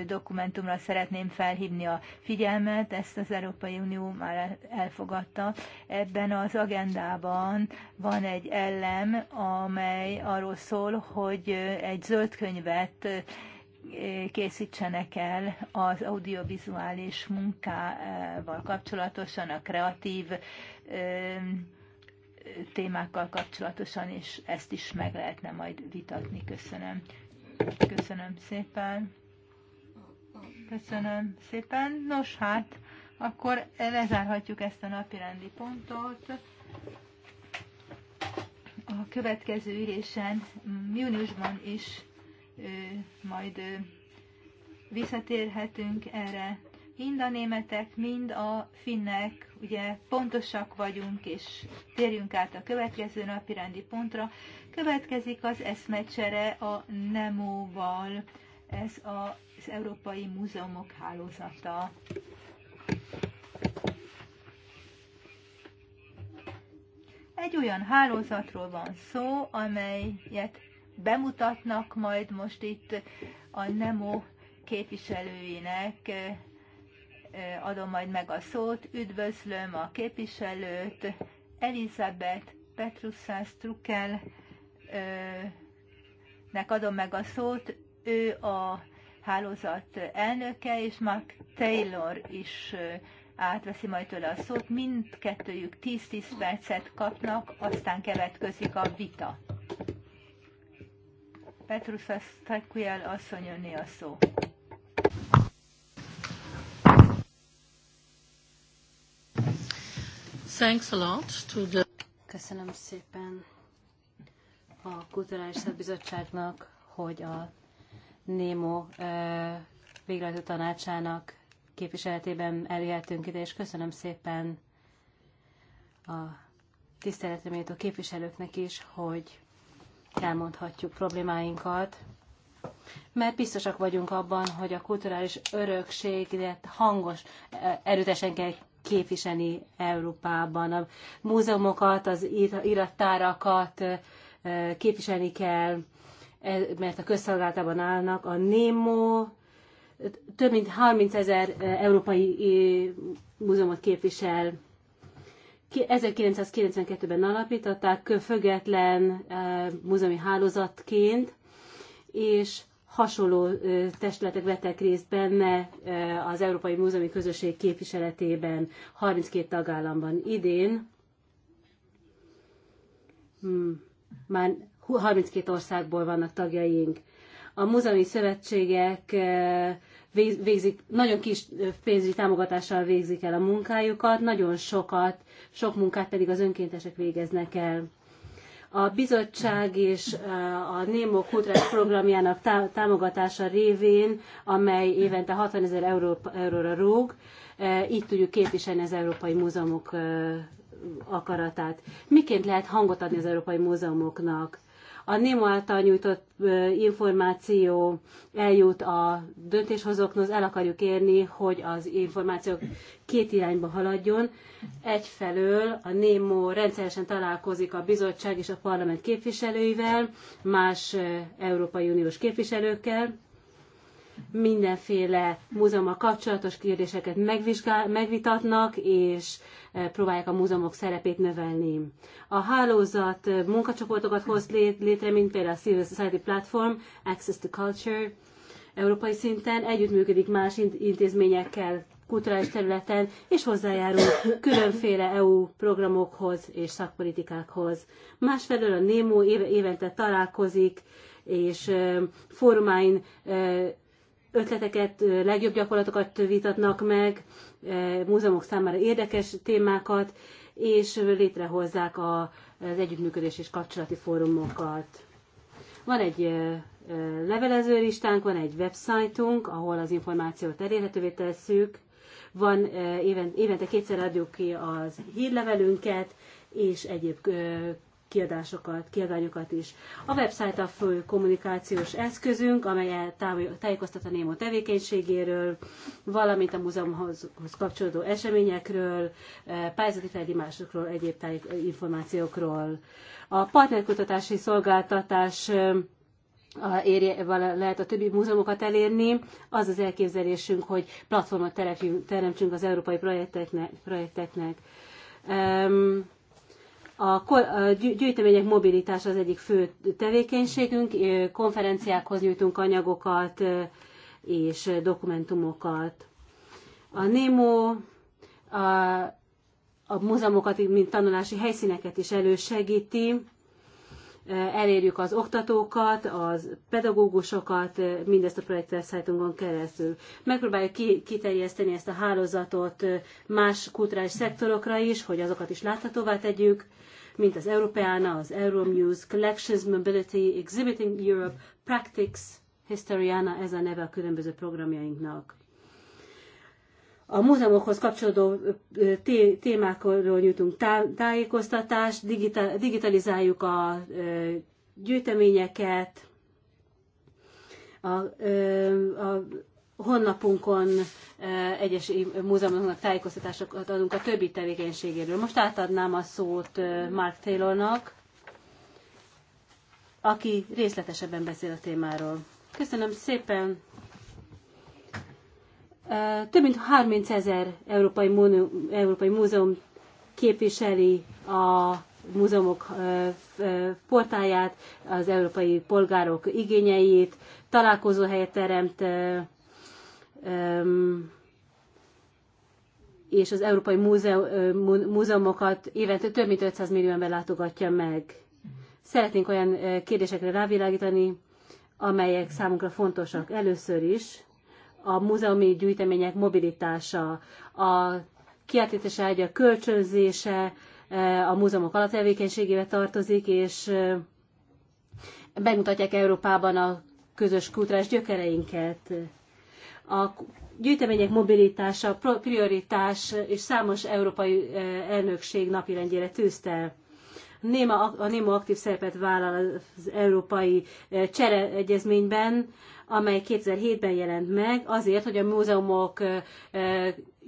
dokumentumra szeretném felhívni a figyelmet, ezt az Európai Unió már elfogadta. Ebben az agendában van egy ellem, amely arról szól, hogy egy zöld könyvet készítsenek el az audiovizuális munkával kapcsolatosan a kreatív témákkal kapcsolatosan, és ezt is meg lehetne majd vitatni. Köszönöm. Köszönöm szépen. Köszönöm szépen. Nos, hát akkor lezárhatjuk ezt a napirendi pontot. A következő ülésen júniusban is ö, majd ö, visszatérhetünk erre mind a németek, mind a finnek, ugye pontosak vagyunk, és térjünk át a következő napi rendi pontra. Következik az eszmecsere a Nemóval, ez az Európai Múzeumok Hálózata. Egy olyan hálózatról van szó, amelyet bemutatnak majd most itt a NEMO képviselőinek adom majd meg a szót. Üdvözlöm a képviselőt, Elizabeth Petrusszán Strukkel, nek adom meg a szót. Ő a hálózat elnöke, és Mark Taylor is átveszi majd tőle a szót. Mindkettőjük 10-10 percet kapnak, aztán következik a vita. Petrus Szakujel asszony a szó. Thanks a lot to the... Köszönöm szépen a Kulturális Szabbizottságnak, hogy a Némo végrehajtó tanácsának képviseletében elérhetünk ide, és köszönöm szépen a tiszteletre méltó képviselőknek is, hogy elmondhatjuk problémáinkat, mert biztosak vagyunk abban, hogy a kulturális örökséget hangos, erőtesen kell képviselni Európában. A múzeumokat, az irattárakat képviselni kell, e, mert a közszolgálatában állnak. A Nemo több mint 30 ezer európai múzeumot képvisel. 1992-ben alapították, független múzeumi hálózatként, és hasonló testületek vettek részt benne az Európai Múzeumi Közösség képviseletében 32 tagállamban idén. Hmm, már 32 országból vannak tagjaink. A múzeumi szövetségek végzik, nagyon kis pénzügyi támogatással végzik el a munkájukat, nagyon sokat, sok munkát pedig az önkéntesek végeznek el a bizottság és a NEMO kulturális programjának támogatása révén, amely évente 60 ezer euró, euróra rúg, így tudjuk képviselni az Európai Múzeumok akaratát. Miként lehet hangot adni az Európai Múzeumoknak? A NIMO által nyújtott információ eljut a döntéshozóknak, el akarjuk érni, hogy az információk két irányba haladjon. Egyfelől a NIMO rendszeresen találkozik a bizottság és a parlament képviselőivel, más Európai Uniós képviselőkkel, mindenféle múzeummal kapcsolatos kérdéseket megvizsgál, megvitatnak, és e, próbálják a múzeumok szerepét növelni. A hálózat e, munkacsoportokat hoz létre, mint például a Civil Society Platform, Access to Culture, európai szinten, együttműködik más intézményekkel, kulturális területen, és hozzájárul különféle EU programokhoz és szakpolitikákhoz. Másfelől a NEMO évente találkozik, és e, fórumáin ötleteket, legjobb gyakorlatokat vitatnak meg, múzeumok számára érdekes témákat, és létrehozzák az együttműködés és kapcsolati fórumokat. Van egy levelező listánk, van egy websájtunk, ahol az információt elérhetővé tesszük, van évente kétszer adjuk ki az hírlevelünket, és egyéb kiadásokat, kiadványokat is. A website a fő kommunikációs eszközünk, amely tájékoztat a Némo tevékenységéről, valamint a múzeumhoz kapcsolódó eseményekről, eh, pályázati felhívásokról, egyéb tájék, információkról. A partnerkutatási szolgáltatás eh, érje, lehet a többi múzeumokat elérni. Az az elképzelésünk, hogy platformot teremtsünk az európai projekteknek. projekteknek. Um, a gyűjtemények mobilitás az egyik fő tevékenységünk, konferenciákhoz nyújtunk anyagokat és dokumentumokat. A NEMO a, a múzeumokat, mint tanulási helyszíneket is elősegíti, elérjük az oktatókat, az pedagógusokat, mindezt a projektwebsájtunkon keresztül. Megpróbáljuk kiterjeszteni ezt a hálózatot más kulturális szektorokra is, hogy azokat is láthatóvá tegyük, mint az Európeána, az Euronews, Collections, Mobility, Exhibiting Europe, Practice, Historiana, ez a neve a különböző programjainknak. A múzeumokhoz kapcsolódó témákról nyújtunk tájékoztatást, digitalizáljuk a gyűjteményeket, a, a honlapunkon egyes múzeumoknak tájékoztatásokat adunk a többi tevékenységéről. Most átadnám a szót Mark Taylornak, aki részletesebben beszél a témáról. Köszönöm szépen! Több mint 30 ezer Európai, Múzeum, Európai Múzeum képviseli a múzeumok portáját, az európai polgárok igényeit, találkozóhelyet teremt, és az európai múzeumokat évente több mint 500 millió ember látogatja meg. Szeretnénk olyan kérdésekre rávilágítani, amelyek számunkra fontosak. Először is a múzeumi gyűjtemények mobilitása, a kiállítás ágya kölcsönzése e, a múzeumok alaptevékenységébe tartozik, és bemutatják Európában a közös kultúrás gyökereinket. A gyűjtemények mobilitása prioritás és számos európai e, elnökség napirendjére tűzte. Néma, a Néma aktív szerepet vállal az európai e, csereegyezményben, amely 2007-ben jelent meg, azért, hogy a múzeumok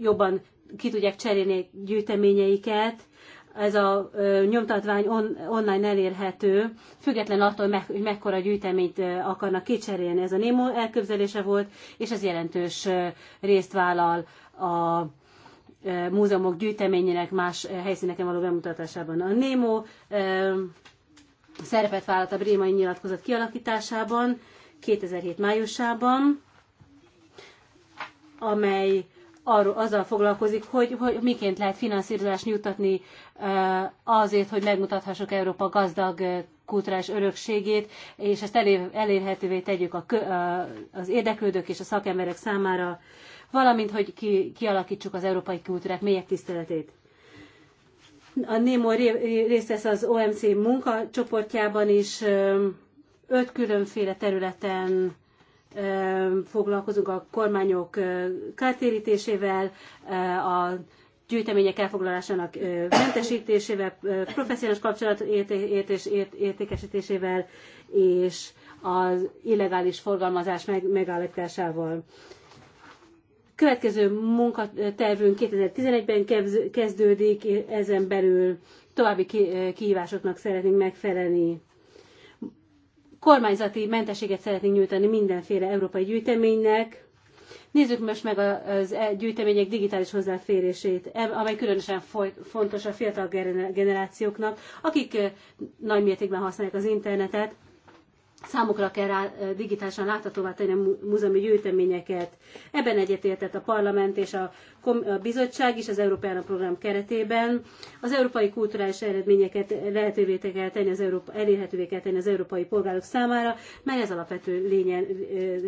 jobban ki tudják cserélni gyűjteményeiket. Ez a nyomtatvány on, online elérhető, független attól, hogy mekkora gyűjteményt akarnak kicserélni. Ez a Nemo elképzelése volt, és ez jelentős részt vállal a múzeumok gyűjteményének más helyszíneken való bemutatásában. A Nemo szerepet vállalt a brémai nyilatkozat kialakításában, 2007 májusában, amely arról, azzal foglalkozik, hogy, hogy miként lehet finanszírozást nyújtatni azért, hogy megmutathassuk Európa gazdag kulturális örökségét, és ezt elérhetővé tegyük a, az érdeklődők és a szakemberek számára, valamint, hogy ki, kialakítsuk az európai kultúrák mélyek tiszteletét. A Némo részt vesz az OMC munkacsoportjában is, öt különféle területen foglalkozunk a kormányok kártérítésével, a gyűjtemények elfoglalásának mentesítésével, professzionális kapcsolat értékesítésével és az illegális forgalmazás meg, megállításával. Következő munkatervünk 2011-ben kezdődik, ezen belül további kihívásoknak szeretnénk megfelelni kormányzati mentességet szeretnénk nyújtani mindenféle európai gyűjteménynek. Nézzük most meg az e gyűjtemények digitális hozzáférését, amely különösen fontos a fiatal generációknak, akik nagy mértékben használják az internetet számukra kell rá, digitálisan láthatóvá tenni a múzeumi gyűjteményeket. Ebben egyetértett a parlament és a, a bizottság is az Európai Állam Program keretében. Az európai kulturális eredményeket lehetővé kell tenni az Európa, elérhetővé kell tenni az európai polgárok számára, mert ez alapvető lényen,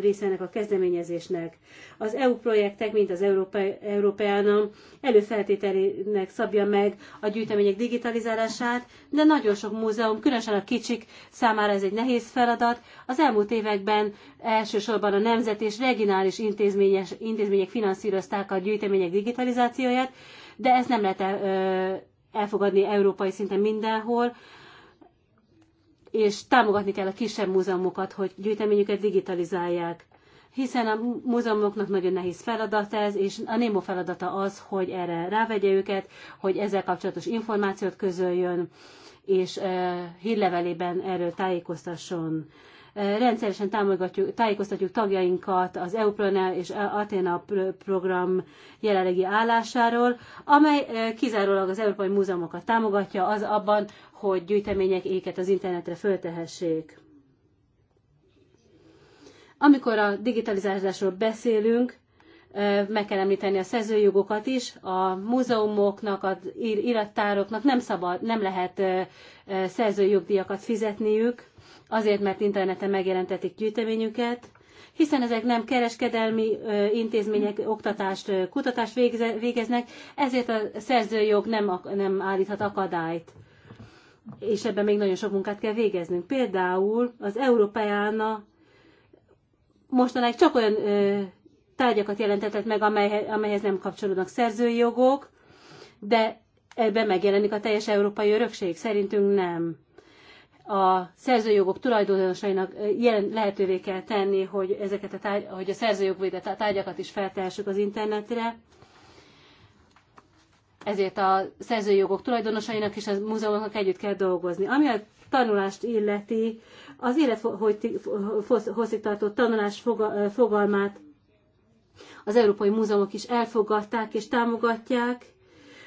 része ennek a kezdeményezésnek. Az EU projektek, mint az Európai, Európai Állam előfeltételének szabja meg a gyűjtemények digitalizálását, de nagyon sok múzeum, különösen a kicsik számára ez egy nehéz feladat, ágazat. Az elmúlt években elsősorban a nemzet és regionális intézményes, intézmények finanszírozták a gyűjtemények digitalizációját, de ezt nem lehet elfogadni európai szinten mindenhol, és támogatni kell a kisebb múzeumokat, hogy gyűjteményüket digitalizálják hiszen a múzeumoknak nagyon nehéz feladat ez, és a Némo feladata az, hogy erre rávegye őket, hogy ezzel kapcsolatos információt közöljön, és hírlevelében erről tájékoztasson. Rendszeresen támogatjuk, tájékoztatjuk tagjainkat az EUPLANA és Athena program jelenlegi állásáról, amely kizárólag az európai múzeumokat támogatja az abban, hogy gyűjtemények éket az internetre föltehessék. Amikor a digitalizálásról beszélünk, meg kell említeni a szerzőjogokat is, a múzeumoknak, az irattároknak nem szabad, nem lehet szerzőjogdíjakat fizetniük, azért, mert interneten megjelentetik gyűjteményüket, hiszen ezek nem kereskedelmi intézmények oktatást, kutatást végeznek, ezért a szerzőjog nem, nem állíthat akadályt. És ebben még nagyon sok munkát kell végeznünk. Például az Európájána mostanáig csak olyan tárgyakat jelentetett meg, amelyhez, nem kapcsolódnak szerzői jogok, de ebben megjelenik a teljes európai örökség? Szerintünk nem. A szerzőjogok tulajdonosainak jelen, lehetővé kell tenni, hogy, ezeket a, tárgy, hogy a szerzőjogvédett tárgyakat is feltehessük az internetre. Ezért a szerzőjogok tulajdonosainak és a múzeumoknak együtt kell dolgozni. Ami a tanulást illeti, az élethosszígtartó tanulás fogalmát az Európai Múzeumok is elfogadták és támogatják.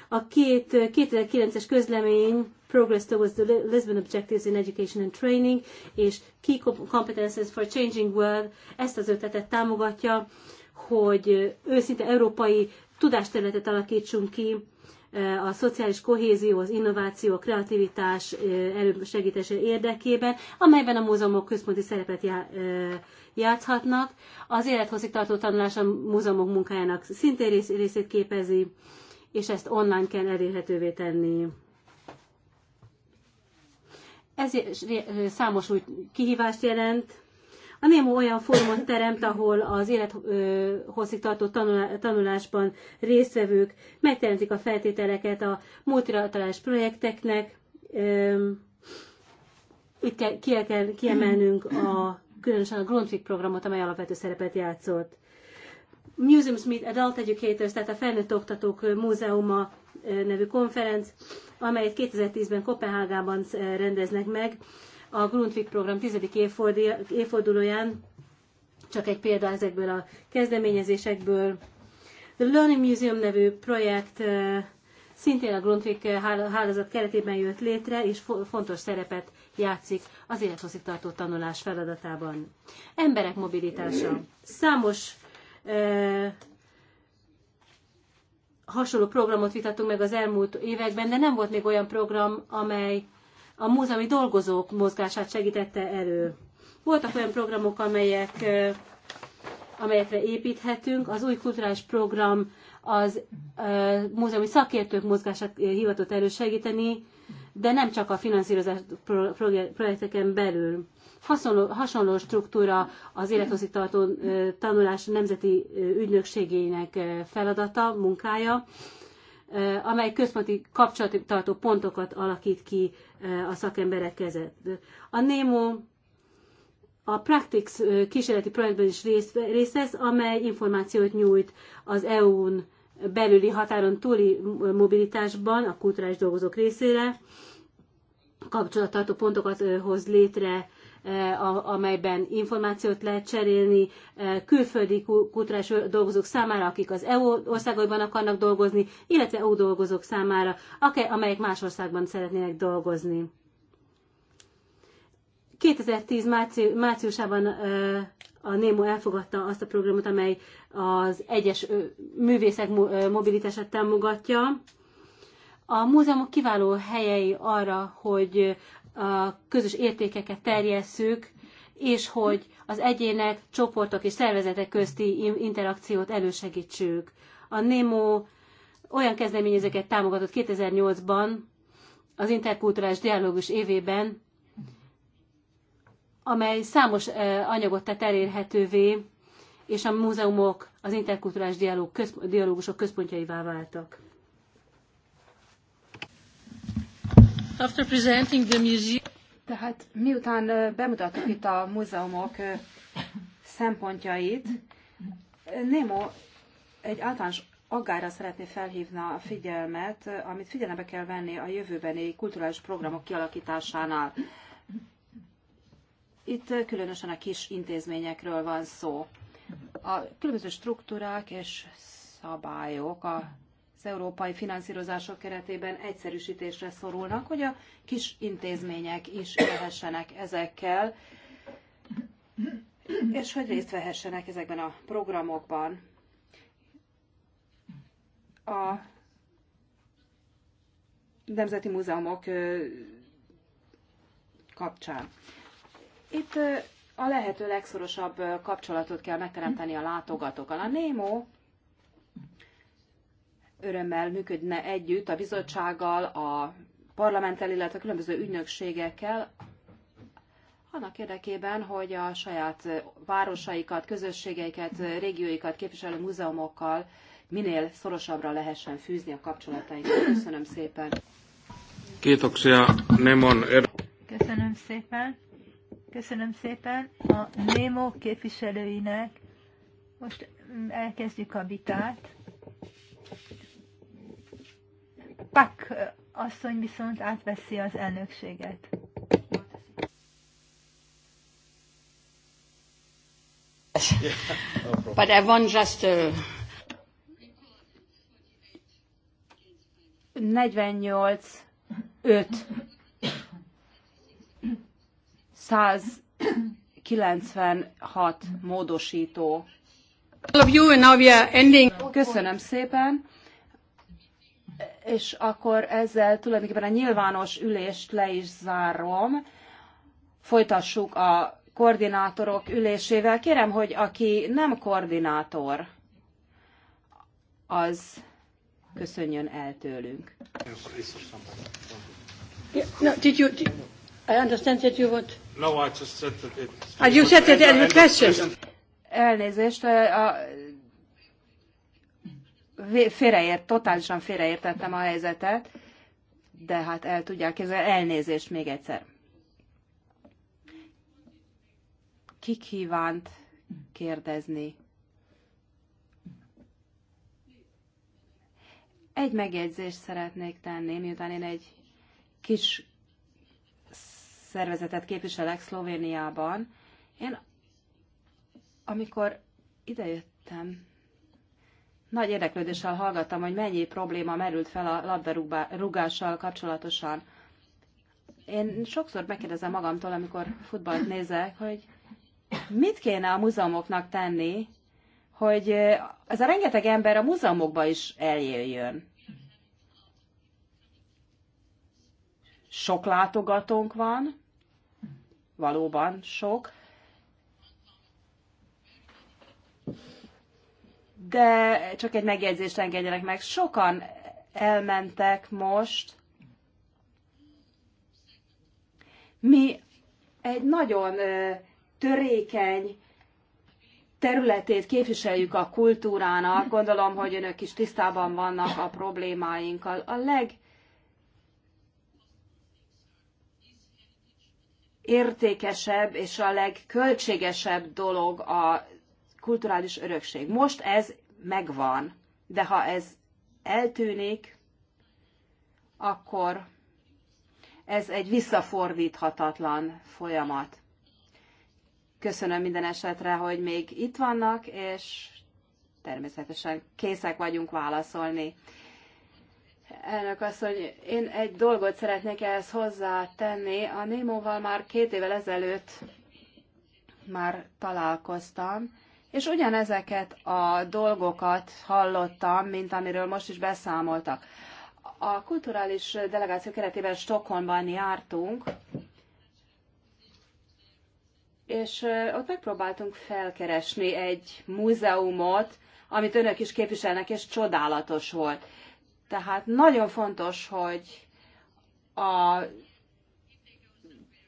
A két 2009-es közlemény Progress Towards the Lisbon Objectives in Education and Training és Key Competences for Changing World ezt az ötletet támogatja, hogy őszinte európai tudásterületet alakítsunk ki, a szociális kohézió, az innováció, a kreativitás elősegítése érdekében, amelyben a múzeumok központi szerepet já, játszhatnak. Az tartó tanulás a múzeumok munkájának szintén részét képezi, és ezt online kell elérhetővé tenni. Ez számos új kihívást jelent. A NEMO olyan formot teremt, ahol az tartó tanulásban résztvevők megteremtik a feltételeket a multilaterális projekteknek. Itt kell kiemelnünk a különösen a Grundtvig programot, amely alapvető szerepet játszott. Museums Meet Adult Educators, tehát a Felnőtt Oktatók Múzeuma eh, nevű konferenc, amelyet 2010-ben Kopenhágában eh, rendeznek meg a Grundtvig program tizedik évfordulóján. Csak egy példa ezekből a kezdeményezésekből. The Learning Museum nevű projekt eh, szintén a Grundtvig hálózat keretében jött létre, és fontos szerepet játszik az élethosszígtartó tanulás feladatában. Emberek mobilitása. Számos e, hasonló programot vitattunk meg az elmúlt években, de nem volt még olyan program, amely a múzeumi dolgozók mozgását segítette elő. Voltak olyan programok, amelyek, amelyekre építhetünk. Az új kulturális program az múzeumi szakértők mozgását hivatott elősegíteni, de nem csak a finanszírozás projekteken belül. Hasonló, hasonló struktúra az tartó tanulás nemzeti ügynökségének feladata, munkája, amely központi kapcsolattartó pontokat alakít ki a szakemberek kezett. A NEMO a Practics kísérleti projektben is részt vesz, amely információt nyújt az EU-n belüli határon túli mobilitásban a kulturális dolgozók részére kapcsolattartó pontokat hoz létre, amelyben információt lehet cserélni külföldi kulturális dolgozók számára, akik az EU országokban akarnak dolgozni, illetve EU dolgozók számára, amelyek más országban szeretnének dolgozni. 2010 márci, márciusában a NEMO elfogadta azt a programot, amely az egyes művészek mobilitását támogatja. A múzeumok kiváló helyei arra, hogy a közös értékeket terjesszük, és hogy az egyének, csoportok és szervezetek közti interakciót elősegítsük. A NEMO olyan kezdeményezeket támogatott 2008-ban, az interkulturális dialógus évében, amely számos anyagot tett elérhetővé, és a múzeumok az interkulturális dialóg, közp- dialógusok központjaivá váltak. After presenting the museum... Tehát miután bemutattuk itt a múzeumok szempontjait, Nemo egy általános aggára szeretné felhívni a figyelmet, amit figyelembe kell venni a jövőbeni kulturális programok kialakításánál. Itt különösen a kis intézményekről van szó. A különböző struktúrák és szabályok az európai finanszírozások keretében egyszerűsítésre szorulnak, hogy a kis intézmények is élhessenek ezekkel, és hogy részt vehessenek ezekben a programokban. A Nemzeti Múzeumok kapcsán. Itt a lehető legszorosabb kapcsolatot kell megteremteni a látogatókkal. A NEMO örömmel működne együtt a bizottsággal, a parlamenttel, illetve a különböző ügynökségekkel, annak érdekében, hogy a saját városaikat, közösségeiket, régióikat képviselő múzeumokkal minél szorosabbra lehessen fűzni a kapcsolatainkat. Köszönöm szépen. Er- Köszönöm szépen. Köszönöm szépen a NEMO képviselőinek. Most elkezdjük a vitát. Pak asszony viszont átveszi az elnökséget. But I want just uh... 48 5 196 módosító. Köszönöm szépen. És akkor ezzel tulajdonképpen a nyilvános ülést le is zárom. Folytassuk a koordinátorok ülésével. Kérem, hogy aki nem koordinátor, az köszönjön el tőlünk. Yeah, no, did you, did, I understand that you would... No, I just said that it... And ah, you said that question. Elnézést, a, félreért, totálisan félreértettem a helyzetet, de hát el tudják kezelni. Elnézést még egyszer. Kik hívánt kérdezni? Egy megjegyzést szeretnék tenni, miután én egy kis szervezetet képviselek Szlovéniában. Én, amikor idejöttem, nagy érdeklődéssel hallgattam, hogy mennyi probléma merült fel a labdarúgással kapcsolatosan. Én sokszor megkérdezem magamtól, amikor futballt nézek, hogy mit kéne a múzeumoknak tenni, hogy ez a rengeteg ember a múzeumokba is eljöjjön. Sok látogatónk van, valóban sok, de csak egy megjegyzést engedjenek meg. Sokan elmentek most. Mi egy nagyon törékeny területét képviseljük a kultúrának. Gondolom, hogy önök is tisztában vannak a problémáinkkal. A leg legértékesebb és a legköltségesebb dolog a kulturális örökség. Most ez megvan, de ha ez eltűnik, akkor ez egy visszafordíthatatlan folyamat. Köszönöm minden esetre, hogy még itt vannak, és természetesen készek vagyunk válaszolni. Elnök asszony, én egy dolgot szeretnék ehhez hozzátenni. A Némóval már két évvel ezelőtt már találkoztam, és ugyanezeket a dolgokat hallottam, mint amiről most is beszámoltak. A kulturális delegáció keretében Stockholmban jártunk, és ott megpróbáltunk felkeresni egy múzeumot, amit önök is képviselnek, és csodálatos volt. Tehát nagyon fontos, hogy a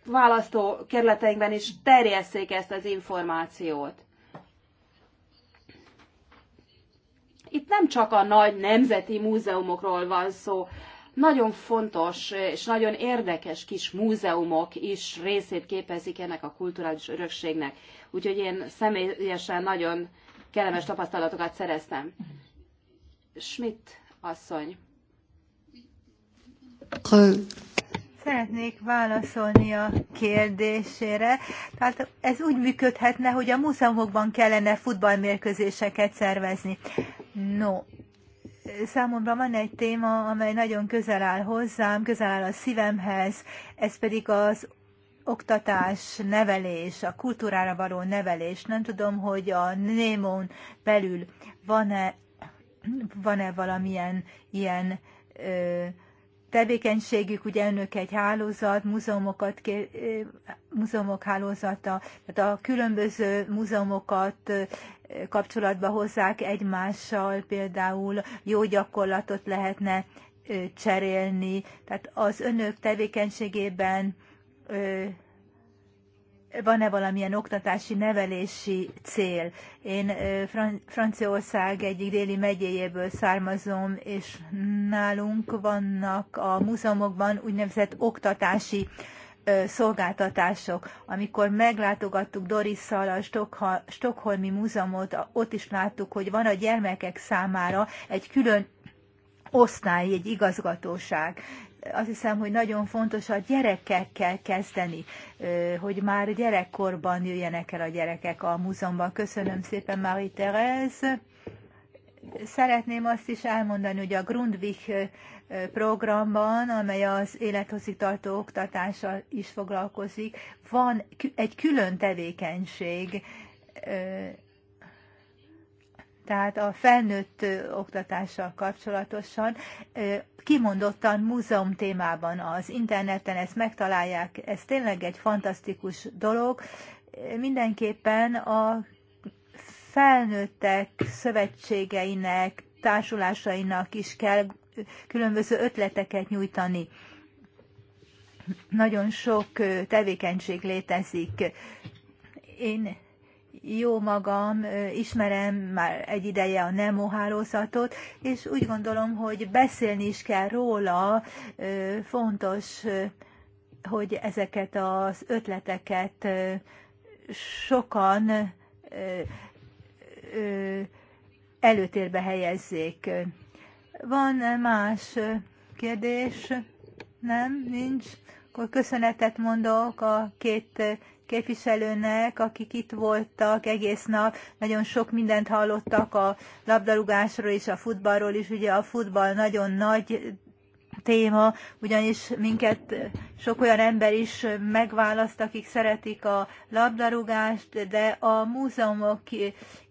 választó kerületeinkben is terjesszék ezt az információt. Itt nem csak a nagy nemzeti múzeumokról van szó, nagyon fontos és nagyon érdekes kis múzeumok is részét képezik ennek a kulturális örökségnek. Úgyhogy én személyesen nagyon kellemes tapasztalatokat szereztem. Schmidt asszony. Szeretnék válaszolni a kérdésére. Tehát ez úgy működhetne, hogy a múzeumokban kellene futballmérkőzéseket szervezni. No, számomra van egy téma, amely nagyon közel áll hozzám, közel áll a szívemhez, ez pedig az oktatás, nevelés, a kultúrára való nevelés. Nem tudom, hogy a Némon belül van-e van-e valamilyen ilyen ö, tevékenységük, ugye önök egy hálózat, múzeumokat, múzeumok hálózata, tehát a különböző múzeumokat kapcsolatba hozzák egymással, például jó gyakorlatot lehetne cserélni, tehát az önök tevékenységében van-e valamilyen oktatási, nevelési cél. Én Fran- Franciaország egyik déli megyéjéből származom, és nálunk vannak a múzeumokban úgynevezett oktatási szolgáltatások. Amikor meglátogattuk Dorisszal a Stokha- Stockholmi Múzeumot, ott is láttuk, hogy van a gyermekek számára egy külön osztály, egy igazgatóság, azt hiszem, hogy nagyon fontos a gyerekekkel kezdeni, hogy már gyerekkorban jöjjenek el a gyerekek a múzeumban. Köszönöm szépen, Marie-Thérèse. Szeretném azt is elmondani, hogy a Grundvik programban, amely az élethosszígtartó oktatással is foglalkozik, van egy külön tevékenység, tehát a felnőtt oktatással kapcsolatosan kimondottan múzeum témában az interneten ezt megtalálják, ez tényleg egy fantasztikus dolog. Mindenképpen a felnőttek szövetségeinek, társulásainak is kell különböző ötleteket nyújtani. Nagyon sok tevékenység létezik. Én jó magam, ismerem már egy ideje a NEMO hálózatot, és úgy gondolom, hogy beszélni is kell róla, fontos, hogy ezeket az ötleteket sokan előtérbe helyezzék. Van más kérdés? Nem? Nincs? Akkor köszönetet mondok a két képviselőnek, akik itt voltak egész nap. Nagyon sok mindent hallottak a labdarúgásról és a futballról is. Ugye a futball nagyon nagy téma, ugyanis minket sok olyan ember is megválaszt, akik szeretik a labdarúgást, de a múzeumok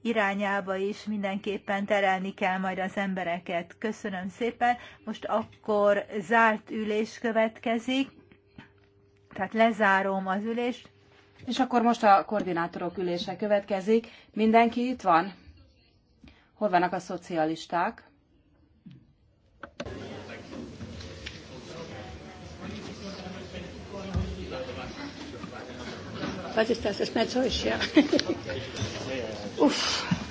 irányába is mindenképpen terelni kell majd az embereket. Köszönöm szépen. Most akkor zárt ülés következik, tehát lezárom az ülést. És akkor most a koordinátorok ülése következik. Mindenki itt van? Hol vannak a szocialisták? Uff. *laughs*